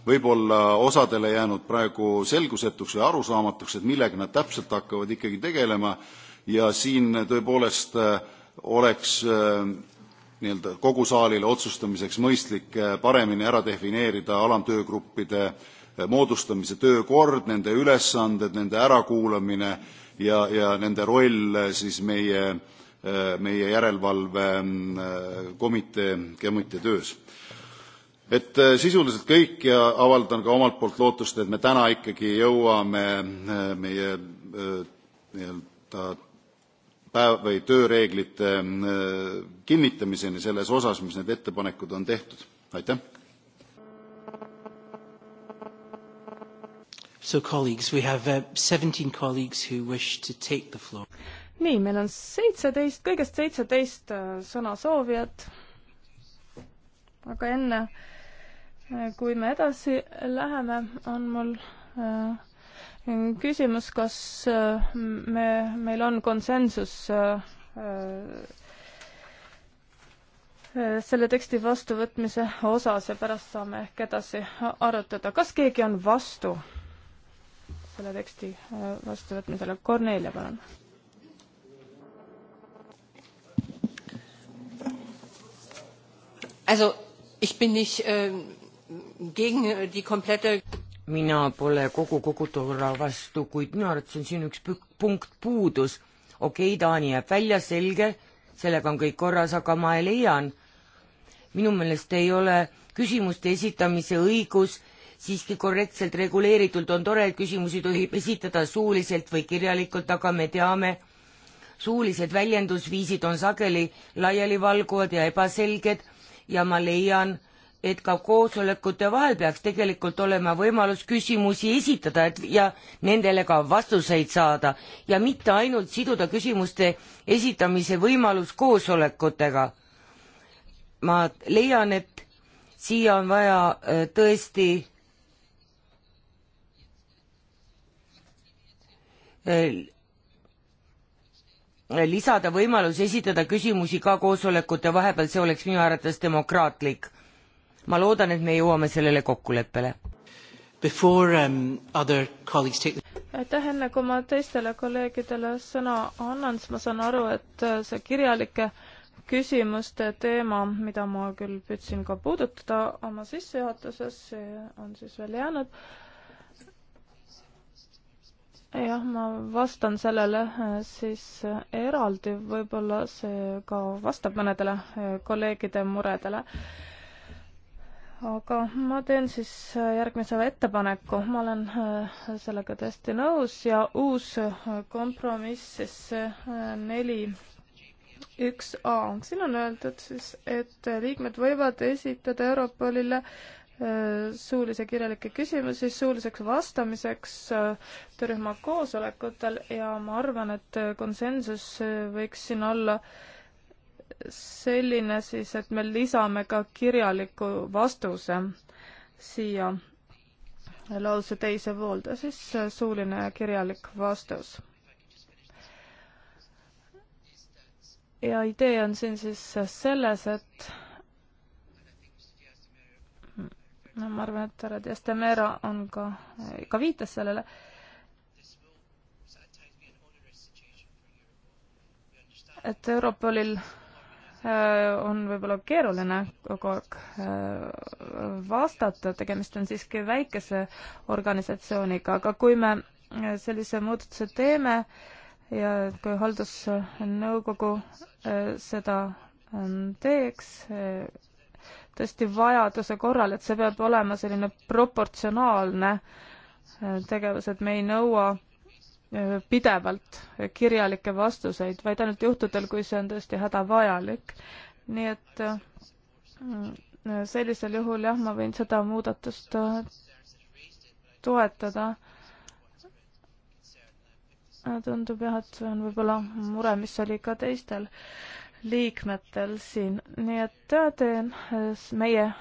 võib-olla osadele jäänud praegu selgusetuks või arusaamatuks, et millega nad täpselt hakkavad ikkagi tegelema ja siin tõepoolest äh, oleks äh, nii-öelda kogu saalile otsustamiseks mõistlik äh, paremini ära defineerida alamtöögruppide moodustamise töökord, nende ülesanded, nende ärakuulamine ja, ja nende roll siis meie, meie järelevalvekomitee, mm, komitee töös et äh, sisuliselt kõik ja avaldan ka omalt poolt lootust, et me täna ikkagi jõuame äh, meie äh, nii-öelda päev- või tööreeglite kinnitamiseni selles osas, mis need ettepanekud on tehtud. aitäh!
So colleagues, we have uh, 17 colleagues who wish to take the floor.
nii, meil on seitseteist, kõigest seitseteist sõnasoovijat. aga enne uh, kui me edasi läheme, on mul äh, küsimus, kas äh, me, meil on konsensus äh, selle teksti vastuvõtmise osas ja pärast saame ehk edasi arutada, kas keegi on vastu selle teksti vastuvõtmisele. Kornelia, palun.
Also ich bin nicht äh gegen äh, die
komplette mina pole kogu kogutoora vastu, kuid minu arvates on siin üks punkt puudus. okei okay,, Taani jääb välja, selge, sellega on kõik korras, aga ma leian, minu meelest ei ole küsimuste esitamise õigus siiski korrektselt reguleeritud, on tore, et küsimusi tohib esitada suuliselt või kirjalikult, aga me teame, suulised väljendusviisid on sageli laialivalguvad ja ebaselged ja ma leian, et ka koosolekute vahel peaks tegelikult olema võimalus küsimusi esitada, et ja nendele ka vastuseid saada ja mitte ainult siduda küsimuste esitamise võimalus koosolekutega. ma leian, et siia on vaja äh, tõesti äh, lisada võimalus esitada küsimusi ka koosolekute vahepeal, see oleks minu arvates demokraatlik ma loodan, et me jõuame sellele kokkuleppele. Before um, other colleagues take
the aitäh, enne kui ma teistele kolleegidele sõna annan, siis ma saan aru, et äh, see kirjalike küsimuste teema, mida ma küll püüdsin ka puudutada oma sissejuhatuses, see on siis veel jäänud. jah, ma vastan sellele äh, siis äh, eraldi, võib-olla see ka vastab mõnedele kolleegide muredele aga ma teen siis äh, järgmise ettepaneku, ma olen äh, sellega täiesti nõus ja uus äh, kompromiss siis neli üks A, siin on öeldud siis, et liikmed võivad esitada Europolile suulise kirjalikke küsimusi suuliseks vastamiseks töörühma koosolekutel ja ma arvan, et konsensus võiks siin olla äh, selline siis, et me lisame ka kirjaliku vastuse siia lause teise poolde, siis suuline kirjalik vastus ja idee on siin siis selles, et no ma arvan, et härra Diestemera on ka, ka viitas sellele. et Europolil Äh, on võib-olla keeruline kogu aeg äh, vastata, tegemist on siiski väikese organisatsiooniga, aga kui me äh, sellise muudatuse teeme ja kui haldusnõukogu seda ähm, teeks, tõesti vajaduse korral, et see peab olema selline proportsionaalne tegevus, et me ei nõua äh, pidevalt kirjalikke vastuseid, vaid ainult juhtudel, kui see on tõesti hädavajalik. nii et mm, sellisel juhul jah, ma võin seda muudatust äh, toetada. tundub jah, et see on võib-olla mure, mis oli ka teistel liikmetel siin, nii et teen äh, meie äh,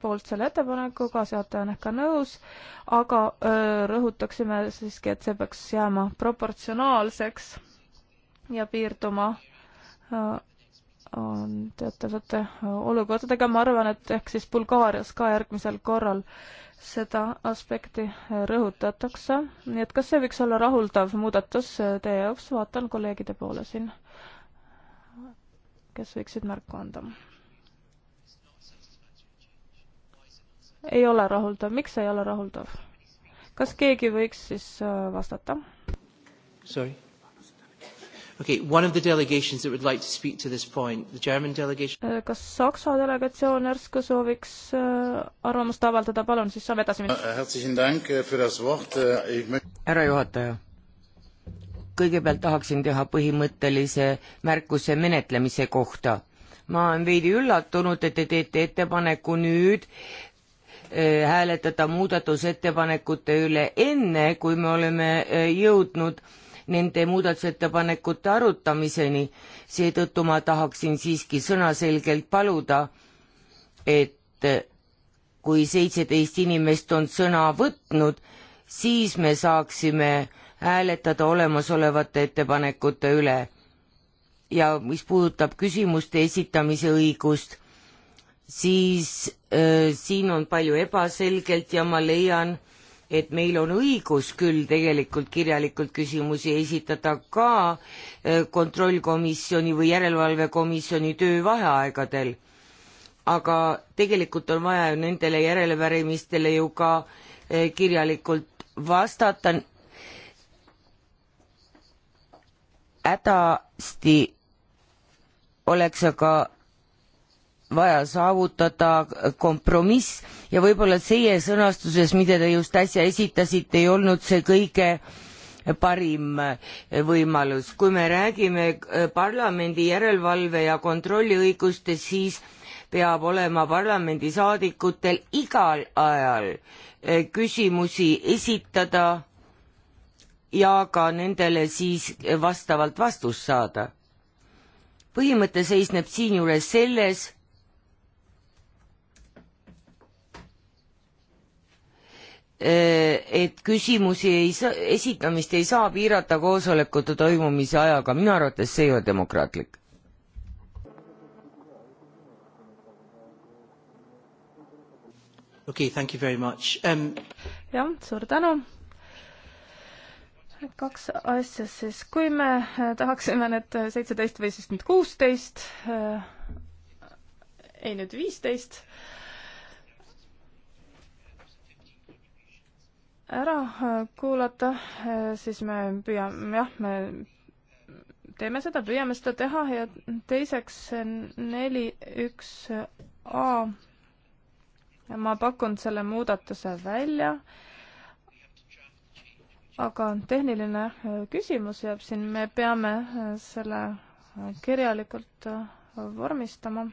poolt selle ettepaneku, kaasjuhataja on ehk ka nõus, aga äh, rõhutaksime siiski, et see peaks jääma proportsionaalseks ja piirduma teatavate olukordadega, ma arvan, et ehk siis Bulgaarias ka järgmisel korral seda aspekti rõhutatakse, nii et kas see võiks olla rahuldav muudatus teie jaoks, vaatan kolleegide poole siin kes võiksid märku anda. ei ole rahuldav, miks ei ole rahuldav? kas keegi võiks siis äh, vastata?
Sorry? Okay, one of the delegations that would like to speak to this point, the German delegation. Äh,
kas Saksa delegatsioon järsku sooviks äh, arvamust avaldada, palun, siis saame edasi
minna.
härra juhataja kõigepealt tahaksin teha põhimõttelise märkuse menetlemise kohta. ma olen veidi üllatunud, et te teete ettepaneku nüüd eh, hääletada muudatusettepanekute üle enne, kui me oleme eh, jõudnud nende muudatusettepanekute arutamiseni. seetõttu ma tahaksin siiski sõnaselgelt paluda, et eh, kui seitseteist inimest on sõna võtnud, siis me saaksime hääletada olemasolevate ettepanekute üle. ja mis puudutab küsimuste esitamise õigust, siis äh, siin on palju ebaselgelt ja ma leian, et meil on õigus küll tegelikult kirjalikult küsimusi esitada ka äh, kontrollkomisjoni või järelevalvekomisjoni töövaheaegadel. aga tegelikult on vaja ju nendele järelepärimistele ju ka äh, kirjalikult vastata hädasti oleks aga vaja saavutada kompromiss ja võib-olla teie sõnastuses, mida te just äsja esitasite, ei olnud see kõige parim võimalus. kui me räägime äh, parlamendi järelevalve ja kontrolliõigustest, siis peab olema parlamendisaadikutel igal ajal äh, küsimusi esitada ja ka nendele siis vastavalt vastust saada. põhimõte seisneb siinjuures selles, et küsimusi ei saa, esitamist ei saa piirata koosolekute toimumise ajaga, minu arvates see ei ole demokraatlik.
okei okay,, thank you very much um.... jah, suur tänu
kaks asja siis, kui me äh, tahaksime need äh, seitseteist või siis nüüd kuusteist, äh, ei nüüd viisteist, ära kuulata, siis me püüame, jah, me teeme seda, püüame seda teha ja teiseks neli, üks A. ma pakun selle muudatuse välja aga tehniline äh, küsimus jääb siin, me peame äh, selle äh, kirjalikult vormistama.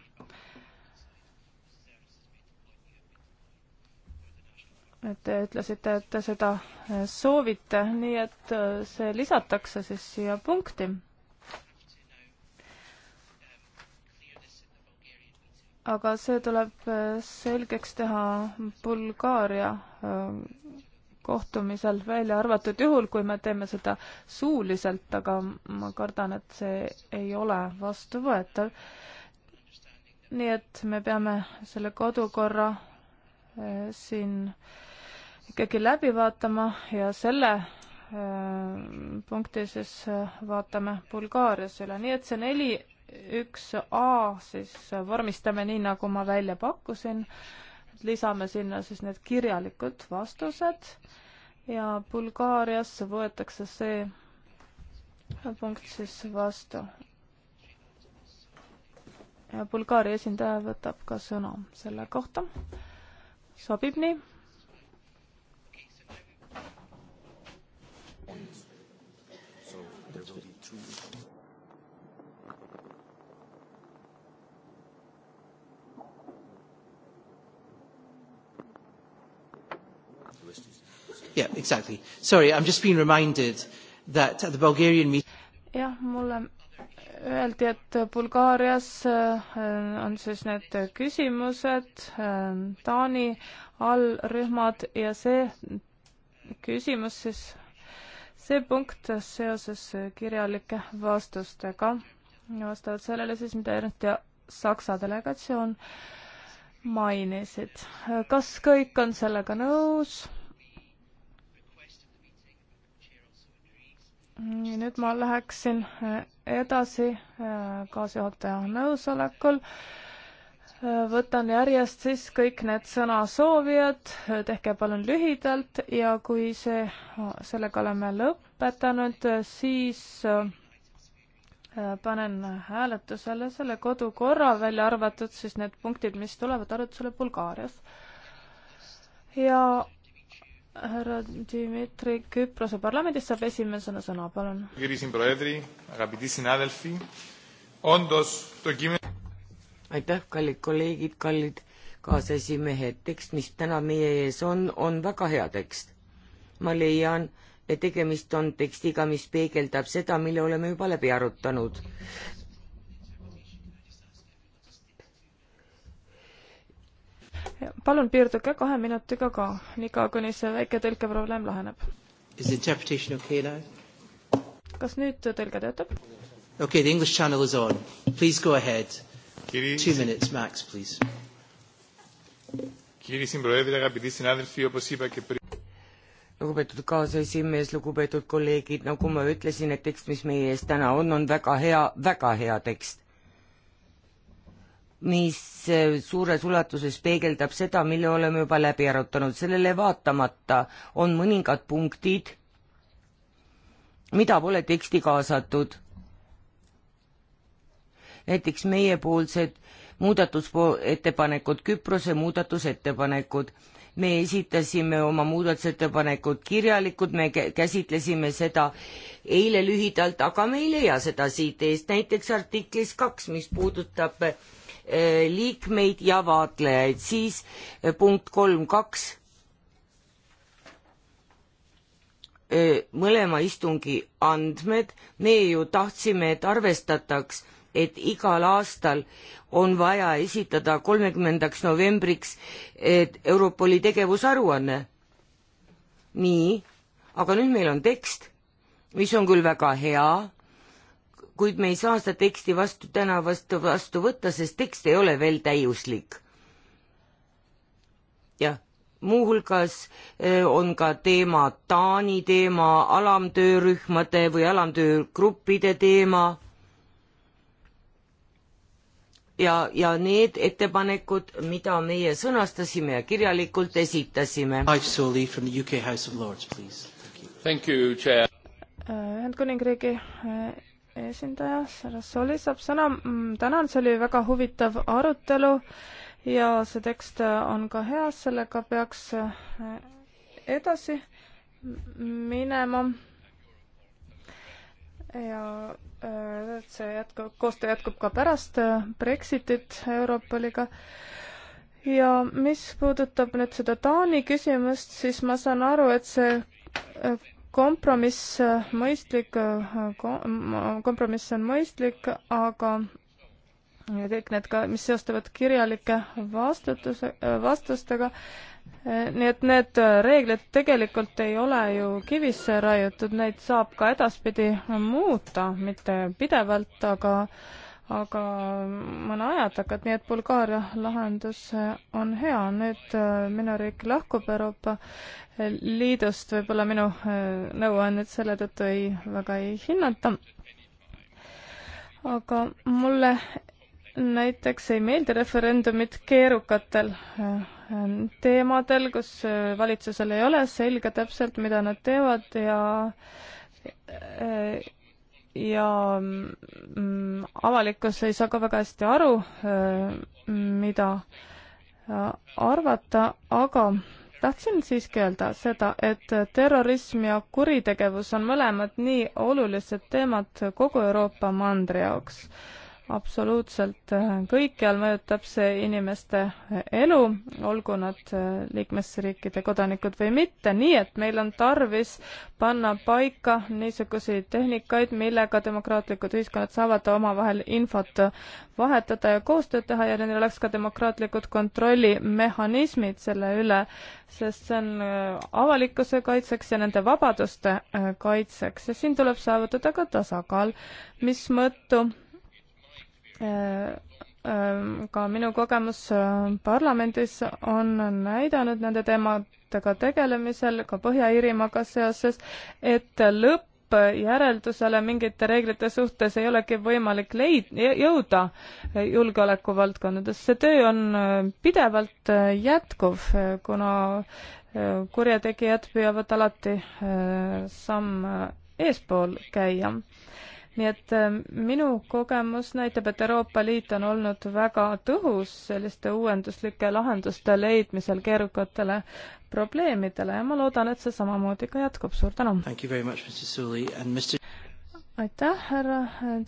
et te ütlesite, et te seda soovite, nii et see lisatakse siis siia punkti. aga see tuleb selgeks teha Bulgaaria kohtumisel, välja arvatud juhul, kui me teeme seda suuliselt, aga ma kardan, et see ei ole vastuvõetav. nii et me peame selle kodukorra eh, siin ikkagi läbi vaatama ja selle eh, punkti siis eh, vaatame Bulgaarias üle, nii et see neli üks A siis vormistame nii, nagu ma välja pakkusin lisame sinna siis need kirjalikud vastused ja Bulgaariasse võetakse see punkt siis vastu. ja Bulgaaria esindaja võtab ka sõna selle kohta. sobib nii?
Yeah, exactly. Sorry, I'm just being reminded that at the Bulgarian meet-
jah, mulle öeldi, et Bulgaarias äh, on siis need küsimused, äh, Taani allrühmad ja see küsimus siis, see punkt seoses kirjalike vastustega ja vastavalt sellele siis, mida Ernst ja Saksa delegatsioon mainisid. kas kõik on sellega nõus? nüüd ma läheksin äh, edasi äh, kaasjuhataja nõusolekul. Äh, võtan järjest siis kõik need sõnasoovijad, tehke palun lühidalt ja kui see, sellega oleme lõpetanud, siis panen hääletusele selle kodukorra, välja arvatud siis need punktid, mis tulevad arutlusele Bulgaarias. ja härra Dmitri Küprose parlamendist saab esimesena
sõna, palun. aitäh, kallid kolleegid, kallid kaasesimehed, tekst, mis täna meie ees on, on väga hea tekst. ma leian, et tegemist on tekstiga, mis peegeldab seda, mille oleme juba läbi arutanud. palun piirduge
kahe minutiga ka, niikaua kuni see väike tõlkeprobleem laheneb.
Okay now?
kas nüüd tõlge töötab?
Okay, the English channel is on. Please go ahead. Κύριε... Two minutes max, please. Κύριε Συμπροέδρε,
αγαπητοί συνάδελφοι, όπως είπα και πριν...
lugupeetud kaasesimees, lugupeetud kolleegid, nagu ma ütlesin, et tekst, mis meie ees täna on, on väga hea, väga hea tekst mis eh, suures ulatuses peegeldab seda, mille oleme juba läbi arutanud, sellele vaatamata on mõningad punktid, mida pole teksti kaasatud. näiteks meiepoolsed muudatusettepanekud, Küprose muudatusettepanekud me esitasime oma muudatusettepanekud kirjalikud, me käsitlesime seda eile lühidalt, aga me ei leia seda siit eest, näiteks artiklis kaks, mis puudutab Eh, liikmeid ja vaatlejaid, siis eh, punkt kolm kaks eh, mõlema istungi andmed, me ju tahtsime, et arvestataks, et igal aastal on vaja esitada kolmekümnendaks novembriks Europoli tegevusaruanne. nii, aga nüüd meil on tekst, mis on küll väga hea, kuid me ei saa seda teksti vastu, täna vastu, vastu võtta, sest tekst ei ole veel täiuslik. jah, muuhulgas eh, on ka teema Taani teema, alamtöörühmade või alamtöögruppide teema. ja, ja need ettepanekud, mida meie sõnastasime ja kirjalikult esitasime.
Ühendkuningriigi esindaja, härra Soli saab sõna. Mm, tänan, see oli väga huvitav arutelu ja see tekst äh, on ka hea, sellega peaks äh, edasi minema. ja et äh, see jätkub, koostöö jätkub ka pärast Brexitit Euroopa Liiga ja mis puudutab nüüd seda Taani küsimust, siis ma saan aru, et see kompromiss äh, mõistlik, äh, kompromiss on mõistlik, aga kõik need ka, mis seostuvad kirjalike vastutuse, äh, vastustega, nii et need reeglid tegelikult ei ole ju kivisse raiutud, neid saab ka edaspidi muuta, mitte pidevalt, aga äh, aga mõne aja tagant, nii et Bulgaaria lahendus on hea. nüüd äh, minu riik lahkub Euroopa Liidust, võib-olla minu äh, nõuannet selle tõttu ei, väga ei hinnata. aga mulle näiteks ei meeldi referendumid keerukatel äh, teemadel, kus valitsusel ei ole selge täpselt, mida nad teevad ja ja mm, avalikkus ei saa ka väga hästi aru, äh, mida äh, arvata, aga tahtsin siiski öelda seda, et terrorism ja kuritegevus on mõlemad nii olulised teemad kogu Euroopa mandri jaoks absoluutselt äh, kõikjal mõjutab see inimeste äh, elu, olgu nad äh, liikmesriikide kodanikud või mitte, nii et meil on tarvis panna paika niisuguseid tehnikaid, millega demokraatlikud ühiskonnad saavad omavahel infot vahetada ja koostööd teha ja neil oleks ka demokraatlikud kontrollimehhanismid selle üle, sest see on avalikkuse kaitseks ja nende vabaduste kaitseks ja siin tuleb saavutada ka tasakaal, mis mõttu Äh, ähm, ka minu kogemus äh, parlamendis on näidanud nende teemadega tegelemisel, ka Põhja-Iirimaaga seoses, et lõppjäreldusele mingite reeglite suhtes ei olegi võimalik leid-, jõuda julgeolekuvaldkondades. see töö on äh, pidevalt jätkuv, kuna kurjategijad püüavad alati samm eespool käia nii et äh, minu kogemus näitab, et Euroopa Liit on olnud väga tõhus selliste uuenduslike lahenduste leidmisel keerukatele probleemidele ja ma loodan, et see samamoodi ka jätkub, suur tänu! aitäh, härra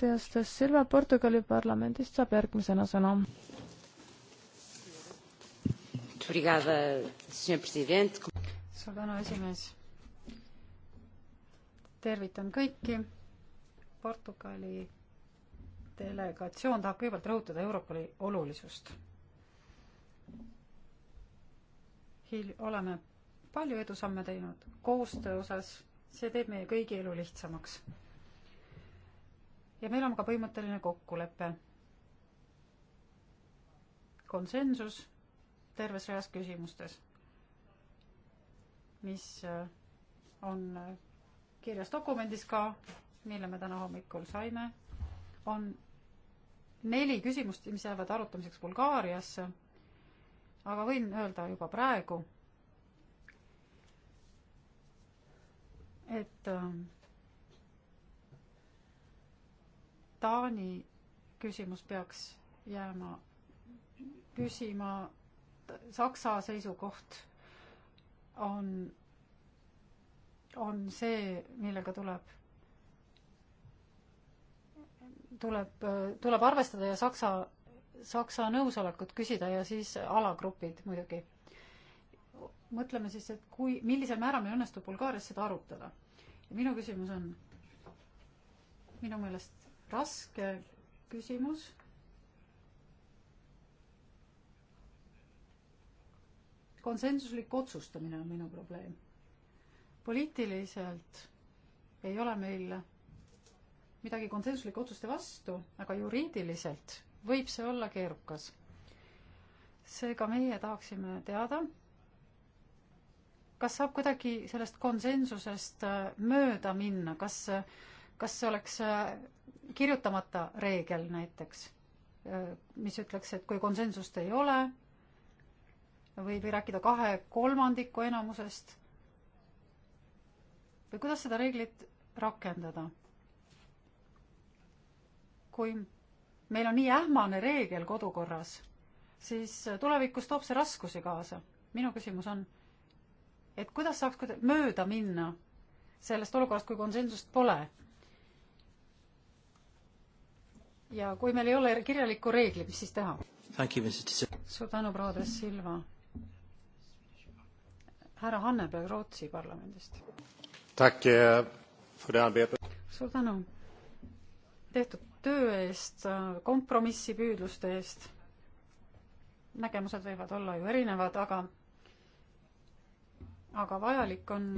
Diastes Silva, Portugali parlamendist saab järgmisena sõna.
suur tänu, esimees! tervitan kõiki Portugali delegatsioon tahab kõigepealt rõhutada Europoli olulisust. Hil-, oleme palju edusamme teinud koostöö osas, see teeb meie kõigi elu lihtsamaks. ja meil on ka põhimõtteline kokkulepe, konsensus terves reas küsimustes, mis äh, on äh, kirjas dokumendis ka mille me täna hommikul saime, on neli küsimust, mis jäävad arutamiseks Bulgaariasse, aga võin öelda juba praegu, et ähm, Taani küsimus peaks jääma püsima, Saksa seisukoht on, on see, millega tuleb tuleb, tuleb arvestada ja Saksa, Saksa nõusolekut küsida ja siis alagrupid muidugi. mõtleme siis, et kui, millisel määral meil õnnestub Bulgaarias seda arutada. ja minu küsimus on minu meelest raske küsimus konsensuslik otsustamine on minu probleem. poliitiliselt ei ole meil midagi konsensuslike otsuste vastu, aga juriidiliselt võib see olla keerukas. seega meie tahaksime teada, kas saab kuidagi sellest konsensusest äh, mööda minna, kas, kas see oleks äh, kirjutamata reegel näiteks, äh, mis ütleks, et kui konsensust ei ole, võib rääkida kahe kolmandiku enamusest või kuidas seda reeglit rakendada kui meil on nii ähmane reegel kodukorras, siis tulevikus toob see raskusi kaasa. minu küsimus on, et kuidas saaks kuida-, mööda minna sellest olukorrast, kui konsensust pole? ja kui meil ei ole kirjalikku reeglit, mis siis teha? suur tänu, proua De Silva. härra Hanneberg Rootsi parlamendist.
Eh,
suur tänu tehtud töö eest, kompromissipüüdluste eest. nägemused võivad olla ju erinevad, aga, aga vajalik on,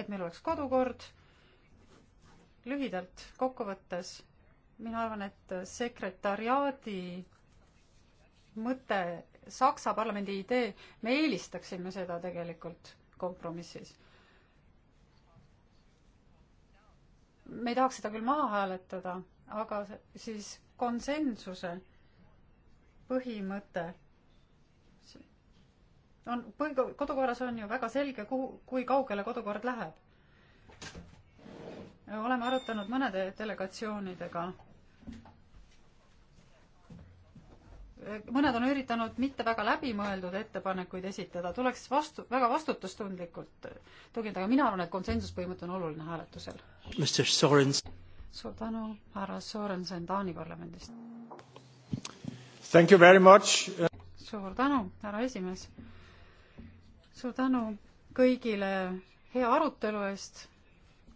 et meil oleks kodukord. lühidalt kokkuvõttes mina arvan, et sekretariaadi mõte, Saksa parlamendi idee, me eelistaksime seda tegelikult kompromissis me ei tahaks seda küll maha hääletada, aga siis konsensuse põhimõte on, kodukorras on ju väga selge, kuhu, kui kaugele kodukord läheb. oleme arutanud mõnede delegatsioonidega. mõned on üritanud mitte väga läbimõeldud ettepanekuid esitada, tuleks vastu, väga vastutustundlikult tugineda, aga mina arvan, et konsensuspõhimõte on oluline hääletusel suur tänu, härra Sorensen Taani parlamendist. suur tänu, härra esimees. suur tänu kõigile hea arutelu eest.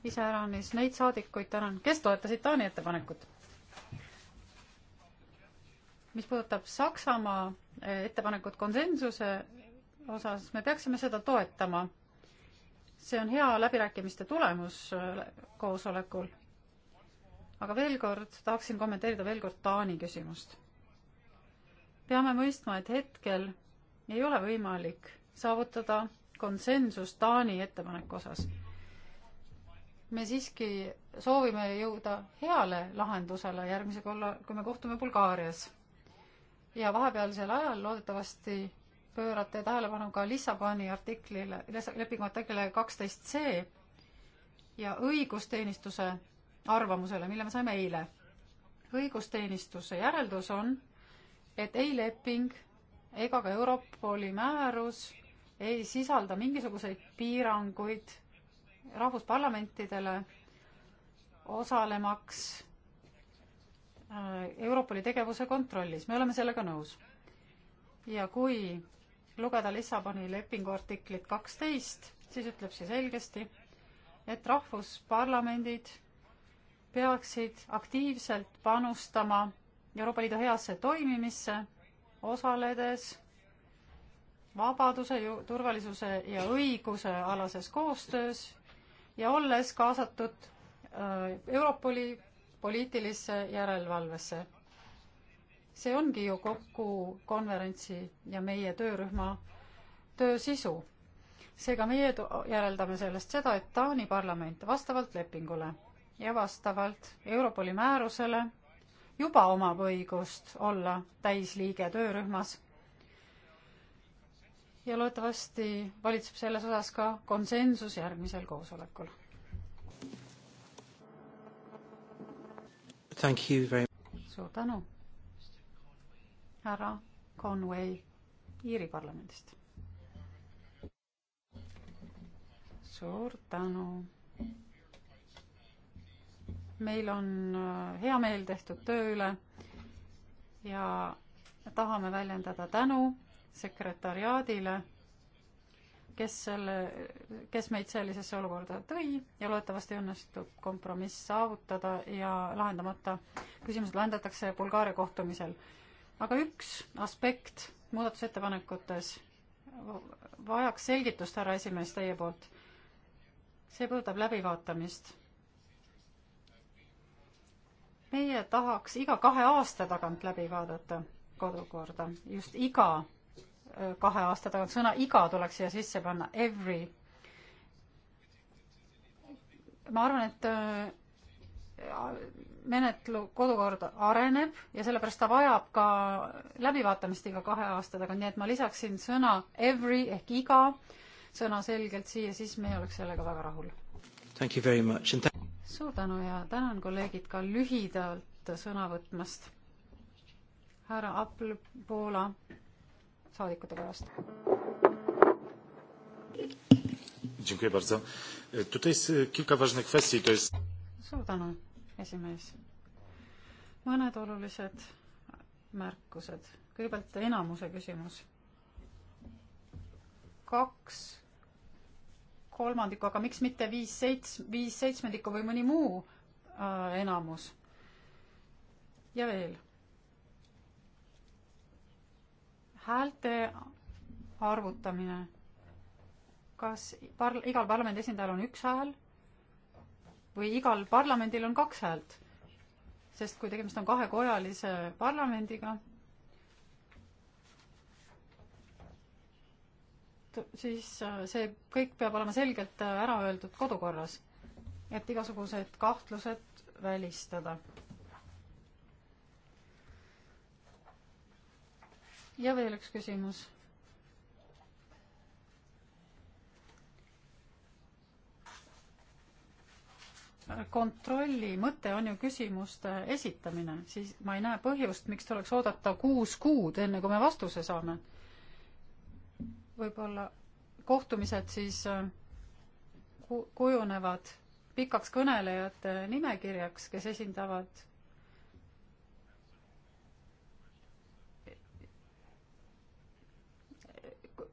iseäranis neid saadikuid tänan, kes toetasid Taani ettepanekut. mis puudutab Saksamaa ettepanekut konsensuse osas, me peaksime seda toetama see on hea läbirääkimiste tulemus äh, koosolekul. aga veel kord, tahaksin kommenteerida veel kord Taani küsimust. peame mõistma, et hetkel ei ole võimalik saavutada konsensus Taani ettepaneku osas. me siiski soovime jõuda heale lahendusele järgmise korra, kui me kohtume Bulgaarias. ja vahepealsel ajal loodetavasti pöörate tähelepanu ka Lissaboni artiklile, lepingu artiklile kaksteist C ja õigusteenistuse arvamusele, mille me saime eile. õigusteenistuse järeldus on, et ei leping ega ka Europoli määrus ei sisalda mingisuguseid piiranguid rahvusparlamentidele osalemaks äh, Europoli tegevuse kontrollis, me oleme sellega nõus. ja kui lugeda Lissaboni lepingu artiklit kaksteist, siis ütleb see selgesti, et rahvusparlamendid peaksid aktiivselt panustama Euroopa Liidu heasse toimimisse, osaledes vabaduse, turvalisuse ja õiguse alases koostöös ja olles kaasatud äh, Europoli poliitilisse järelevalvesse see ongi ju kokku konverentsi ja meie töörühma töö sisu. seega meie järeldame sellest seda, et Taani parlament vastavalt lepingule ja vastavalt Europoli määrusele juba omab õigust olla täisliige töörühmas. ja loodetavasti valitseb selles osas ka konsensus järgmisel koosolekul. suur tänu! härra Conway Iiri parlamendist. suur tänu. meil on äh, hea meel tehtud töö üle ja tahame väljendada tänu sekretariaadile, kes selle, kes meid sellisesse olukorda tõi ja loodetavasti õnnestub kompromiss saavutada ja lahendamata küsimused lahendatakse Bulgaaria kohtumisel aga üks aspekt muudatusettepanekutes vajaks selgitust, härra esimees, teie poolt. see puudutab läbivaatamist. meie tahaks iga kahe aasta tagant läbi vaadata kodukorda, just iga kahe aasta tagant, sõna iga tuleks siia sisse panna, every. ma arvan, et menetlu, kodukord areneb ja sellepärast ta vajab ka läbivaatamist iga kahe aasta tagant, nii et ma lisaksin sõna every ehk iga sõna selgelt siia, siis me oleks sellega väga rahul. suur tänu ja tänan kolleegid ka lühidalt sõna võtmast. härra Apple Poola saadikute pärast.
Dziękuję bardzo. E, tutaj jest e, kilka ważnych kwestii, to jest...
Suur tänu esimees. mõned olulised märkused. kõigepealt enamuse küsimus. kaks kolmandikku, aga miks mitte viis seits-, viis seitsmendikku või mõni muu äh, enamus? ja veel. häälte arvutamine. kas par-, igal parlamendi esindajal on üks hääl või igal parlamendil on kaks häält. sest kui tegemist on kahekojalise parlamendiga, siis äh, see kõik peab olema selgelt äh, ära öeldud kodukorras, et igasugused kahtlused välistada. ja veel üks küsimus kontrolli mõte on ju küsimuste esitamine, siis ma ei näe põhjust, miks tuleks oodata kuus kuud, enne kui me vastuse saame. võib-olla kohtumised siis äh, kujunevad pikaks kõnelejate nimekirjaks, kes esindavad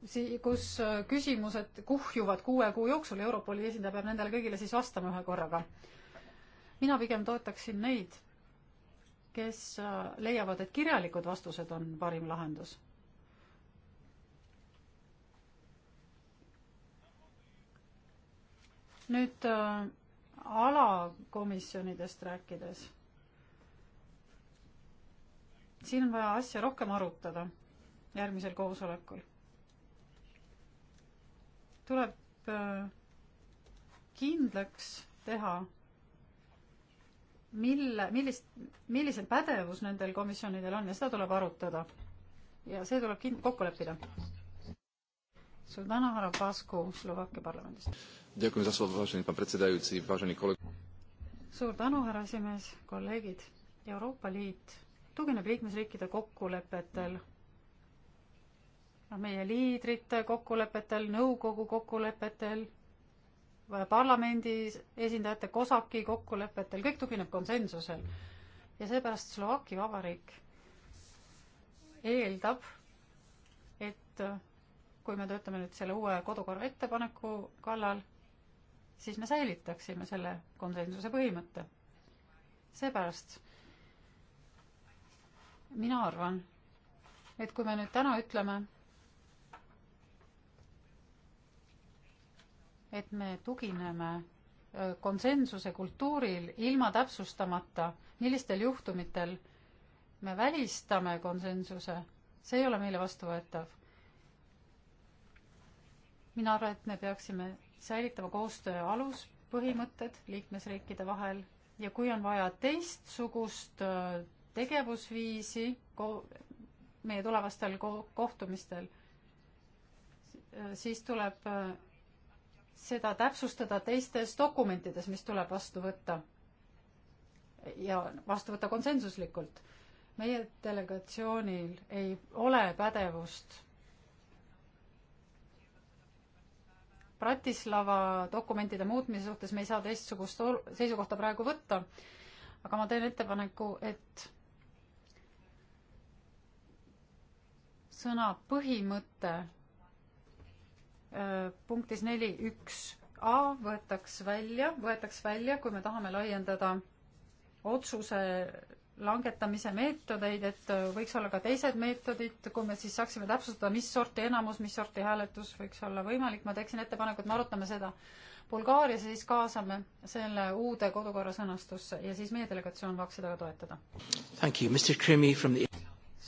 sii-, kus äh, küsimused kuhjuvad kuue kuu jooksul, Europoli esindaja peab nendele kõigile siis vastama ühe korraga. mina pigem toetaksin neid, kes äh, leiavad, et kirjalikud vastused on parim lahendus nüüd äh, alakomisjonidest rääkides. siin on vaja asja rohkem arutada järgmisel koosolekul tuleb äh, kindlaks teha, mille, millist, millisel pädevus nendel komisjonidel on ja seda tuleb arutada. ja see tuleb kind-, kokku leppida. suur tänu, härra Pasku Slovakkia parlamendist. suur tänu, härra esimees, kolleegid. Euroopa Liit tugineb liikmesriikide kokkulepetel noh, meie liidrite kokkulepetel, nõukogu kokkulepetel, parlamendi esindajate COSAC-i kokkulepetel, kõik tugineb konsensusel. ja seepärast Slovakki Vabariik eeldab, et kui me töötame nüüd selle uue kodukorra ettepaneku kallal, siis me säilitaksime selle konsensuse põhimõtte. seepärast mina arvan, et kui me nüüd täna ütleme, et me tugineme konsensuse kultuuril ilma täpsustamata, millistel juhtumitel me välistame konsensuse, see ei ole meile vastuvõetav. mina arvan, et me peaksime säilitama koostöö aluspõhimõtted liikmesriikide vahel ja kui on vaja teistsugust tegevusviisi ko-, meie tulevastel ko-, kohtumistel, siis tuleb seda täpsustada teistes dokumentides, mis tuleb vastu võtta ja vastu võtta konsensuslikult. meie delegatsioonil ei ole pädevust Bratislava dokumentide muutmise suhtes me ei saa teistsugust seisukohta praegu võtta, aga ma teen ettepaneku, et sõna põhimõte punktis neli üks A võetaks välja, võetaks välja, kui me tahame laiendada otsuse langetamise meetodeid, et võiks olla ka teised meetodid, kui me siis saaksime täpsustada, mis sorti enamus, mis sorti hääletus võiks olla võimalik, ma teeksin ettepaneku, et me arutame seda Bulgaarias ja siis kaasame selle uude kodukorra sõnastusse ja siis meie delegatsioon saaks seda ka toetada.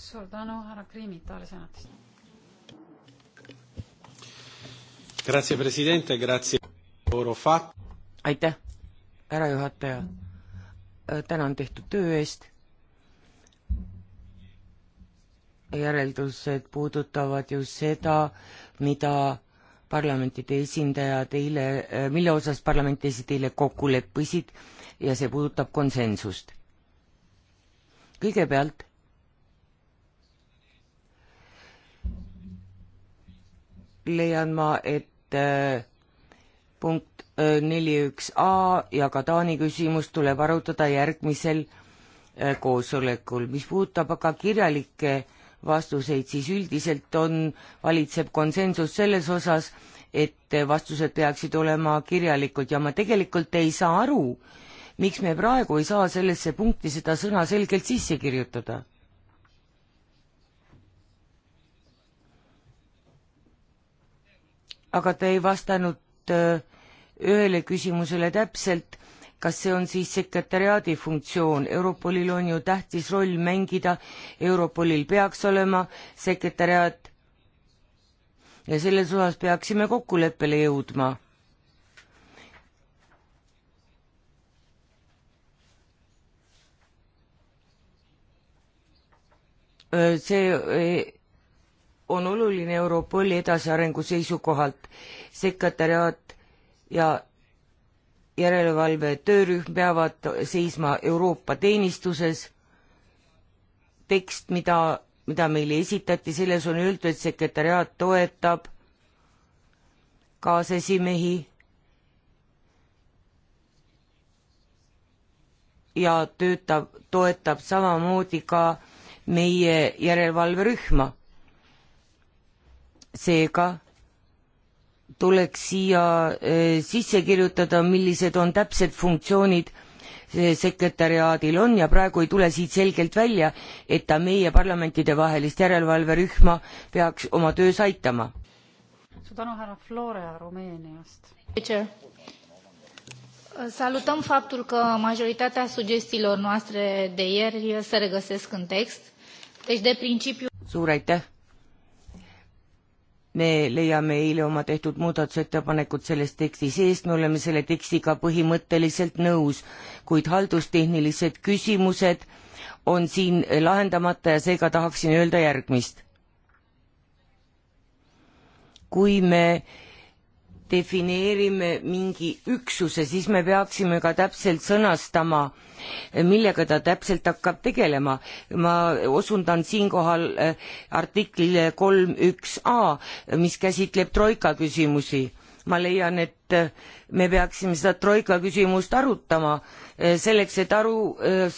suur tänu, härra Krimmi Itaalia senatist
Grazie, president, grazie, Eurofat. aitäh,
härra juhataja. Äh, tänan tehtud töö eest. järeldused puudutavad ju seda, mida parlamentide esindajad eile, äh, mille osas parlamenti esindasid eile kokku leppisid ja see puudutab konsensust. kõigepealt leian ma, et Äh, punkt äh, neli üks A ja ka Taani küsimus tuleb arutada järgmisel äh, koosolekul. mis puudutab aga kirjalikke vastuseid, siis üldiselt on, valitseb konsensus selles osas, et vastused peaksid olema kirjalikud ja ma tegelikult ei saa aru, miks me praegu ei saa sellesse punkti seda sõna selgelt sisse kirjutada aga te ei vastanud äh, ühele küsimusele täpselt, kas see on siis sekretäriaadi funktsioon, Europolil on ju tähtis roll mängida, Europolil peaks olema sekretäriaat ja selles osas peaksime kokkuleppele jõudma. Äh, see äh, on oluline Europoli edasiarengu seisukohalt. sekretäriaat ja järelevalve töörühm peavad seisma Euroopa teenistuses. tekst, mida, mida meile esitati, selles on öeldud, et sekretäriaat toetab kaasesimehi ja töötab, toetab samamoodi ka meie järelevalverühma seega tuleks siia eh, sisse kirjutada, millised on täpsed funktsioonid eh, sekretäriaadil on ja praegu ei tule siit selgelt välja, et ta meie parlamentidevahelist järelevalverühma peaks oma töös aitama.
suur tänu, härra Florea Rumeeniast. Salutăm faptul că majoritatea sugestiilor noastre de ieri se regăsesc în text. Deci, de principiu...
Suur aitäh! me leiame eile oma tehtud muudatusettepanekud selles teksti seest, me oleme selle tekstiga põhimõtteliselt nõus, kuid haldustehnilised küsimused on siin lahendamata ja seega tahaksin öelda järgmist. kui me defineerime mingi üksuse, siis me peaksime ka täpselt sõnastama, millega ta täpselt hakkab tegelema. ma osundan siinkohal äh, artiklile kolm üks A, mis käsitleb troika küsimusi. ma leian, et äh, me peaksime seda troika küsimust arutama äh, selleks, et aru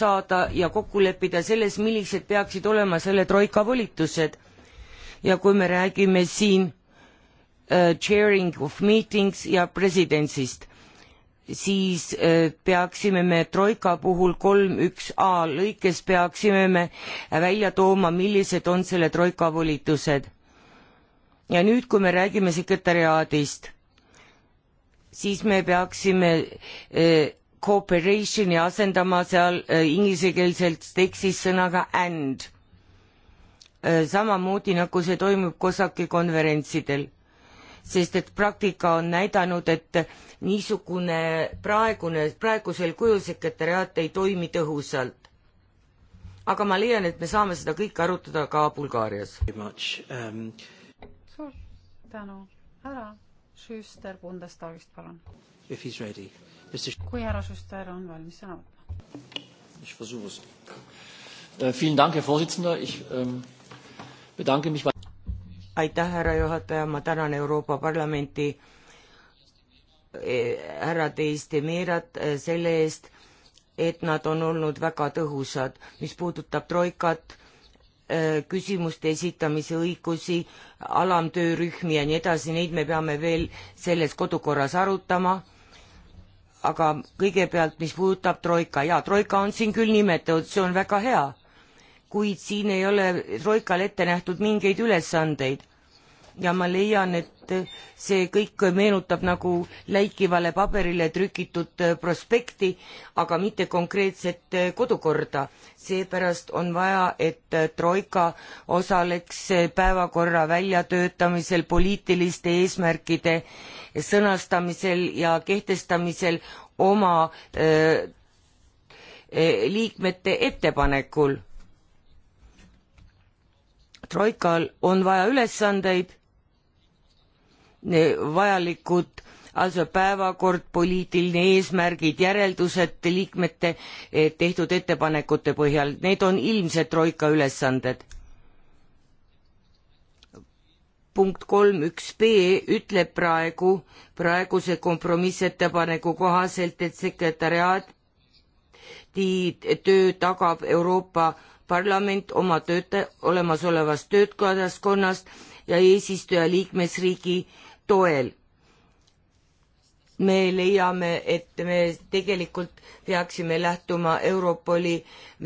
saada ja kokku leppida selles, millised peaksid olema selle troika volitused. ja kui me räägime siin Uh, chairing of meetings ja presidendist siis uh, peaksime me troika puhul kolm üks a lõikes peaksime me välja tooma millised on selle troika volitused ja nüüd kui me räägime sekretariaadist siis me peaksime eh, cooperation'i asendama seal eh, inglisekeelselt tekstis sõnaga and eh, samamoodi nagu see toimub COSAC-i konverentsidel sest et praktika on näidanud, et niisugune praegune, praegusel kujul sekretäriaat ei toimi tõhusalt. aga ma leian, et me saame seda kõike arutada ka Bulgaarias. Um...
suur tänu, härra Schüster Bundestagist, palun. kui härra Schüster on valmis sõna võtma.
Ich versuche es. Äh, vielen Dank, Herr Vorsitzender. Ich ähm, bedanke mich bei aitäh, härra juhataja, ma tänan Euroopa Parlamenti eh, härra Deistimerat eh, selle eest, et nad on olnud väga tõhusad, mis puudutab troikat, eh, küsimuste esitamise õigusi, alamtöörühmi ja nii edasi, neid me peame veel selles kodukorras arutama. aga kõigepealt, mis puudutab troika, jaa, troika on siin küll nimetatud, see on väga hea kuid siin ei ole Troikal ette nähtud mingeid ülesandeid. ja ma leian, et see kõik meenutab nagu läikivale paberile trükitud prospekti, aga mitte konkreetset kodukorda. seepärast on vaja, et Troika osaleks päevakorra väljatöötamisel, poliitiliste eesmärkide sõnastamisel ja kehtestamisel oma öö, äh, liikmete ettepanekul troikal on vaja ülesandeid, vajalikud asja päevakord, poliitiline eesmärgid, järeldused liikmete eh, tehtud ettepanekute põhjal, need on ilmsed troika ülesanded. punkt kolm üks B ütleb praegu, praeguse kompromissettepaneku kohaselt, et sekretäriaadi töö tagab Euroopa parlament oma tööta-, olemasolevast töötajaskonnast ja eesistuja liikmesriigi toel. me leiame, et me tegelikult peaksime lähtuma Europoli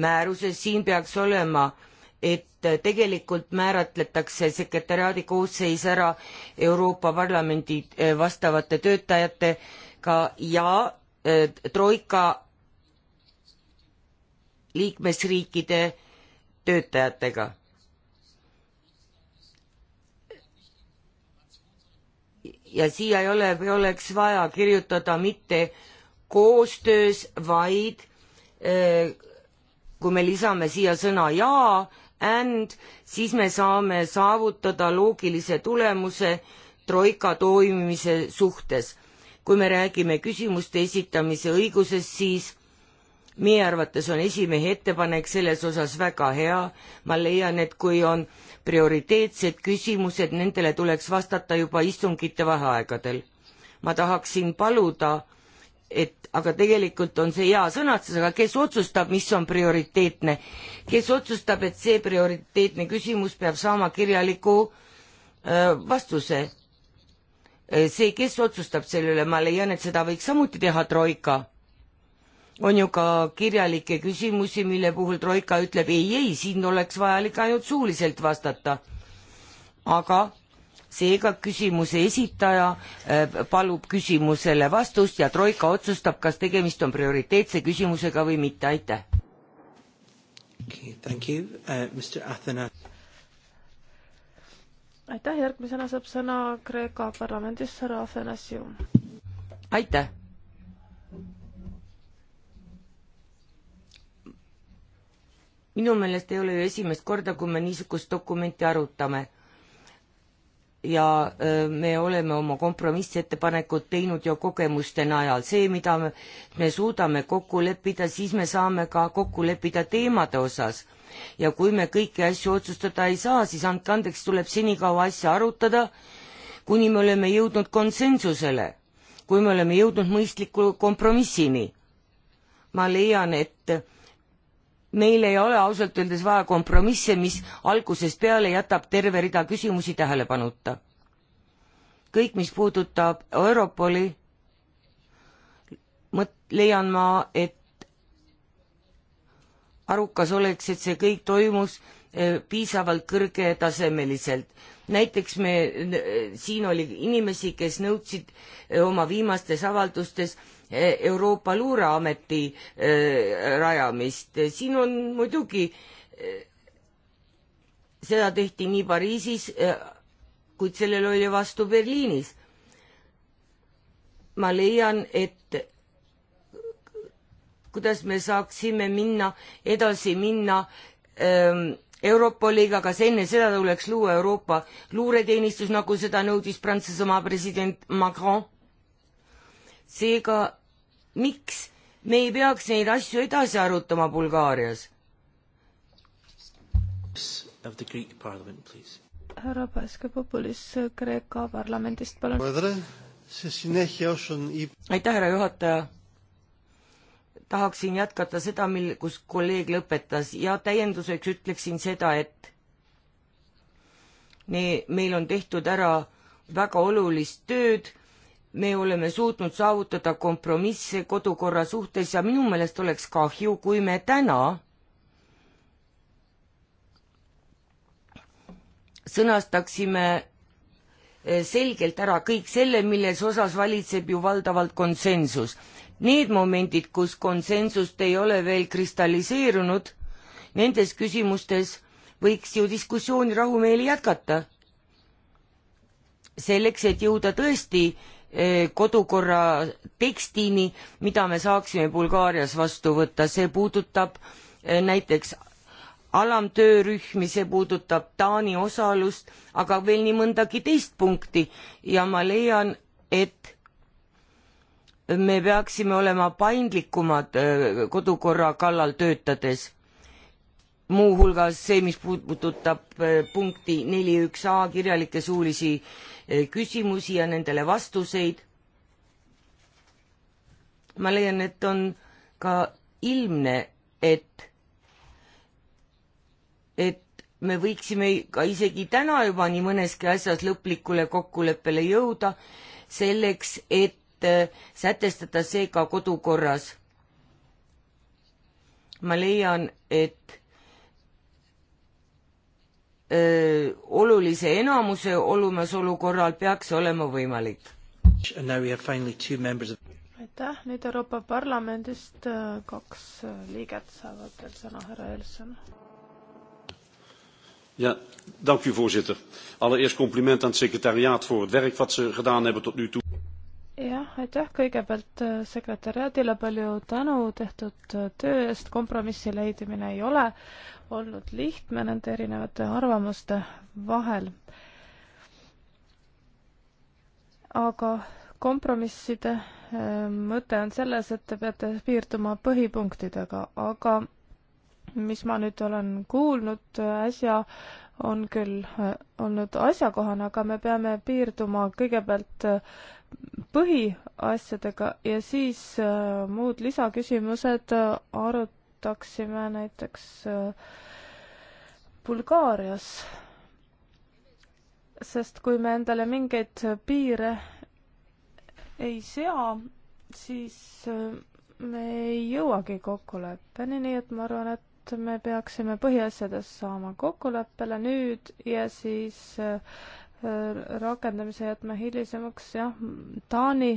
määrusest, siin peaks olema et tegelikult määratletakse sekretäriaadi koosseis ära Euroopa Parlamendi eh, vastavate töötajatega ja eh, troika liikmesriikide töötajatega. ja siia ei ole, ei oleks vaja kirjutada mitte koostöös, vaid eh, kui me lisame siia sõna ja, and, siis me saame saavutada loogilise tulemuse troika toimimise suhtes. kui me räägime küsimuste esitamise õigusest, siis meie arvates on esimehe ettepanek selles osas väga hea, ma leian, et kui on prioriteetsed küsimused, nendele tuleks vastata juba istungite vaheaegadel. ma tahaksin paluda, et aga tegelikult on see hea sõnastus, aga kes otsustab, mis on prioriteetne, kes otsustab, et see prioriteetne küsimus peab saama kirjaliku öö, äh, vastuse äh, see, kes otsustab selle üle, ma leian, et seda võiks samuti teha Troika on ju ka kirjalikke küsimusi, mille puhul Troika ütleb ei, ei, siin oleks vajalik ainult suuliselt vastata. aga seega küsimuse esitaja äh, palub küsimusele vastust ja Troika otsustab, kas tegemist on prioriteetse küsimusega või mitte, aitäh. Uh,
aitäh, järgmisena saab sõna Kreeka parlamendis härra Athanasiu.
aitäh minu meelest ei ole ju esimest korda, kui me niisugust dokumenti arutame. ja me oleme oma kompromissettepanekud teinud ju kogemuste najal, see, mida me, me suudame kokku leppida, siis me saame ka kokku leppida teemade osas ja kui me kõiki asju otsustada ei saa, siis andke andeks, tuleb senikaua asja arutada, kuni me oleme jõudnud konsensusele, kui me oleme jõudnud mõistliku kompromissini. ma leian, et meil ei ole ausalt öeldes vaja kompromisse, mis algusest peale jätab terve rida küsimusi tähelepanuta. kõik, mis puudutab Europoli, mõt-, leian ma, et arukas oleks, et see kõik toimus e, piisavalt kõrgetasemeliselt. näiteks me, siin oli inimesi, kes nõudsid e, oma viimastes avaldustes E, Euroopa Luureameti e, rajamist. siin on muidugi, e, seda tehti nii Pariisis, kuid sellele oli vastu Berliinis. ma leian, et kuidas me saaksime minna, edasi minna ähm, Europoliga, kas enne seda tuleks luua Euroopa luureteenistus, nagu seda nõudis Prantsusmaa president Macron? seega miks me ei peaks neid asju edasi arutama Bulgaarias?
härra Paskapopulis Kreeka parlamendist,
palun.
aitäh, härra juhataja. tahaksin jätkata seda, mil, kus kolleeg lõpetas ja täienduseks ütleksin seda, et me, meil on tehtud ära väga olulist tööd me oleme suutnud saavutada kompromisse kodukorra suhtes ja minu meelest oleks kahju, kui me täna sõnastaksime eh, selgelt ära kõik selle, milles osas valitseb ju valdavalt konsensus. Need momendid, kus konsensust ei ole veel kristalliseerunud, nendes küsimustes võiks ju diskussiooni rahumeeli jätkata. selleks, et jõuda tõesti Eh, kodukorra tekstini, mida me saaksime Bulgaarias vastu võtta, see puudutab eh, näiteks alamtöörühmi, see puudutab Taani osalust, aga veel nii mõndagi teist punkti ja ma leian, et me peaksime olema paindlikumad eh, kodukorra kallal töötades muuhulgas see, mis puudutab äh, punkti neli üks A kirjalikke suulisi äh, küsimusi ja nendele vastuseid. ma leian, et on ka ilmne, et, et me võiksime ka isegi täna juba nii mõneski asjas lõplikule kokkuleppele jõuda, selleks et äh, sätestada see ka kodukorras. ma leian, et öö, olulise enamuse olemasolu korral peaks olema võimalik.
aitäh, nüüd Euroopa Parlamendist kaks liiget saavad veel sõna, härra Elson.
Ja, dank u voorzitter. Allereerst compliment aan het secretariaat voor het werk wat ze
gedaan hebben tot nu toe.
jah, aitäh kõigepealt sekretäriaadile, palju tänu tehtud töö eest, kompromissi leidmine ei ole olnud lihtne nende erinevate arvamuste vahel. aga kompromisside äh, mõte on selles, et te peate piirduma põhipunktidega, aga mis ma nüüd olen kuulnud äh, äsja, on küll äh, olnud asjakohane, aga me peame piirduma kõigepealt põhiasjadega ja siis muud lisaküsimused arut-, arutaksime näiteks äh, Bulgaarias, sest kui me endale mingeid piire ei sea, siis äh, me ei jõuagi kokkuleppeni, nii et ma arvan, et me peaksime põhiasjades saama kokkuleppele nüüd ja siis äh, rakendamise jätma hilisemaks, jah, Taani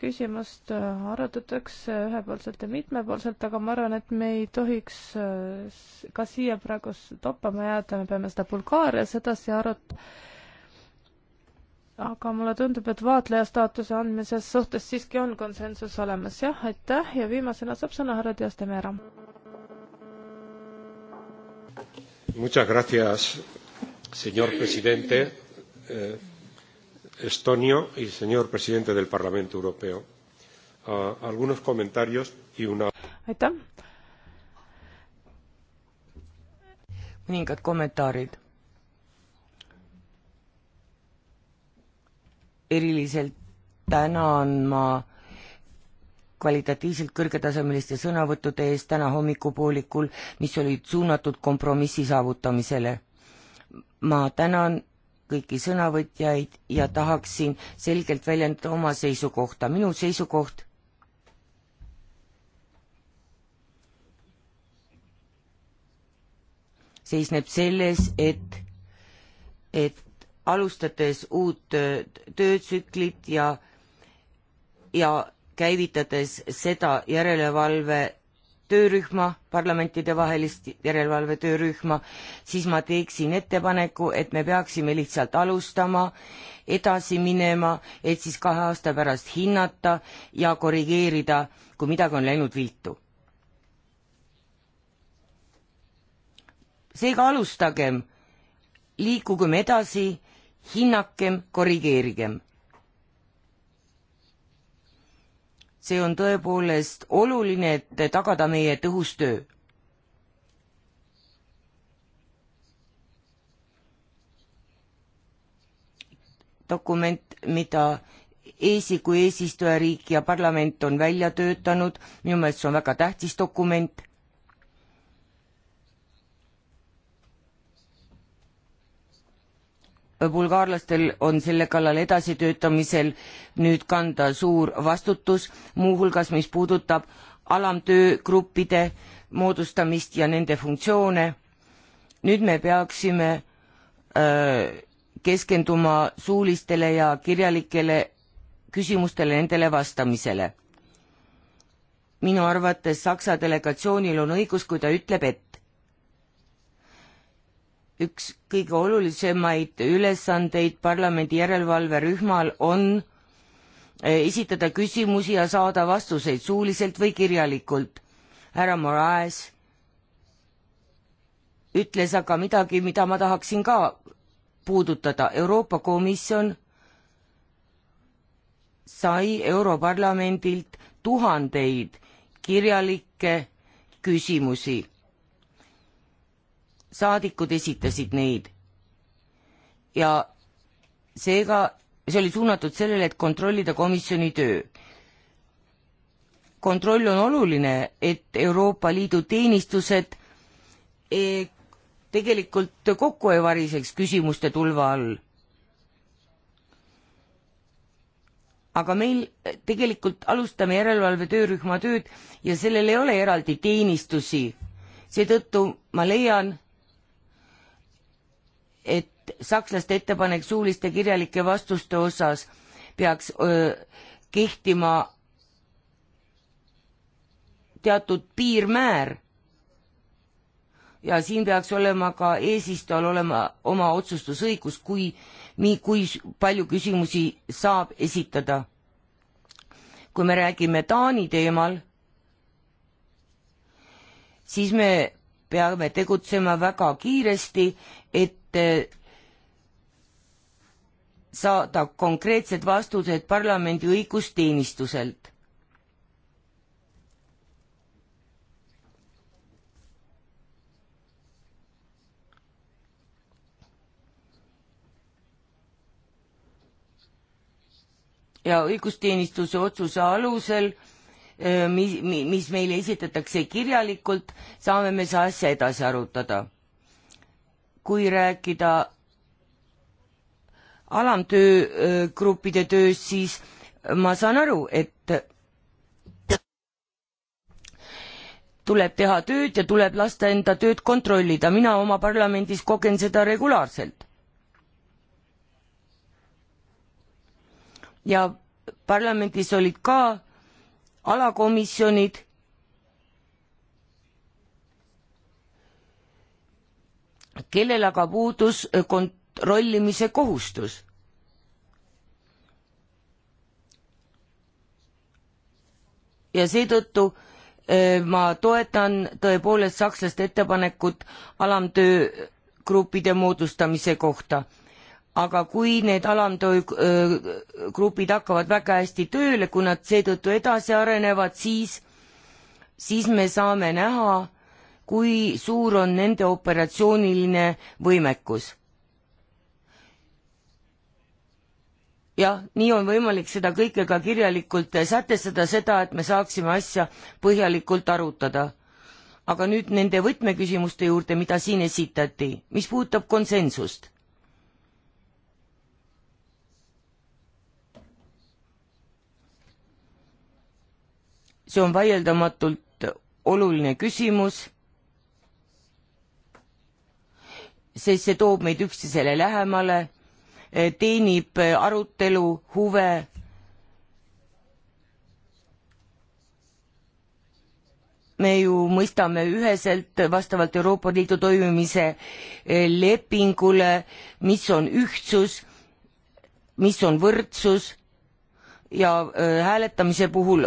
küsimust arutatakse ühepoolselt ja mitmepoolselt, aga ma arvan, et me ei tohiks äh, ka siia praegu toppama jääda, me peame seda Bulgaarias edasi arut-. aga mulle tundub, et vaatleja staatuse andmises suhtes siiski on konsensus olemas, jah, aitäh ja viimasena saab sõna härra Diastemera.
Muchas gracias, señor presidente eh estonio y señor presidente del Parlamento Europeo. Uh, algunos comentarios y una. aitäh.
mõningad kommentaarid. eriliselt tänan ma kvalitatiivselt kõrgetasemeliste sõnavõttude eest täna hommikupoolikul, mis olid suunatud kompromissi saavutamisele. ma tänan kõiki sõnavõtjaid ja tahaksin selgelt väljendada oma seisukohta. minu seisukoht seisneb selles, et, et alustades uut töötsüklit ja, ja käivitades seda järelevalve töörühma, parlamentidevahelist järelevalve töörühma, siis ma teeksin ettepaneku, et me peaksime lihtsalt alustama, edasi minema, et siis kahe aasta pärast hinnata ja korrigeerida, kui midagi on läinud viltu. seega alustagem, liikugem edasi, hinnakem, korrigeerigem see on tõepoolest oluline, et tagada meie tõhus töö. dokument, mida Eesti kui eesistujariik ja parlament on välja töötanud, minu meelest see on väga tähtis dokument bulgaarlastel on selle kallal edasitöötamisel nüüd kanda suur vastutus, muuhulgas mis puudutab alamtöögruppide moodustamist ja nende funktsioone. nüüd me peaksime öö, keskenduma suulistele ja kirjalikele küsimustele, nendele vastamisele. minu arvates Saksa delegatsioonil on õigus, kui ta ütleb, et üks kõige olulisemaid ülesandeid parlamendi järelevalverühmal on eh, esitada küsimusi ja saada vastuseid suuliselt või kirjalikult. härra Moraes ütles aga midagi, mida ma tahaksin ka puudutada. Euroopa Komisjon sai Europarlamendilt tuhandeid kirjalikke küsimusi saadikud esitasid neid. ja seega see oli suunatud sellele, et kontrollida komisjoni töö. kontroll on oluline, et Euroopa Liidu teenistused e, tegelikult kokku ei variseks küsimuste tulva all. aga meil tegelikult alustame järelevalve töörühma tööd ja sellel ei ole eraldi teenistusi. seetõttu ma leian, et sakslaste ettepanek suuliste kirjalike vastuste osas peaks öö, kehtima teatud piirmäär. ja siin peaks olema ka eesistujal olema oma otsustusõigus, kui, kui palju küsimusi saab esitada. kui me räägime Taani teemal, siis me peame tegutsema väga kiiresti, et saada konkreetsed vastused parlamendi õigusteenistuselt. ja õigusteenistuse otsuse alusel, eh, mis, mis meile esitatakse kirjalikult, saame me see asja edasi arutada kui rääkida alamtöögruppide tööst, siis ma saan aru, et tuleb teha tööd ja tuleb lasta enda tööd kontrollida, mina oma parlamendis kogen seda regulaarselt. ja parlamendis olid ka alakomisjonid kellel aga puudus äh, kontrollimise kohustus. ja seetõttu äh, ma toetan tõepoolest sakslaste ettepanekut alamtöögruppide moodustamise kohta. aga kui need alamtöögrupid hakkavad väga hästi tööle, kui nad seetõttu edasi arenevad, siis, siis me saame näha, kui suur on nende operatsiooniline võimekus. jah, nii on võimalik seda kõike ka kirjalikult sätestada, seda, et me saaksime asja põhjalikult arutada. aga nüüd nende võtmeküsimuste juurde, mida siin esitati, mis puudutab konsensust see on vaieldamatult oluline küsimus sest see toob meid üksteisele lähemale, eh, teenib eh, arutelu huve. me ju mõistame üheselt vastavalt Euroopa Liidu toimimise eh, lepingule, mis on ühtsus, mis on võrdsus ja hääletamise puhul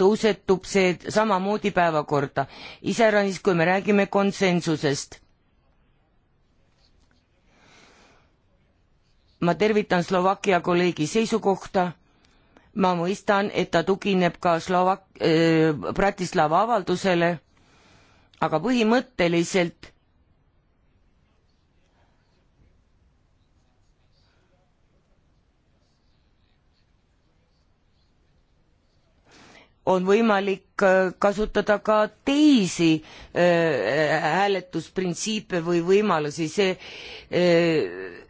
tõusetub see samamoodi päevakorda, iseäranis kui me räägime konsensusest. ma tervitan Slovakkia kolleegi seisukohta, ma mõistan, et ta tugineb ka Slovak- äh,, Bratislava avaldusele, aga põhimõtteliselt on võimalik äh, kasutada ka teisi äh, hääletusprintsiipe või võimalusi, see öö, äh,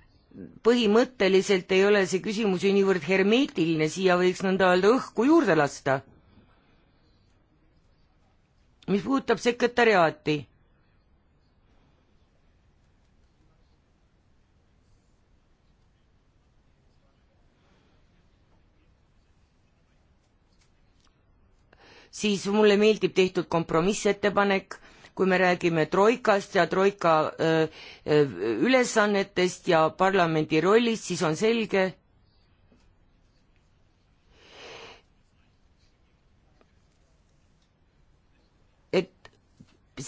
põhimõtteliselt ei ole see küsimus ju niivõrd hermeetiline, siia võiks nõnda öelda õhku juurde lasta. mis puudutab sekretäriaati siis mulle meeldib tehtud kompromissettepanek kui me räägime troikast ja troika öö, ülesannetest ja parlamendi rollist, siis on selge, et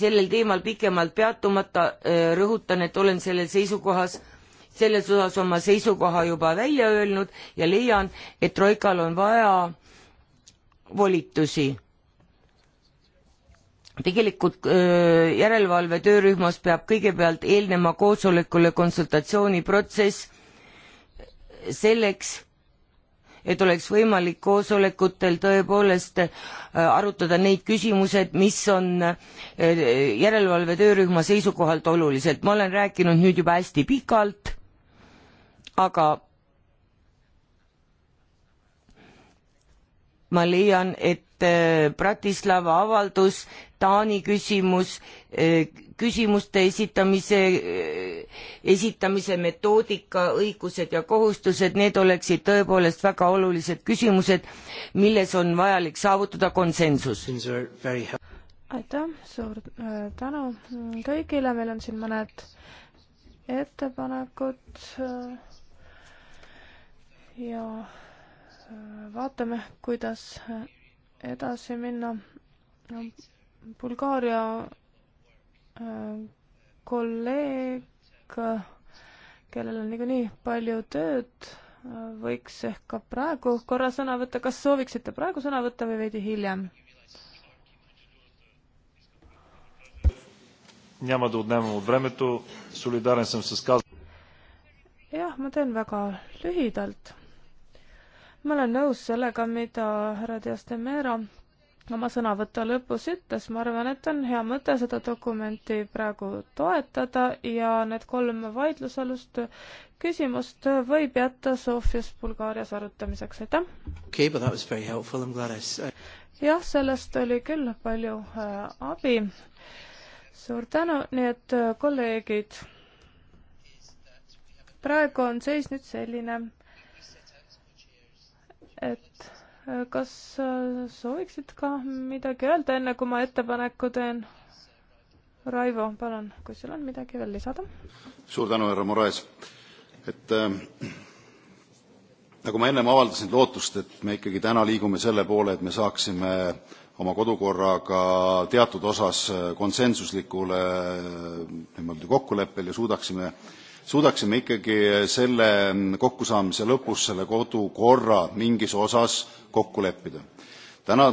sellel teemal pikemalt peatumata rõhutan, et olen sellel seisukohas selles osas oma seisukoha juba välja öelnud ja leian, et Troikal on vaja volitusi tegelikult järelevalve töörühmas peab kõigepealt eelnema koosolekule konsultatsiooniprotsess selleks, et oleks võimalik koosolekutel tõepoolest arutada neid küsimused, mis on järelevalve töörühma seisukohalt olulised. ma olen rääkinud nüüd juba hästi pikalt, aga ma leian, et äh, Bratislava avaldus, Taani küsimus, äh, küsimuste esitamise, äh, esitamise metoodika, õigused ja kohustused, need oleksid tõepoolest väga olulised küsimused, milles on vajalik saavutada konsensus.
aitäh, suur tänu kõigile, meil on siin mõned ettepanekud ja vaatame, kuidas edasi minna. Bulgaaria äh, kolleeg, kellel on niikuinii palju tööd, võiks ehk ka praegu korra sõna võtta. kas sooviksite praegu sõna võtta või veidi hiljem?
няма да отнемам от времето. Солидарен съм с каза.
jah, ma teen väga lühidalt ma olen nõus sellega, mida härra Diastemera oma sõnavõtu lõpus ütles, ma arvan, et on hea mõte seda dokumenti praegu toetada ja need kolm vaidlusalust küsimust võib jätta Sofias Bulgaarias arutamiseks, aitäh! jah, sellest oli küll palju äh, abi. suur tänu, nii et äh, kolleegid, praegu on seis nüüd selline et äh, kas äh, sooviksid ka midagi öelda, enne kui ma ettepaneku teen? Raivo, palun, kui sul on midagi veel lisada?
suur tänu, härra Moraes. et ähm, nagu ma ennem avaldasin lootust, et me ikkagi täna liigume selle poole, et me saaksime oma kodukorraga teatud osas äh, konsensuslikule niimoodi kokkuleppele ja suudaksime äh, suudaksime ikkagi selle kokkusaamise lõpus selle kodukorra mingis osas kokku leppida. täna,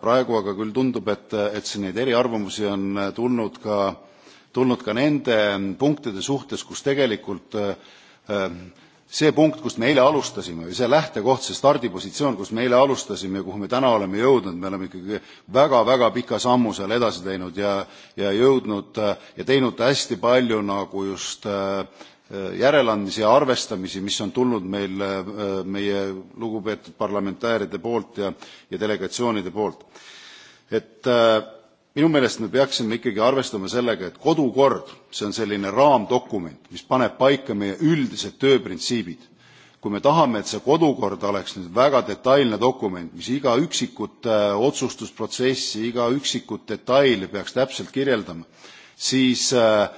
praegu aga küll tundub, et, et siin neid eriarvamusi on tulnud ka, tulnud ka nende punktide suhtes, kus tegelikult see punkt, kust me eile alustasime või see lähtekoht, see stardipositsioon, kus me eile alustasime ja kuhu me täna oleme jõudnud, me oleme ikkagi väga-väga pika sammu seal edasi teinud ja, ja jõudnud äh, ja teinud hästi palju nagu just äh, äh, järeleandmisi ja arvestamisi, mis on tulnud meil, meie lugupeetud parlamentääride poolt ja, ja delegatsioonide poolt. et äh, minu meelest me peaksime ikkagi arvestama sellega, et kodukord, see on selline raamdokument, mis paneb paika meie üldised tööprintsiibid. kui me tahame, et see kodukord oleks nüüd väga detailne dokument, mis iga üksikut äh, otsustusprotsessi, iga üksikut detaili peaks täpselt kirjeldama, siis äh,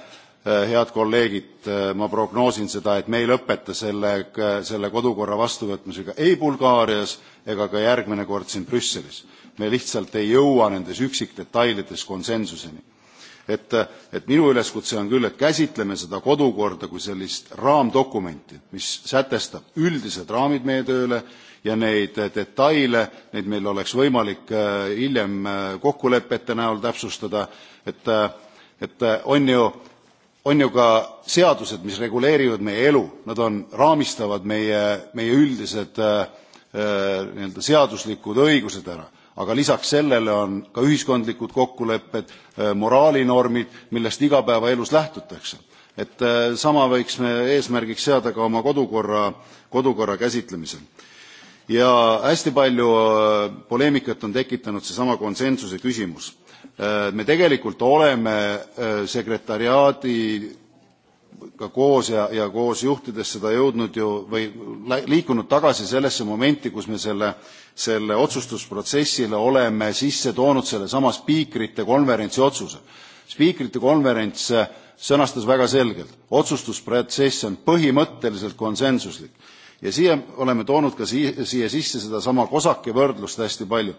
Eh, head kolleegid, eh, ma prognoosin seda, et me ei lõpeta selle, eh, selle kodukorra vastuvõtmisega ei Bulgaarias ega ka järgmine kord siin Brüsselis. me lihtsalt ei jõua nendes üksikdetailides konsensuseni. et, et minu üleskutse on küll, et käsitleme seda kodukorda kui sellist raamdokumenti, mis sätestab üldised raamid meie tööle ja neid detaile, neid meil oleks võimalik hiljem kokkulepete näol täpsustada, et, et on ju on ju ka seadused, mis reguleerivad meie elu, nad on, raamistavad meie, meie üldised äh, äh, nii-öelda seaduslikud õigused ära, aga lisaks sellele on ka ühiskondlikud kokkulepped, äh, moraalinormid, millest igapäevaelus lähtutakse. et sama võiks me eesmärgiks seada ka oma kodukorra, kodukorra käsitlemisel ja hästi palju poleemikat on tekitanud seesama konsensuse küsimus Äh, me tegelikult oleme äh, sekretariaadiga koos ja, ja koos juhtides seda jõudnud ju või liikunud tagasi sellesse momenti, kus me selle, selle otsustusprotsessile oleme sisse toonud sellesama spiikrite konverentsi otsuse. spiikrite konverents äh, sõnastas väga selgelt, otsustusprotsess on põhimõtteliselt konsensuslik ja siia oleme toonud ka siia, siia sisse sedasama COSAC-i võrdlust hästi palju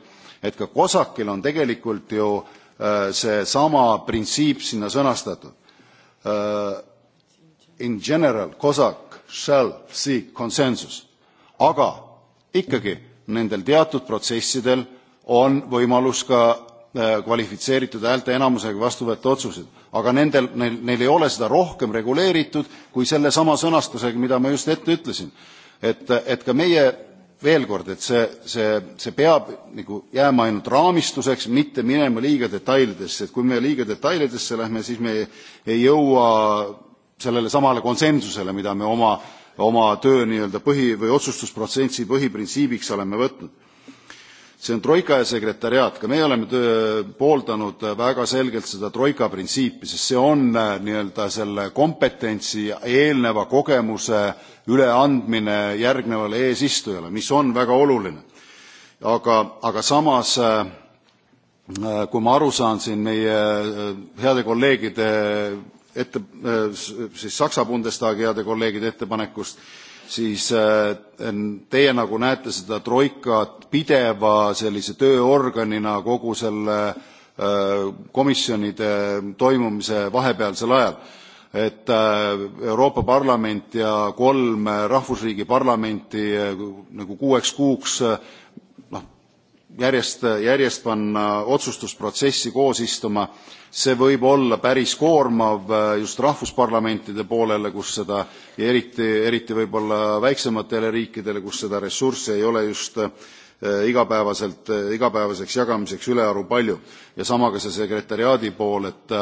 et ka COSAC-il on tegelikult ju äh, seesama printsiip sinna sõnastatud. Äh, in general COSAC shall seek consensus, aga ikkagi nendel teatud protsessidel on võimalus ka äh, kvalifitseeritud häälteenamusega vastu võtta otsuseid, aga nendel, neil, neil ei ole seda rohkem reguleeritud kui sellesama sõnastusega, mida ma just ette ütlesin. et, et ka meie veel kord, et see, see, see peab nagu jääma ainult raamistuseks, mitte minema liiga detailidesse, et kui me liiga detailidesse lähme, siis me ei, ei jõua sellele samale konsensusele, mida me oma, oma töö nii-öelda põhi- või otsustusprotsessi põhiprintsiibiks oleme võtnud see on troika ja sekretariaat, ka meie oleme töö, pooldanud väga selgelt seda troika printsiipi, sest see on äh, nii-öelda selle kompetentsi eelneva kogemuse üleandmine järgnevale eesistujale, mis on väga oluline. aga, aga samas äh, äh, kui ma aru saan siin meie heade kolleegide ette, siis Saksa Bundestagi heade kolleegide ettepanekust, siis äh, teie nagu näete seda troikat pideva sellise tööorganina kogu selle äh, komisjonide toimumise vahepealsel ajal. et äh, Euroopa Parlament ja kolm rahvusriigi parlamenti nagu kuueks kuuks järjest, järjest panna äh, otsustusprotsessi koos istuma, see võib olla päris koormav äh, just rahvusparlamentide poolele, kus seda ja eriti, eriti võib-olla väiksematele riikidele, kus seda ressurssi ei ole just äh, igapäevaselt, igapäevaseks jagamiseks ülearu palju. ja sama ka see sekretäriaadi pool, et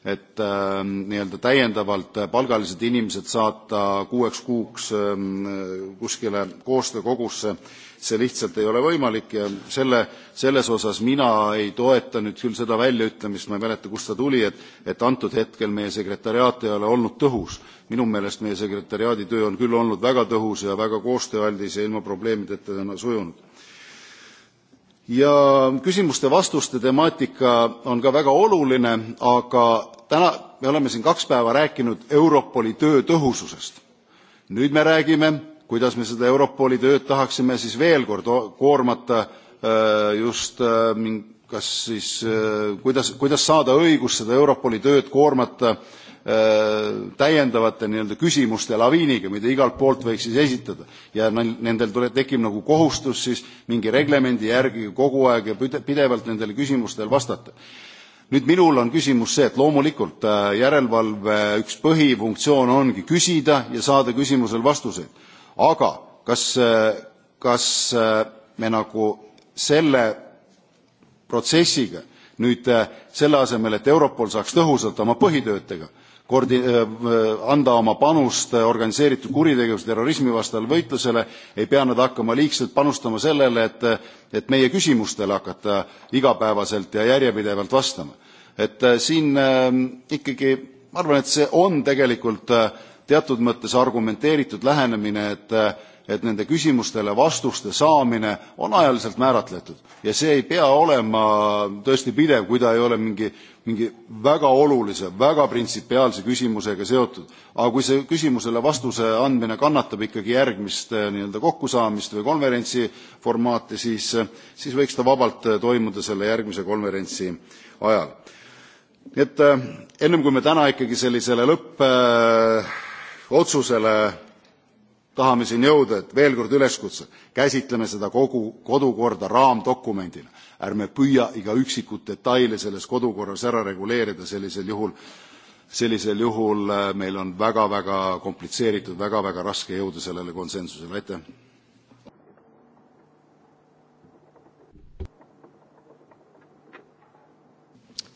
et äh, nii-öelda täiendavalt palgalised inimesed saata kuueks kuuks äh, kuskile koostöökogusse äh, see lihtsalt ei ole võimalik ja selle, selles osas mina ei toeta nüüd küll seda väljaütlemist, ma ei mäleta, kust see tuli, et, et antud hetkel meie sekretäriaat ei ole olnud tõhus. minu meelest meie sekretäriaadi töö on küll olnud väga tõhus ja väga koostööaldis ja ilma probleemideta sujunud ja küsimuste-vastuste temaatika on ka väga oluline, aga täna me oleme siin kaks päeva rääkinud Europoli töö tõhususest. nüüd me räägime kuidas me seda Europoli tööd tahaksime siis veel kord koormata äh, just äh, kas siis, äh, kuidas, kuidas saada õigus seda Europoli tööd koormata täiendavate nii-öelda küsimuste laviiniga, mida igalt poolt võiks siis esitada. ja nendel tule-, tekib nagu kohustus siis mingi reglemendi järgi kogu aeg ja pidevalt nendele küsimustele vastata. nüüd minul on küsimus see, et loomulikult järelevalve üks põhifunktsioon ongi küsida ja saada küsimusele vastuseid aga kas, äh, kas äh, me nagu selle protsessiga nüüd äh, selle asemel, et Europol saaks tõhusalt oma põhitöödega koordi-, anda oma panust organiseeritud kuritegevuse, terrorismi vastasele võitlusele, ei pea nad hakkama liigselt panustama sellele, et et meie küsimustele hakata igapäevaselt ja järjepidevalt vastama. et siin ikkagi ma arvan, et see on tegelikult äh, teatud mõttes argumenteeritud lähenemine et et nende küsimustele vastuste saamine on ajaliselt määratletud ja see ei pea olema tõesti pidev kui ta ei ole mingi mingi väga olulise väga printsipiaalse küsimusega seotud aga kui see küsimusele vastuse andmine kannatab ikkagi järgmist eh, nii-öelda kokkusaamist või konverentsi formaati siis siis võiks ta vabalt toimuda selle järgmise konverentsi ajal nii et eh, ennem kui me täna ikkagi sellisele lõpp eh, otsusele tahame siin jõuda, et veel kord üleskutse, käsitleme seda kogu kodukorda raamdokumendina, ärme püüa iga üksikut detaili selles kodukorras ära reguleerida, sellisel juhul, sellisel juhul äh, meil on väga-väga komplitseeritud, väga-väga raske jõuda sellele konsensusele, aitäh!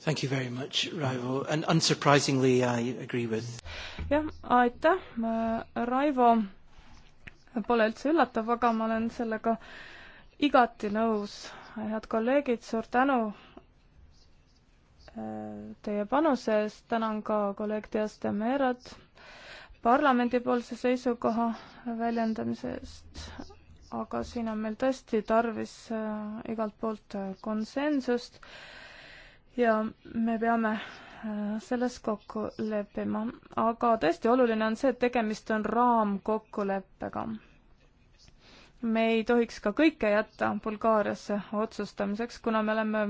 Thank you very much, Raivo. And unsurprisingly, I agree with.
jah, aitäh, Raivo. Pole üldse üllatav, aga ma olen sellega igati nõus. head kolleegid, suur tänu äh, teie panuse eest, tänan ka kolleeg Dias de Merat parlamendipoolse seisukoha väljendamise eest. aga siin on meil tõesti tarvis äh, igalt poolt äh, konsensust ja me peame äh, selles kokku leppima, aga tõesti oluline on see, et tegemist on raamkokkuleppega. me ei tohiks ka kõike jätta Bulgaariasse otsustamiseks, kuna me oleme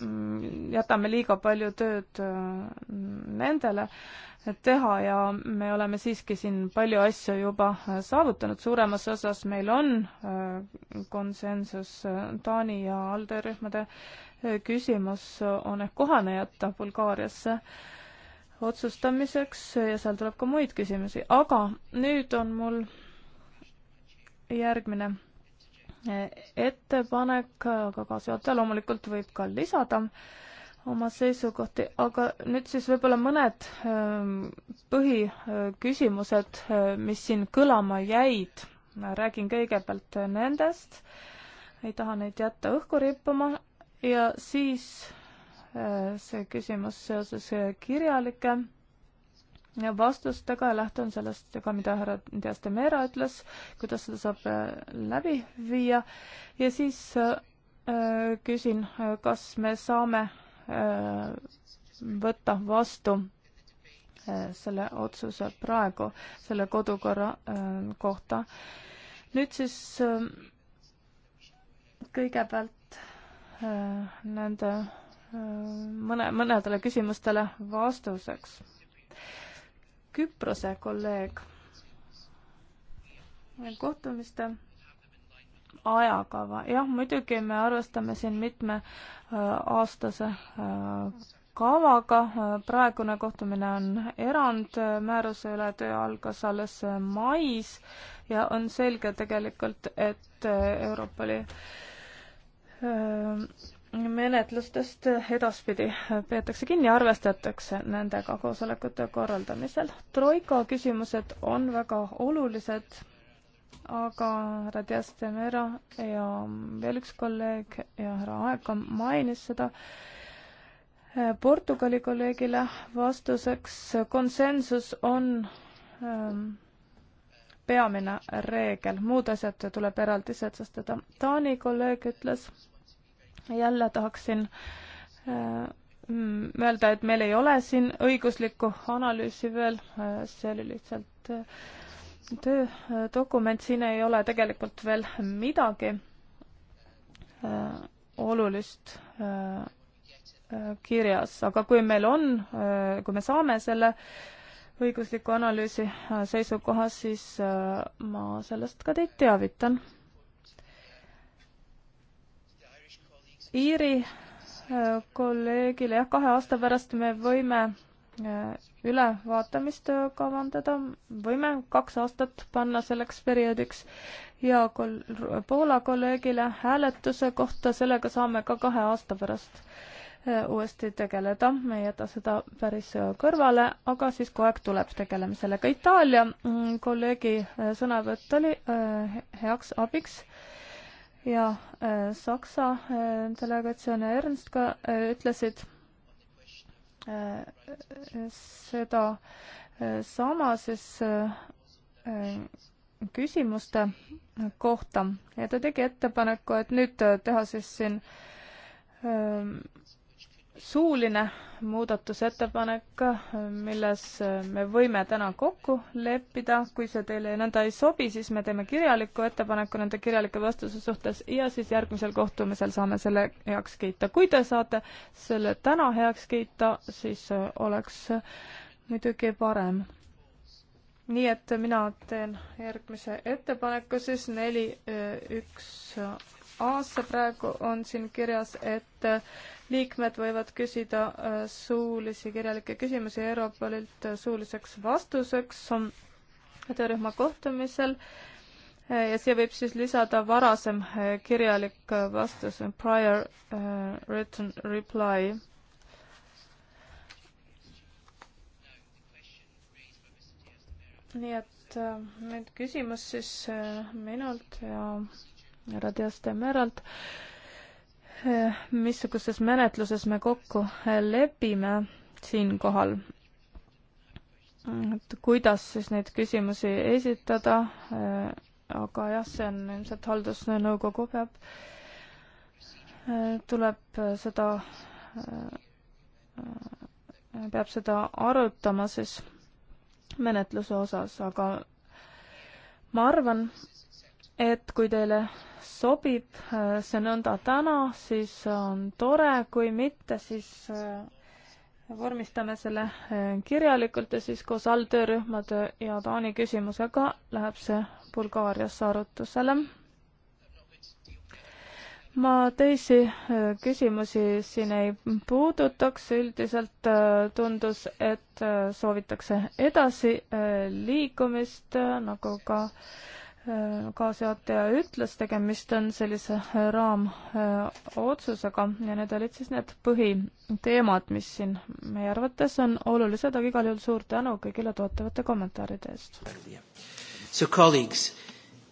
Mm, jätame liiga palju tööd mm, nendele teha ja me oleme siiski siin palju asju juba äh, saavutanud, suuremas osas meil on äh, konsensus äh, Taani ja ALDE rühmade küsimus on ehk kohane jätta Bulgaariasse otsustamiseks ja seal tuleb ka muid küsimusi, aga nüüd on mul järgmine ettepanek, aga ka juhataja loomulikult võib ka lisada oma seisukohti, aga nüüd siis võib-olla mõned ähm, põhiküsimused, äh, mis siin kõlama jäid. räägin kõigepealt nendest, ei taha neid jätta õhku rippuma ja siis äh, see küsimus seoses äh, kirjalike vastustega ja lähtun sellest ka, mida härra Diastemera ütles, kuidas seda saab äh, läbi viia ja siis äh, küsin, kas me saame äh, võtta vastu äh, selle otsuse praegu selle kodukorra äh, kohta. nüüd siis äh, kõigepealt nende mõne, mõnedele küsimustele vastuseks Küprose kolleeg kohtumiste ajakava, jah, muidugi me arvestame siin mitmeaastase äh, äh, kavaga, praegune kohtumine on erand määruse üle, töö algas alles äh, mais ja on selge tegelikult, et Euroopa Liidu menetlustest edaspidi peetakse kinni, arvestatakse nendega koosolekute korraldamisel. troika küsimused on väga olulised, aga härra Dias de Mera ja veel üks kolleeg ja härra Aega mainis seda. Portugali kolleegile vastuseks konsensus on ähm, peamine reegel, muud asjad tuleb eraldi sätestada. Taani kolleeg ütles, jälle tahaksin äh, öelda, et meil ei ole siin õiguslikku analüüsi veel, äh, see oli lihtsalt äh, töödokument, siin ei ole tegelikult veel midagi olulist kirjas, aga kui meil on, kui me saame selle õigusliku analüüsi seisukoha, siis ma sellest ka teid teavitan Iiri äh, kolleegile, jah, kahe aasta pärast me võime äh, ülevaatamist äh, kavandada, võime kaks aastat panna selleks perioodiks ja kol-, Poola kolleegile hääletuse kohta, sellega saame ka kahe aasta pärast uuesti tegeleda, me ei jäta seda päris kõrvale, aga siis kogu aeg tuleb tegelemisele. ka Itaalia mm, kolleegi sõnavõtt oli heaks abiks ja äh, Saksa äh, delegatsioon ja Ernst ka äh, ütlesid seda sama siis küsimuste kohta ja ta tegi ettepaneku, et nüüd teha siis siin suuline muudatusettepanek, milles me võime täna kokku leppida, kui see teile nõnda ei sobi, siis me teeme kirjaliku ettepaneku nende kirjalike vastuse suhtes ja siis järgmisel kohtumisel saame selle heaks kiita. kui te saate selle täna heaks kiita, siis oleks muidugi parem. nii et mina teen järgmise ettepaneku siis neli, üks A-sse praegu on siin kirjas, et äh, liikmed võivad küsida äh, suulisi kirjalikke küsimusi Europolilt äh, suuliseks vastuseks ähm, töörühma kohtumisel ja siia võib siis lisada varasem kirjalik vastus, prior written reply. nii et nüüd küsimus siis minult ja härra Dias de Meralt, eh, missuguses menetluses me kokku lepime siinkohal. et kuidas siis neid küsimusi esitada, eh, aga jah, see on ilmselt haldusnõukogu peab, eh, tuleb seda, peab seda arutama siis menetluse osas, aga ma arvan, et kui teile sobib äh, see nõnda täna, siis on tore, kui mitte, siis äh, vormistame selle äh, kirjalikult ja siis koos alltöörühmade ja Taani küsimusega läheb see Bulgaariasse arutusele. ma teisi küsimusi siin ei puudutaks, üldiselt tundus, et soovitakse edasi liikumist, nagu ka äh, kaasjuhataja ütles, tegemist on sellise raamotsusega ja need olid siis need põhiteemad, mis siin meie arvates on olulised, aga igal juhul suur tänu
kõigile toetavate kommentaaride eest.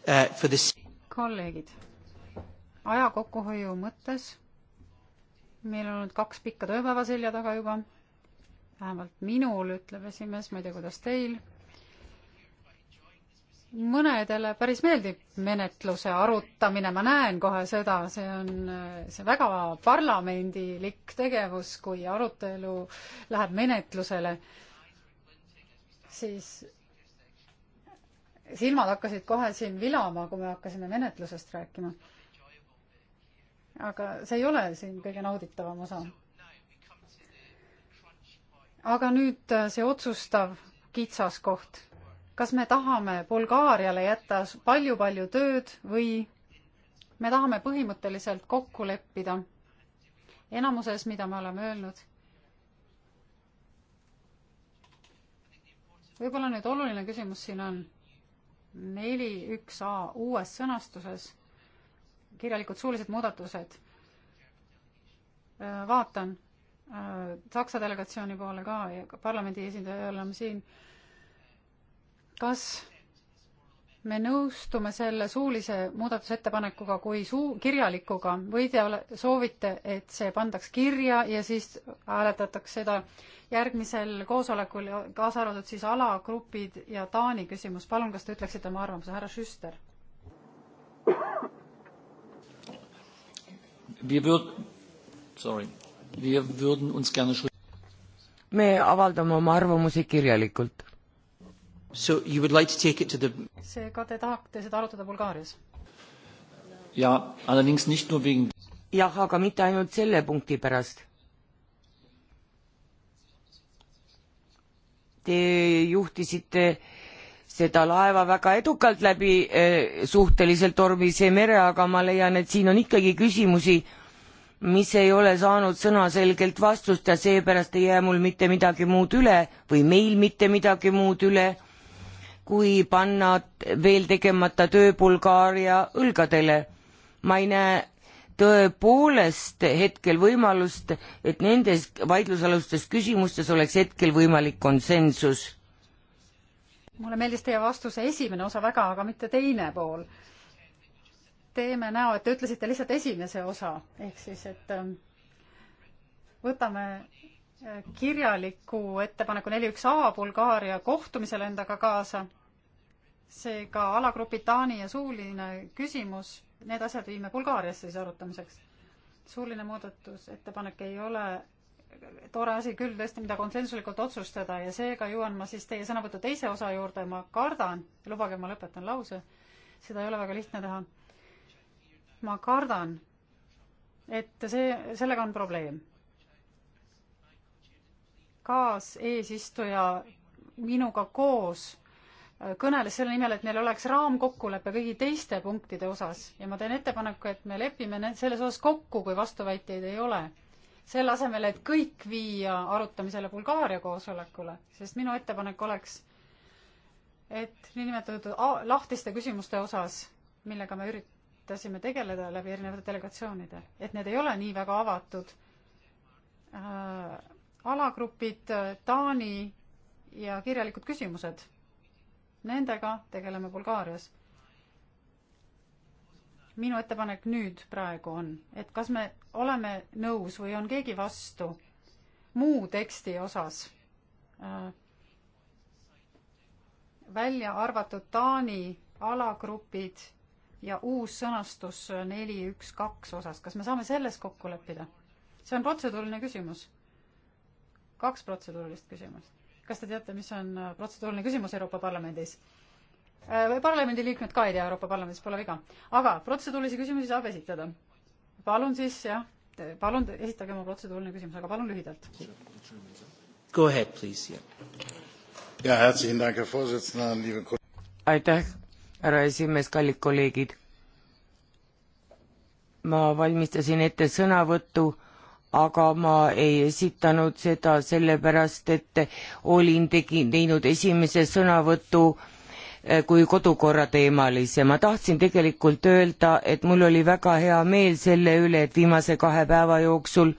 Uh,
kolleegid, aja kokkuhoiu mõttes meil on olnud kaks pikka tööpäeva selja taga juba, vähemalt minul, ütleb esimees, ma ei tea, kuidas teil mõnedele päris meeldib menetluse arutamine, ma näen kohe seda, see on, see väga parlamendilik tegevus, kui arutelu läheb menetlusele, siis silmad hakkasid kohe siin vilama, kui me hakkasime menetlusest rääkima. aga see ei ole siin kõige nauditavam osa. aga nüüd see otsustav kitsaskoht kas me tahame Bulgaariale jätta palju-palju tööd või me tahame põhimõtteliselt kokku leppida enamuses, mida me oleme öelnud. võib-olla nüüd oluline küsimus siin on neli üks A uues sõnastuses, kirjalikud suulised muudatused. vaatan äh, Saksa delegatsiooni poole ka ja parlamendi esindajal oleme siin kas me nõustume selle suulise muudatusettepanekuga kui suu-, kirjalikuga või te ole, soovite, et see pandaks kirja ja siis hääletatakse seda järgmisel koosolekul, kaasa arvatud siis alagrupid ja Taani küsimus. palun, kas te ütleksite oma arvamuse, härra Schüster?
me avaldame oma arvamusi kirjalikult So you would like to take it to the
seega te tahate seda arutada Bulgaarias?
jaa, allerdings nicht nur wegen jah, aga mitte ainult selle punkti pärast. Te juhtisite seda laeva väga edukalt läbi eh, suhteliselt tormise mere, aga ma leian, et siin on ikkagi küsimusi, mis ei ole saanud sõnaselgelt vastust ja seepärast ei jää mul mitte midagi muud üle või meil mitte midagi muud üle kui panna veel tegemata töö Bulgaaria õlgadele. ma ei näe tõepoolest hetkel võimalust, et nendes vaidlusalustes küsimustes oleks hetkel võimalik konsensus.
mulle meeldis teie vastuse esimene osa väga, aga mitte teine pool. teeme näo, et te ütlesite lihtsalt esimese osa, ehk siis, et ähm, võtame kirjaliku ettepaneku neli üks A Bulgaaria kohtumisele endaga kaasa. seega alagrupi Taani ja suuline küsimus, need asjad viime Bulgaariasse siis arutamiseks. suuline muudatusettepanek ei ole tore asi küll tõesti, mida konsensuslikult otsustada ja seega jõuan ma siis teie sõnavõtu teise osa juurde, ma kardan, lubage, ma lõpetan lause, seda ei ole väga lihtne teha. ma kardan, et see, sellega on probleem kaaseesistuja minuga koos äh, kõneles selle nimel, et meil oleks raamkokkulepe kõigi teiste punktide osas ja ma teen ettepaneku, et me lepime selles osas kokku, kui vastuväiteid ei ole. selle asemel, et kõik viia arutamisele Bulgaaria koosolekule, sest minu ettepanek oleks, et niinimetatud lahtiste küsimuste osas, millega me üritasime tegeleda läbi erinevate delegatsioonide, et need ei ole nii väga avatud äh, alagrupid, äh, Taani ja kirjalikud küsimused. Nendega tegeleme Bulgaarias. minu ettepanek nüüd praegu on, et kas me oleme nõus või on keegi vastu muu teksti osas äh, välja arvatud Taani alagrupid ja uus sõnastus neli, üks, kaks osas, kas me saame selles kokku leppida? see on protseduuriline küsimus kaks protseduurilist küsimust. kas te teate, mis on äh, protseduuriline küsimus Euroopa Parlamendis? Äh, või parlamendiliikmed ka ei tea, Euroopa Parlamendis pole viga. aga protseduurilisi küsimusi saab esitada. palun siis jah, palun esitage oma protseduuriline küsimus, aga palun lühidalt.
Go ahead please
yeah..
aitäh, härra esimees, kallid kolleegid. ma valmistasin ette sõnavõttu aga ma ei esitanud seda sellepärast, et olin, tegin, teinud esimese sõnavõtu eh, kui kodukorra teemalise. ma tahtsin tegelikult öelda, et mul oli väga hea meel selle üle, et viimase kahe päeva jooksul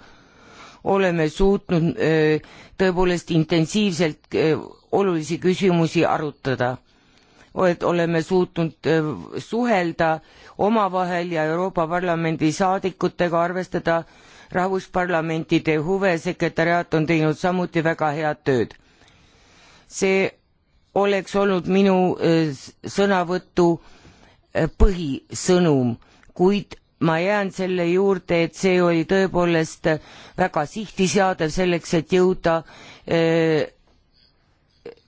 oleme suutnud eh, tõepoolest intensiivselt eh, olulisi küsimusi arutada. et oleme suutnud suhelda omavahel ja Euroopa Parlamendi saadikutega arvestada rahvusparlamentide huve, sekretäriaat on teinud samuti väga head tööd. see oleks olnud minu eh, sõnavõtu eh, põhisõnum, kuid ma jään selle juurde, et see oli tõepoolest väga sihti seadev selleks, et jõuda eh,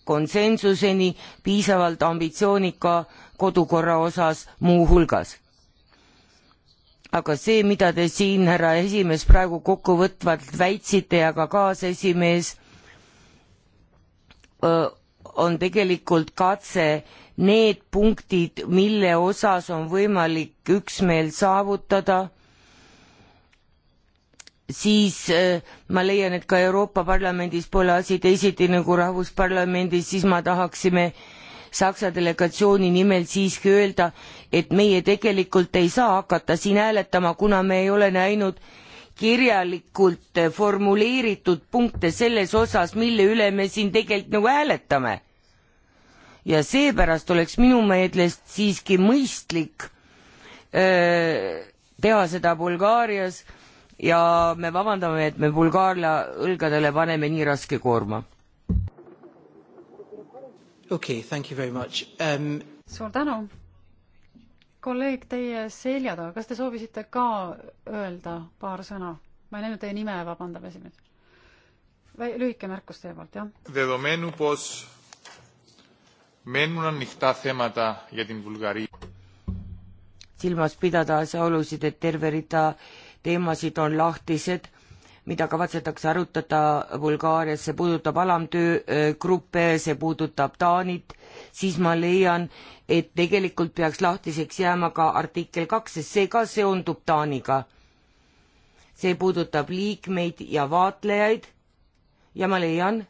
konsensuseni piisavalt ambitsioonika kodukorra osas muuhulgas aga see, mida te siin, härra esimees, praegu kokkuvõtvalt väitsite ja ka kaasesimees, on tegelikult katse need punktid, mille osas on võimalik üksmeel saavutada, siis ma leian, et ka Euroopa Parlamendis pole asi teisiti nagu Rahvusparlamendis, siis me tahaksime äh, Saksa delegatsiooni nimel siiski öelda, et meie tegelikult ei saa hakata siin hääletama, kuna me ei ole näinud kirjalikult formuleeritud punkte selles osas, mille üle me siin tegelikult nagu hääletame. ja seepärast oleks minu meelest siiski mõistlik öö, teha seda Bulgaarias ja me vabandame, et me Bulgaaria õlgadele paneme nii raske koorma okei okay,, thank you very much um....
suur tänu. kolleeg teie selja taga, kas te soovisite ka öelda paar sõna? ma ei näinud teie nime, vabandab esimees. lühike märkus teie poolt, jah.
Δεδομένου πως μένουν ανοιχτά θέματα για την Βουλγαρία.
silmas pidada asjaolusid, et terve rida teemasid on lahtised mida kavatsetakse arutada Bulgaarias, see puudutab alamtöögruppe, see puudutab Taanit, siis ma leian, et tegelikult peaks lahtiseks jääma ka artikkel kaks, sest see ka seondub Taaniga. see puudutab liikmeid ja vaatlejaid ja ma leian,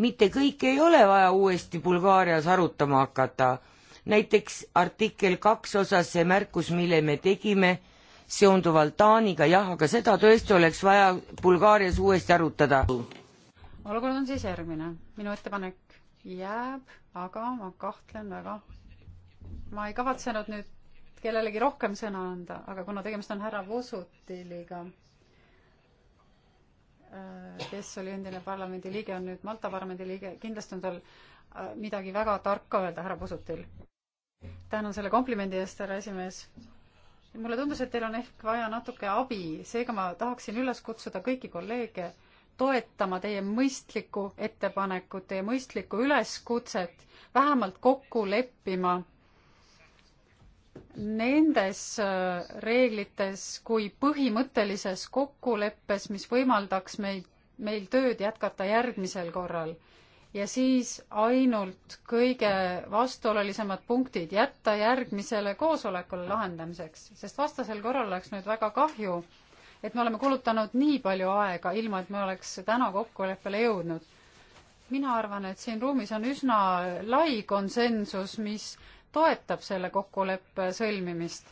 mitte kõike ei ole vaja uuesti Bulgaarias arutama hakata. näiteks artikkel kaks osas see märkus, mille me tegime seonduvalt Taaniga, jah, aga seda tõesti oleks vaja Bulgaarias uuesti arutada.
olukord on siis järgmine, minu ettepanek jääb, aga ma kahtlen väga. ma ei kavatsenud nüüd kellelegi rohkem sõna anda, aga kuna tegemist on härra Vosutiliga, äh, kes oli endine parlamendi liige, on nüüd Malta parlamendi liige, kindlasti on tal äh, midagi väga tarka öelda, härra Vosutil. tänan selle komplimendi eest, härra esimees mulle tundus, et teil on ehk vaja natuke abi, seega ma tahaksin üles kutsuda kõiki kolleege toetama teie mõistlikku ettepanekut, teie mõistlikku üleskutset, vähemalt kokku leppima nendes äh, reeglites kui põhimõttelises kokkuleppes, mis võimaldaks meil, meil tööd jätkata järgmisel korral ja siis ainult kõige vastuolulisemad punktid jätta järgmisele koosolekule lahendamiseks, sest vastasel korral oleks nüüd väga kahju, et me oleme kulutanud nii palju aega, ilma et me oleks täna kokkuleppele jõudnud. mina arvan, et siin ruumis on üsna lai konsensus, mis toetab selle kokkuleppe sõlmimist.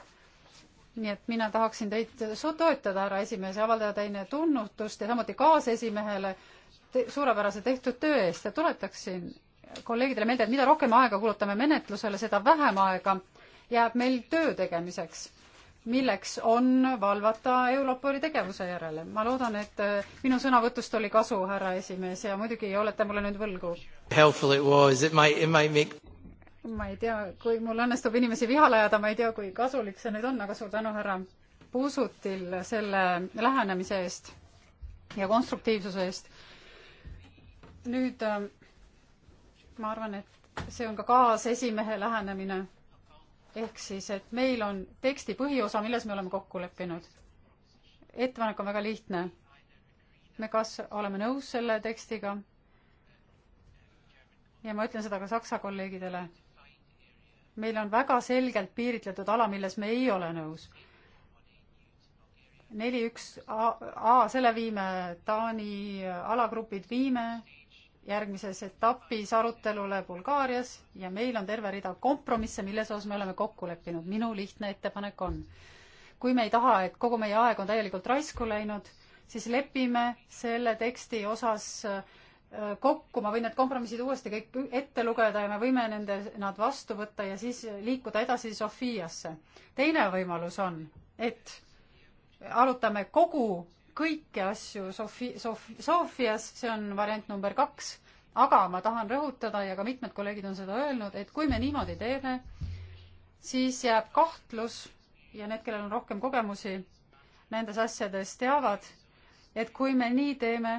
nii et mina tahaksin teid toetada, härra esimees, ja avaldada teile tunnustust ja samuti kaasesimehele te suurepärase tehtud töö eest ja tuletaksin kolleegidele meelde, et mida rohkem aega kulutame menetlusele, seda vähem aega jääb meil töö tegemiseks, milleks on valvata Europoli tegevuse järele. ma loodan, et äh, minu sõnavõtust oli kasu, härra esimees, ja muidugi olete mulle nüüd võlgu. Make... ma ei tea, kui mul õnnestub inimesi vihale ajada, ma ei tea, kui kasulik see nüüd on, aga suur tänu, härra Puusutil selle lähenemise eest ja konstruktiivsuse eest nüüd äh, ma arvan, et see on ka kaasesimehe lähenemine. ehk siis, et meil on teksti põhiosa, milles me oleme kokku leppinud. ettepanek on väga lihtne. me kas oleme nõus selle tekstiga ja ma ütlen seda ka saksa kolleegidele, meil on väga selgelt piiritletud ala, milles me ei ole nõus. neli üks A, A, selle viime, Taani alagrupid viime järgmises etapis arutelule Bulgaarias ja meil on terve rida kompromisse, milles osas me oleme kokku leppinud. minu lihtne ettepanek on, kui me ei taha, et kogu meie aeg on täielikult raisku läinud, siis lepime selle teksti osas äh, kokku, ma võin need kompromissid uuesti kõik ette lugeda ja me võime nende, nad vastu võtta ja siis liikuda edasi Sofiasse. teine võimalus on, et arutame kogu kõiki asju Sofi-, Sof-, Sofias, see on variant number kaks, aga ma tahan rõhutada ja ka mitmed kolleegid on seda öelnud, et kui me niimoodi teeme, siis jääb kahtlus ja need, kellel on rohkem kogemusi nendes asjades, teavad, et kui me nii teeme,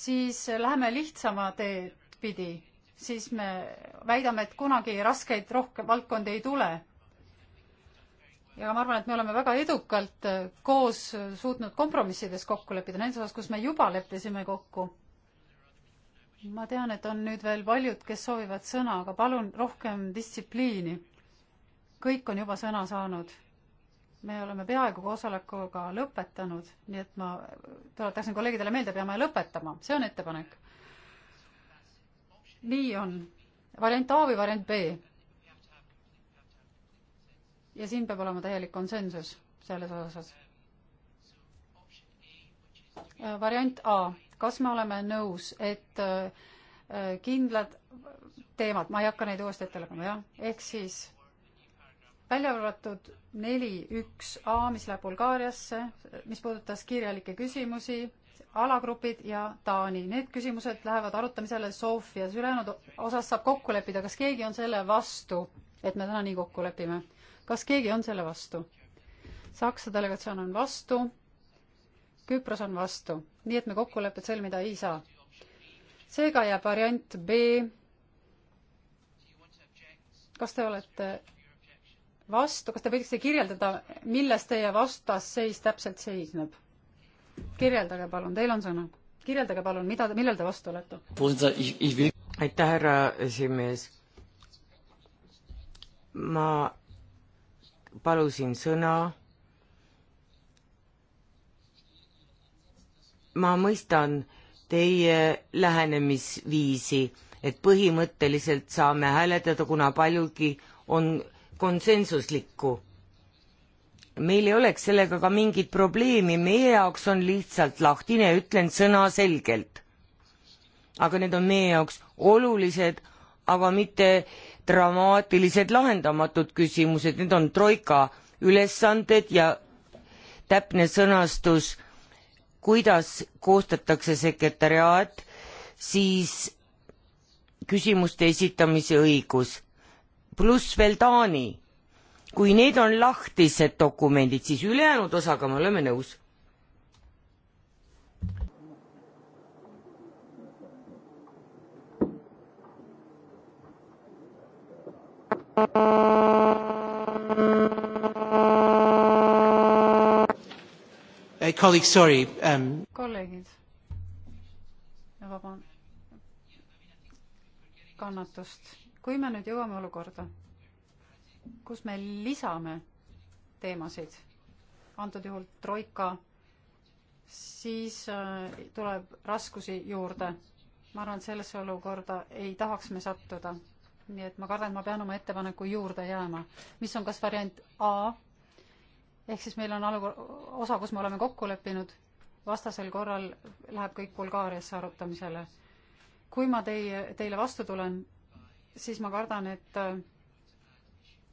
siis läheme lihtsama teed pidi, siis me väidame, et kunagi raskeid rohkem valdkondi ei tule ja ma arvan, et me oleme väga edukalt äh, koos äh, suutnud kompromissides kokku leppida, nendes osas, kus me juba leppisime kokku. ma tean, et on nüüd veel paljud, kes soovivad sõna, aga palun rohkem distsipliini. kõik on juba sõna saanud. me oleme peaaegu koosolekuga lõpetanud, nii et ma tuletaksin kolleegidele meelde, peame lõpetama, see on ettepanek. nii on. variant A või variant B ja siin peab olema täielik konsensus selles osas. Äh, variant A, kas me oleme nõus, et äh, kindlad teemad, ma ei hakka neid uuesti ette lugema, jah, ehk siis välja arvatud neli üks A, mis läheb Bulgaariasse, mis puudutas kirjalikke küsimusi, alagrupid ja Taani. Need küsimused lähevad arutamisele Sofias, ülejäänud osas saab kokku leppida, kas keegi on selle vastu, et me täna nii kokku lepime? kas keegi on selle vastu? Saksa delegatsioon on vastu, Küpros on vastu, nii et me kokkulepet sõlmida ei saa. seega jääb variant B. kas te olete vastu, kas te võiksite kirjeldada, milles teie vastasseis täpselt seisneb? kirjeldage palun, teil on sõna. kirjeldage palun, mida, millel te vastu olete?
aitäh, härra esimees. ma palusin sõna. ma mõistan teie lähenemisviisi, et põhimõtteliselt saame hääletada, kuna paljudki on konsensuslikku. meil ei oleks sellega ka mingit probleemi, meie jaoks on lihtsalt lahtine, ütlen sõna selgelt. aga need on meie jaoks olulised, aga mitte äh, dramaatilised lahendamatud küsimused, need on troika ülesanded ja täpne sõnastus, kuidas koostatakse sekretäriaat, siis küsimuste esitamise õigus, pluss veel Taani. kui need on lahtised dokumendid, siis ülejäänud osaga me oleme nõus
Colleague, sorry um....
kolleegid, vaban- kannatust. kui me nüüd jõuame olukorda, kus me lisame teemasid, antud juhul troika, siis äh, tuleb raskusi juurde. ma arvan, et sellesse olukorda ei tahaks me sattuda nii et ma kardan, et ma pean oma ettepaneku juurde jääma, mis on kas variant A, ehk siis meil on alu-, osa, kus me oleme kokku leppinud, vastasel korral läheb kõik Bulgaariasse arutamisele. kui ma teie, teile vastu tulen, siis ma kardan, et äh,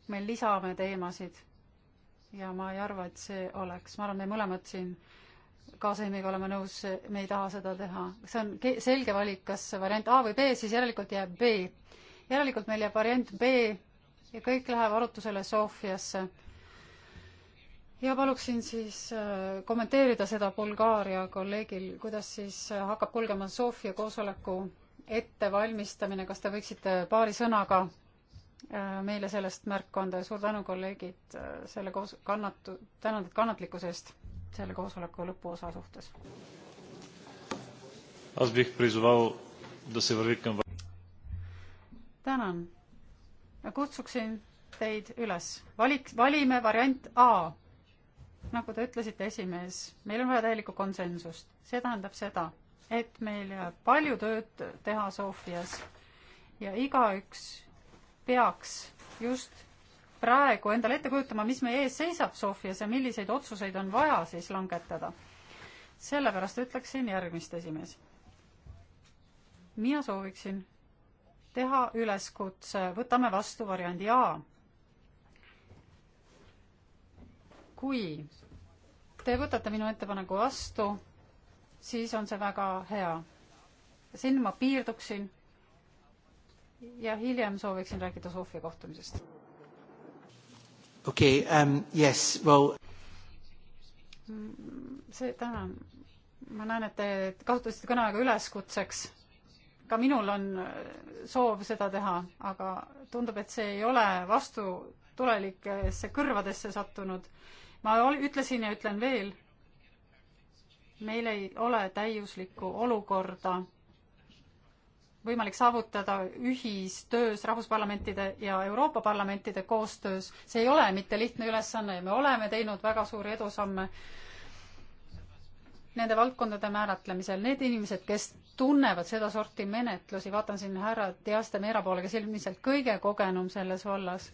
me lisame teemasid ja ma ei arva, et see oleks, ma arvan, me mõlemad siin kaasemiga oleme nõus, me ei taha seda teha. see on selge valik, kas variant A või B, siis järelikult jääb B järelikult meil jääb variant B ja kõik läheb arutusele Sofiasse. ja paluksin siis äh, kommenteerida seda Bulgaaria kolleegil, kuidas siis äh, hakkab kulgema Sofia koosoleku ettevalmistamine, kas te võiksite paari sõnaga äh, meile sellest märku anda ja suur tänu, kolleegid, selle koos-, kannatu-, tänan teid kannatlikkuse eest selle koosoleku lõpuosa suhtes tänan. kutsuksin teid üles, valik, valime variant A. nagu te ütlesite, esimees, meil on vaja täielikku konsensust, see tähendab seda, et meil jääb palju tööd teha Sofias ja igaüks peaks just praegu endale ette kujutama, mis meie ees seisab Sofias ja milliseid otsuseid on vaja siis langetada. sellepärast ütleksin järgmist, esimees. mina sooviksin teha üleskutse, võtame vastu variandi A. kui te võtate minu ettepaneku vastu, siis on see väga hea. siin ma piirduksin ja hiljem sooviksin rääkida Sofia kohtumisest.
okei okay, um,, ähm, yes, well.
Mm, see, tänan. ma näen, et te kasutasite kõneaega üleskutseks ka minul on soov seda teha, aga tundub, et see ei ole vastutulelikesse kõrvadesse sattunud. ma ütlesin ja ütlen veel, meil ei ole täiuslikku olukorda võimalik saavutada ühistöös rahvusparlamentide ja Euroopa parlamentide koostöös. see ei ole mitte lihtne ülesanne ja me oleme teinud väga suuri edusamme nende valdkondade määratlemisel, need inimesed, kes tunnevad sedasorti menetlusi, vaatan siin härra Diaste Meera poole, kes ilmselt kõige kogenum selles vallas,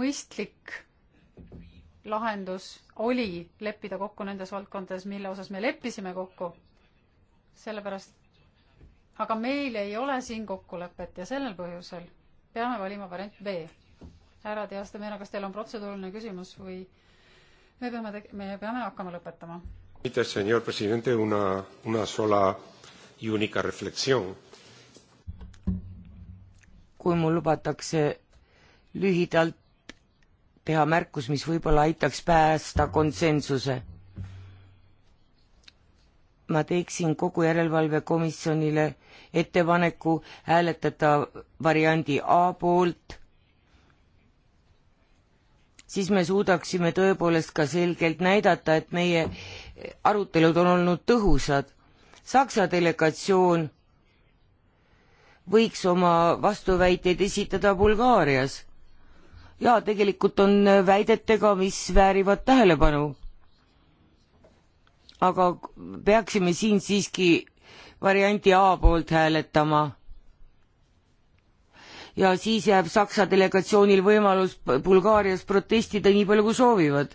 mõistlik lahendus oli leppida kokku nendes valdkondades, mille osas me leppisime kokku, sellepärast aga meil ei ole siin kokkulepet ja sellel põhjusel peame valima variant B. härra Diaste Meera, kas teil on protseduuriline küsimus või? me peame, me peame hakkama lõpetama.
Señor presidente, una, una sola y única reflexión.
kui mul lubatakse lühidalt teha märkus, mis võib-olla aitaks päästa konsensuse ma teeksin kogu järelevalvekomisjonile ettepaneku hääletada variandi A poolt siis me suudaksime tõepoolest ka selgelt näidata, et meie arutelud on olnud tõhusad. Saksa delegatsioon võiks oma vastuväiteid esitada Bulgaarias. jaa, tegelikult on väidetega, mis väärivad tähelepanu. aga peaksime siin siiski varianti A poolt hääletama ja siis jääb Saksa delegatsioonil võimalus Bulgaarias protestida nii palju, kui soovivad.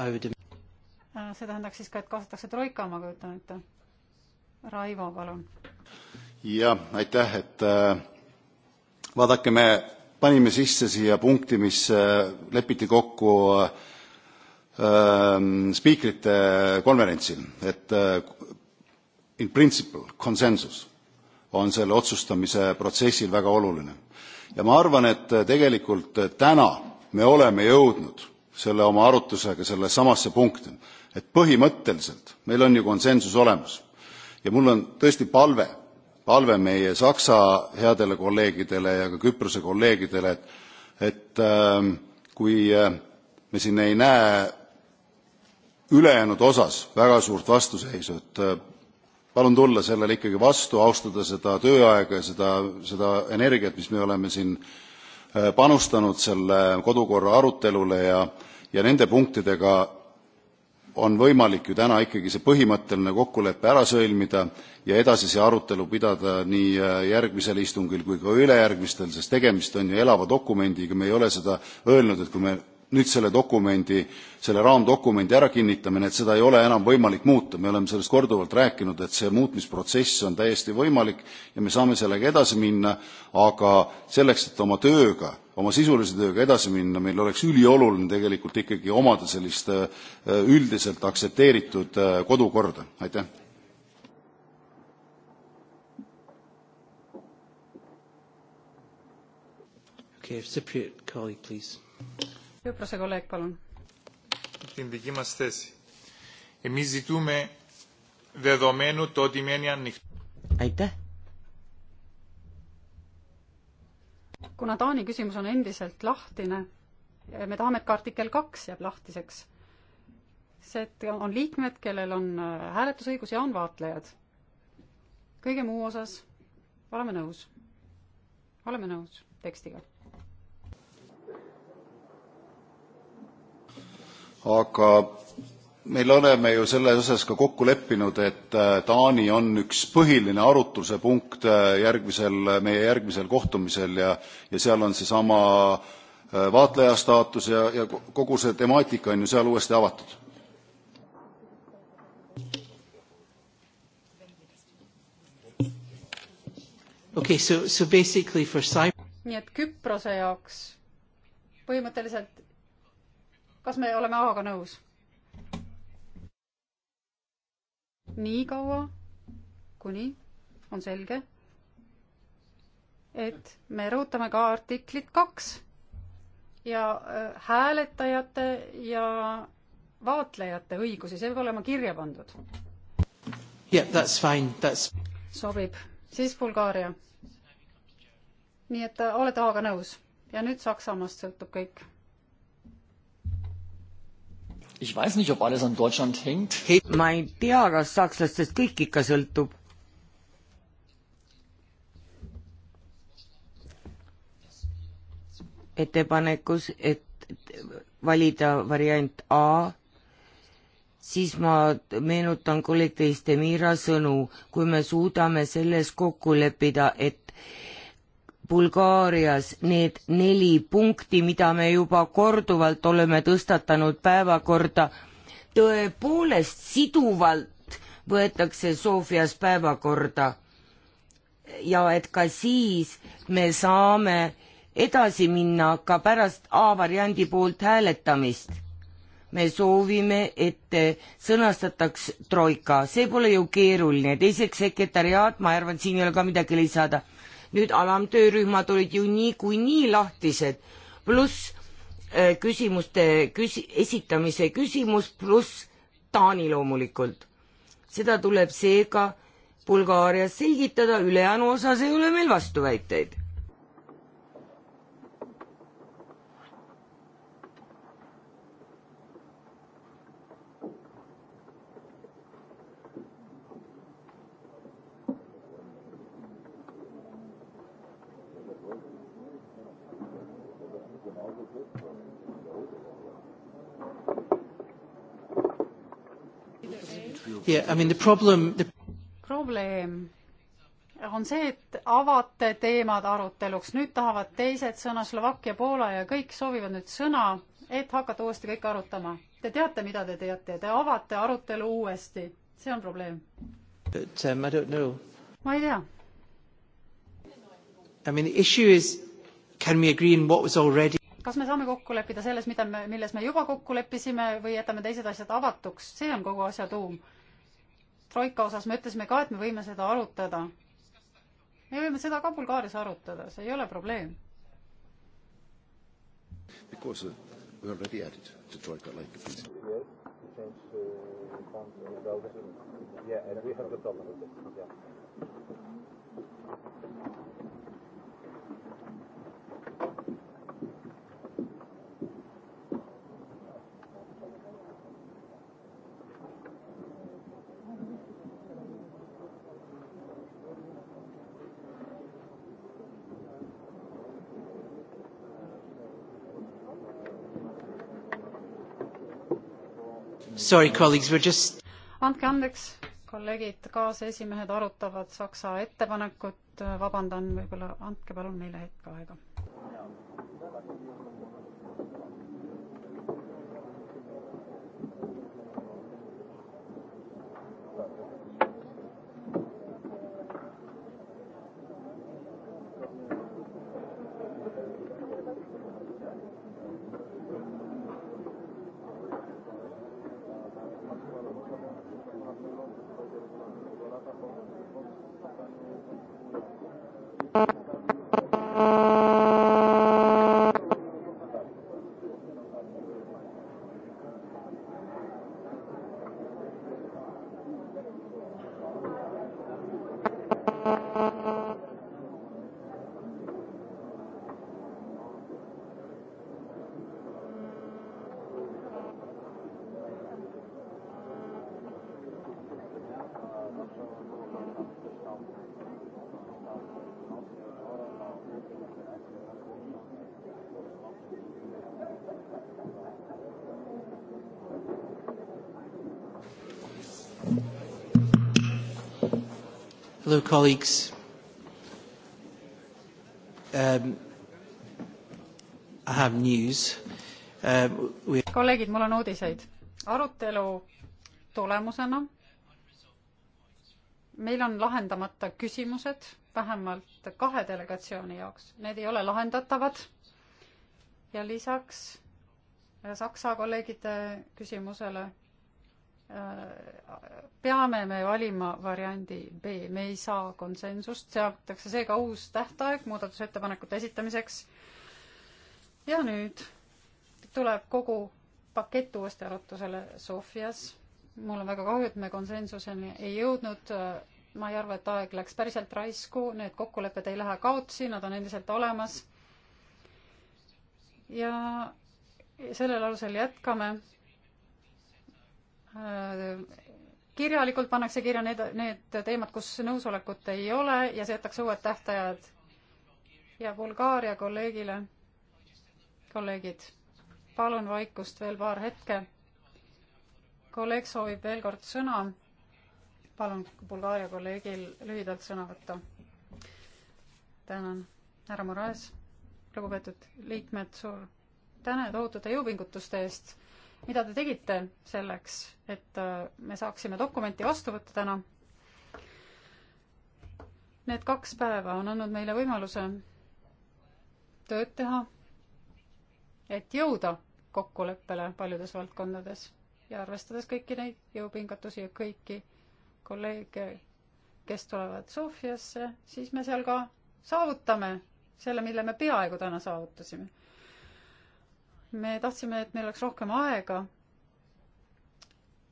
Äh,
see tähendaks siis ka, et kaasatakse troika, ma kujutan ette. Äh, Raivo, palun.
jah, aitäh, et äh, vaadake, me panime sisse siia punkti, mis äh, lepiti kokku äh, ähm, spiikrite konverentsil, et äh, in principle consensus on selle otsustamise protsessil väga oluline. ja ma arvan, et tegelikult täna me oleme jõudnud selle oma arutlusega sellesamasse punkti, et põhimõtteliselt meil on ju konsensus olemas ja mul on tõesti palve, palve meie Saksa headele kolleegidele ja ka Küprose kolleegidele, et et ähm, kui äh, me siin ei näe ülejäänud osas väga suurt vastuseisu, et äh, palun tulla sellele ikkagi vastu, austada seda tööaega ja seda, seda energiat, mis me oleme siin äh, panustanud selle kodukorra arutelule ja, ja nende punktidega on võimalik ju täna ikkagi see põhimõtteline kokkulepe ära sõlmida ja edasise arutelu pidada nii äh, järgmisel istungil kui ka ülejärgmistel, sest tegemist on ju elava dokumendiga, me ei ole seda öelnud, et kui me nüüd selle dokumendi, selle raamdokumendi ärakinnitamine, et seda ei ole enam võimalik muuta, me oleme sellest korduvalt rääkinud, et see muutmisprotsess on täiesti võimalik ja me saame sellega edasi minna, aga selleks, et oma tööga, oma sisulise tööga edasi minna, meil oleks ülioluline tegelikult ikkagi omada sellist äh, üldiselt aktsepteeritud äh, kodukorda, aitäh!
Okay, Cypriot colleague, please.
Küprose kolleeg, palun.
Την δική μας θέση.
Εμείς ζητούμε δεδομένου το ότι μένει ανοιχτό.
Aitäh.
kuna Taani küsimus on endiselt lahtine, me tahame, et ka artikkel kaks jääb lahtiseks. see, et on liikmed, kellel on äh, hääletusõigus ja on vaatlejad. kõige muu osas oleme nõus. oleme nõus tekstiga.
aga meil oleme ju selles osas ka kokku leppinud, et äh, Taani on üks põhiline arutluse punkt äh, järgmisel, meie järgmisel kohtumisel ja, ja seal on seesama äh, vaatleja staatus ja, ja kogu see temaatika on ju seal uuesti avatud
okay,. So, so
nii et Küprose jaoks põhimõtteliselt kas me oleme A-ga nõus? nii kaua, kuni on selge, et me rõhutame ka artiklit kaks ja äh, hääletajate ja vaatlejate õigusi, see peab olema kirja pandud.
Yeah, that's fine, that's
sobib, siis Bulgaaria. nii et äh, olete A-ga nõus ja nüüd Saksamaast sõltub kõik
ma ei tea, kas sakslastest kõik ikka sõltub. ettepanekus, et valida variant A, siis ma meenutan kolleeg Teistemira sõnu, kui me suudame selles kokku leppida, et Bulgaarias need neli punkti, mida me juba korduvalt oleme tõstatanud päevakorda, tõepoolest siduvalt võetakse Sofias päevakorda. ja et ka siis me saame edasi minna ka pärast A-variandi poolt hääletamist. me soovime, et sõnastataks troika, see pole ju keeruline, teiseks sekretäriaat, ma arvan, siin ei ole ka midagi lisada nüüd alamtöörühmad olid ju niikuinii nii lahtised, pluss äh, küsimuste küsi-, esitamise küsimus, pluss Taani loomulikult. seda tuleb seega Bulgaarias selgitada, ülejäänu osas ei ole meil vastuväiteid
Yeah, I mean the problem the...
probleem on see, et avate teemad aruteluks, nüüd tahavad teised sõna, Slovakkia, Poola ja kõik soovivad nüüd sõna, et hakata uuesti kõike arutama. Te teate, mida te teate, te avate arutelu uuesti, see on probleem.
Um, ma ei tea. I mean the issue is can we agree in what was already
kas me saame kokku leppida selles, mida me, milles me juba kokku leppisime või jätame teised asjad avatuks, see on kogu asja tuum troika osas me ütlesime ka, et me võime seda arutada. me võime seda ka Bulgaarias arutada, see ei ole probleem.
Because uh, we already added the troika like a piece. Yes, change
uh,
funds without. Yeah, and we have the problem with it. Yeah.
sorry, colleagues, we are just.
andke andeks, kolleegid, kaasesimehed arutavad Saksa ettepanekut, vabandan, võib-olla andke palun neile hetk aega
Hello, colleagues. Um, I have news. Um, we...
kolleegid, mul on uudiseid. arutelu tulemusena meil on lahendamata küsimused vähemalt kahe delegatsiooni jaoks, need ei ole lahendatavad. ja lisaks Saksa kolleegide küsimusele peame me valima variandi B, me ei saa konsensust, seatakse seega uus tähtaeg muudatusettepanekute esitamiseks. ja nüüd tuleb kogu pakett uuesti arutusele Sofias. mul on väga kahju, et me konsensuseni ei jõudnud. ma ei arva, et aeg läks päriselt raisku, need kokkulepped ei lähe kaotsi, nad on endiselt olemas. ja sellel alusel jätkame Äh, kirjalikult pannakse kirja need, need teemad, kus nõusolekut ei ole ja seatakse uued tähtajad. ja Bulgaaria kolleegile, kolleegid, palun vaikust veel paar hetke. kolleeg soovib veel kord sõna. palun Bulgaaria kolleegil lühidalt sõna võtta. tänan, härra Moraes, lugupeetud liikmed, suur tänu tohutute jõupingutuste eest mida te tegite selleks, et äh, me saaksime dokumenti vastu võtta täna? Need kaks päeva on andnud meile võimaluse tööd teha, et jõuda kokkuleppele paljudes valdkondades ja arvestades kõiki neid jõupingatusi ja kõiki kolleege, kes tulevad Sofiasse, siis me seal ka saavutame selle, mille me peaaegu täna saavutasime me tahtsime, et meil oleks rohkem aega.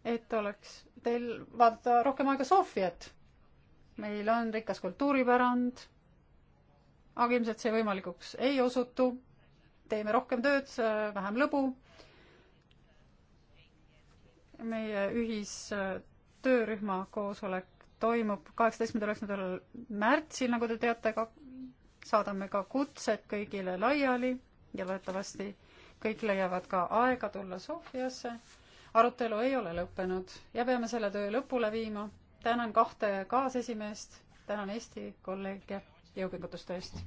et oleks teil vaadata rohkem aega Sofiat. meil on rikas kultuuripärand. aga ilmselt see võimalikuks ei osutu. teeme rohkem tööd, vähem lõbu. meie ühistöörühma äh, koosolek toimub kaheksateistkümnendal, üheksandal märtsil, nagu te teate, ka saadame ka kutsed kõigile laiali ja loodetavasti kõik leiavad ka aega tulla Sofiasse. arutelu ei ole lõppenud ja peame selle töö lõpule viima. tänan kahte kaasesimeest, tänan Eesti kolleege jõupingutuste eest.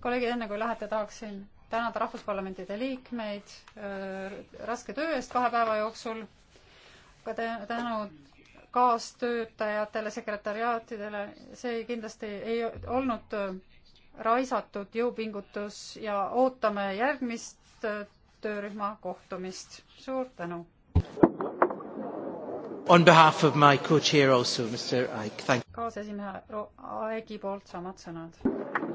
kolleegid, enne kui lähete, tahaksin tänada Rahvusparlamentide liikmeid öö, äh, raske töö eest kahe päeva jooksul. ka tänu kaastöötajatele, sekretariaatidele, see kindlasti ei olnud äh, raisatud jõupingutus ja ootame järgmist tänast äh, töörühma kohtumist, suur tänu!
On behalf of my co-chair also, Mr Aik, thank you.
kaasesimehe Aegi poolt samad sõnad.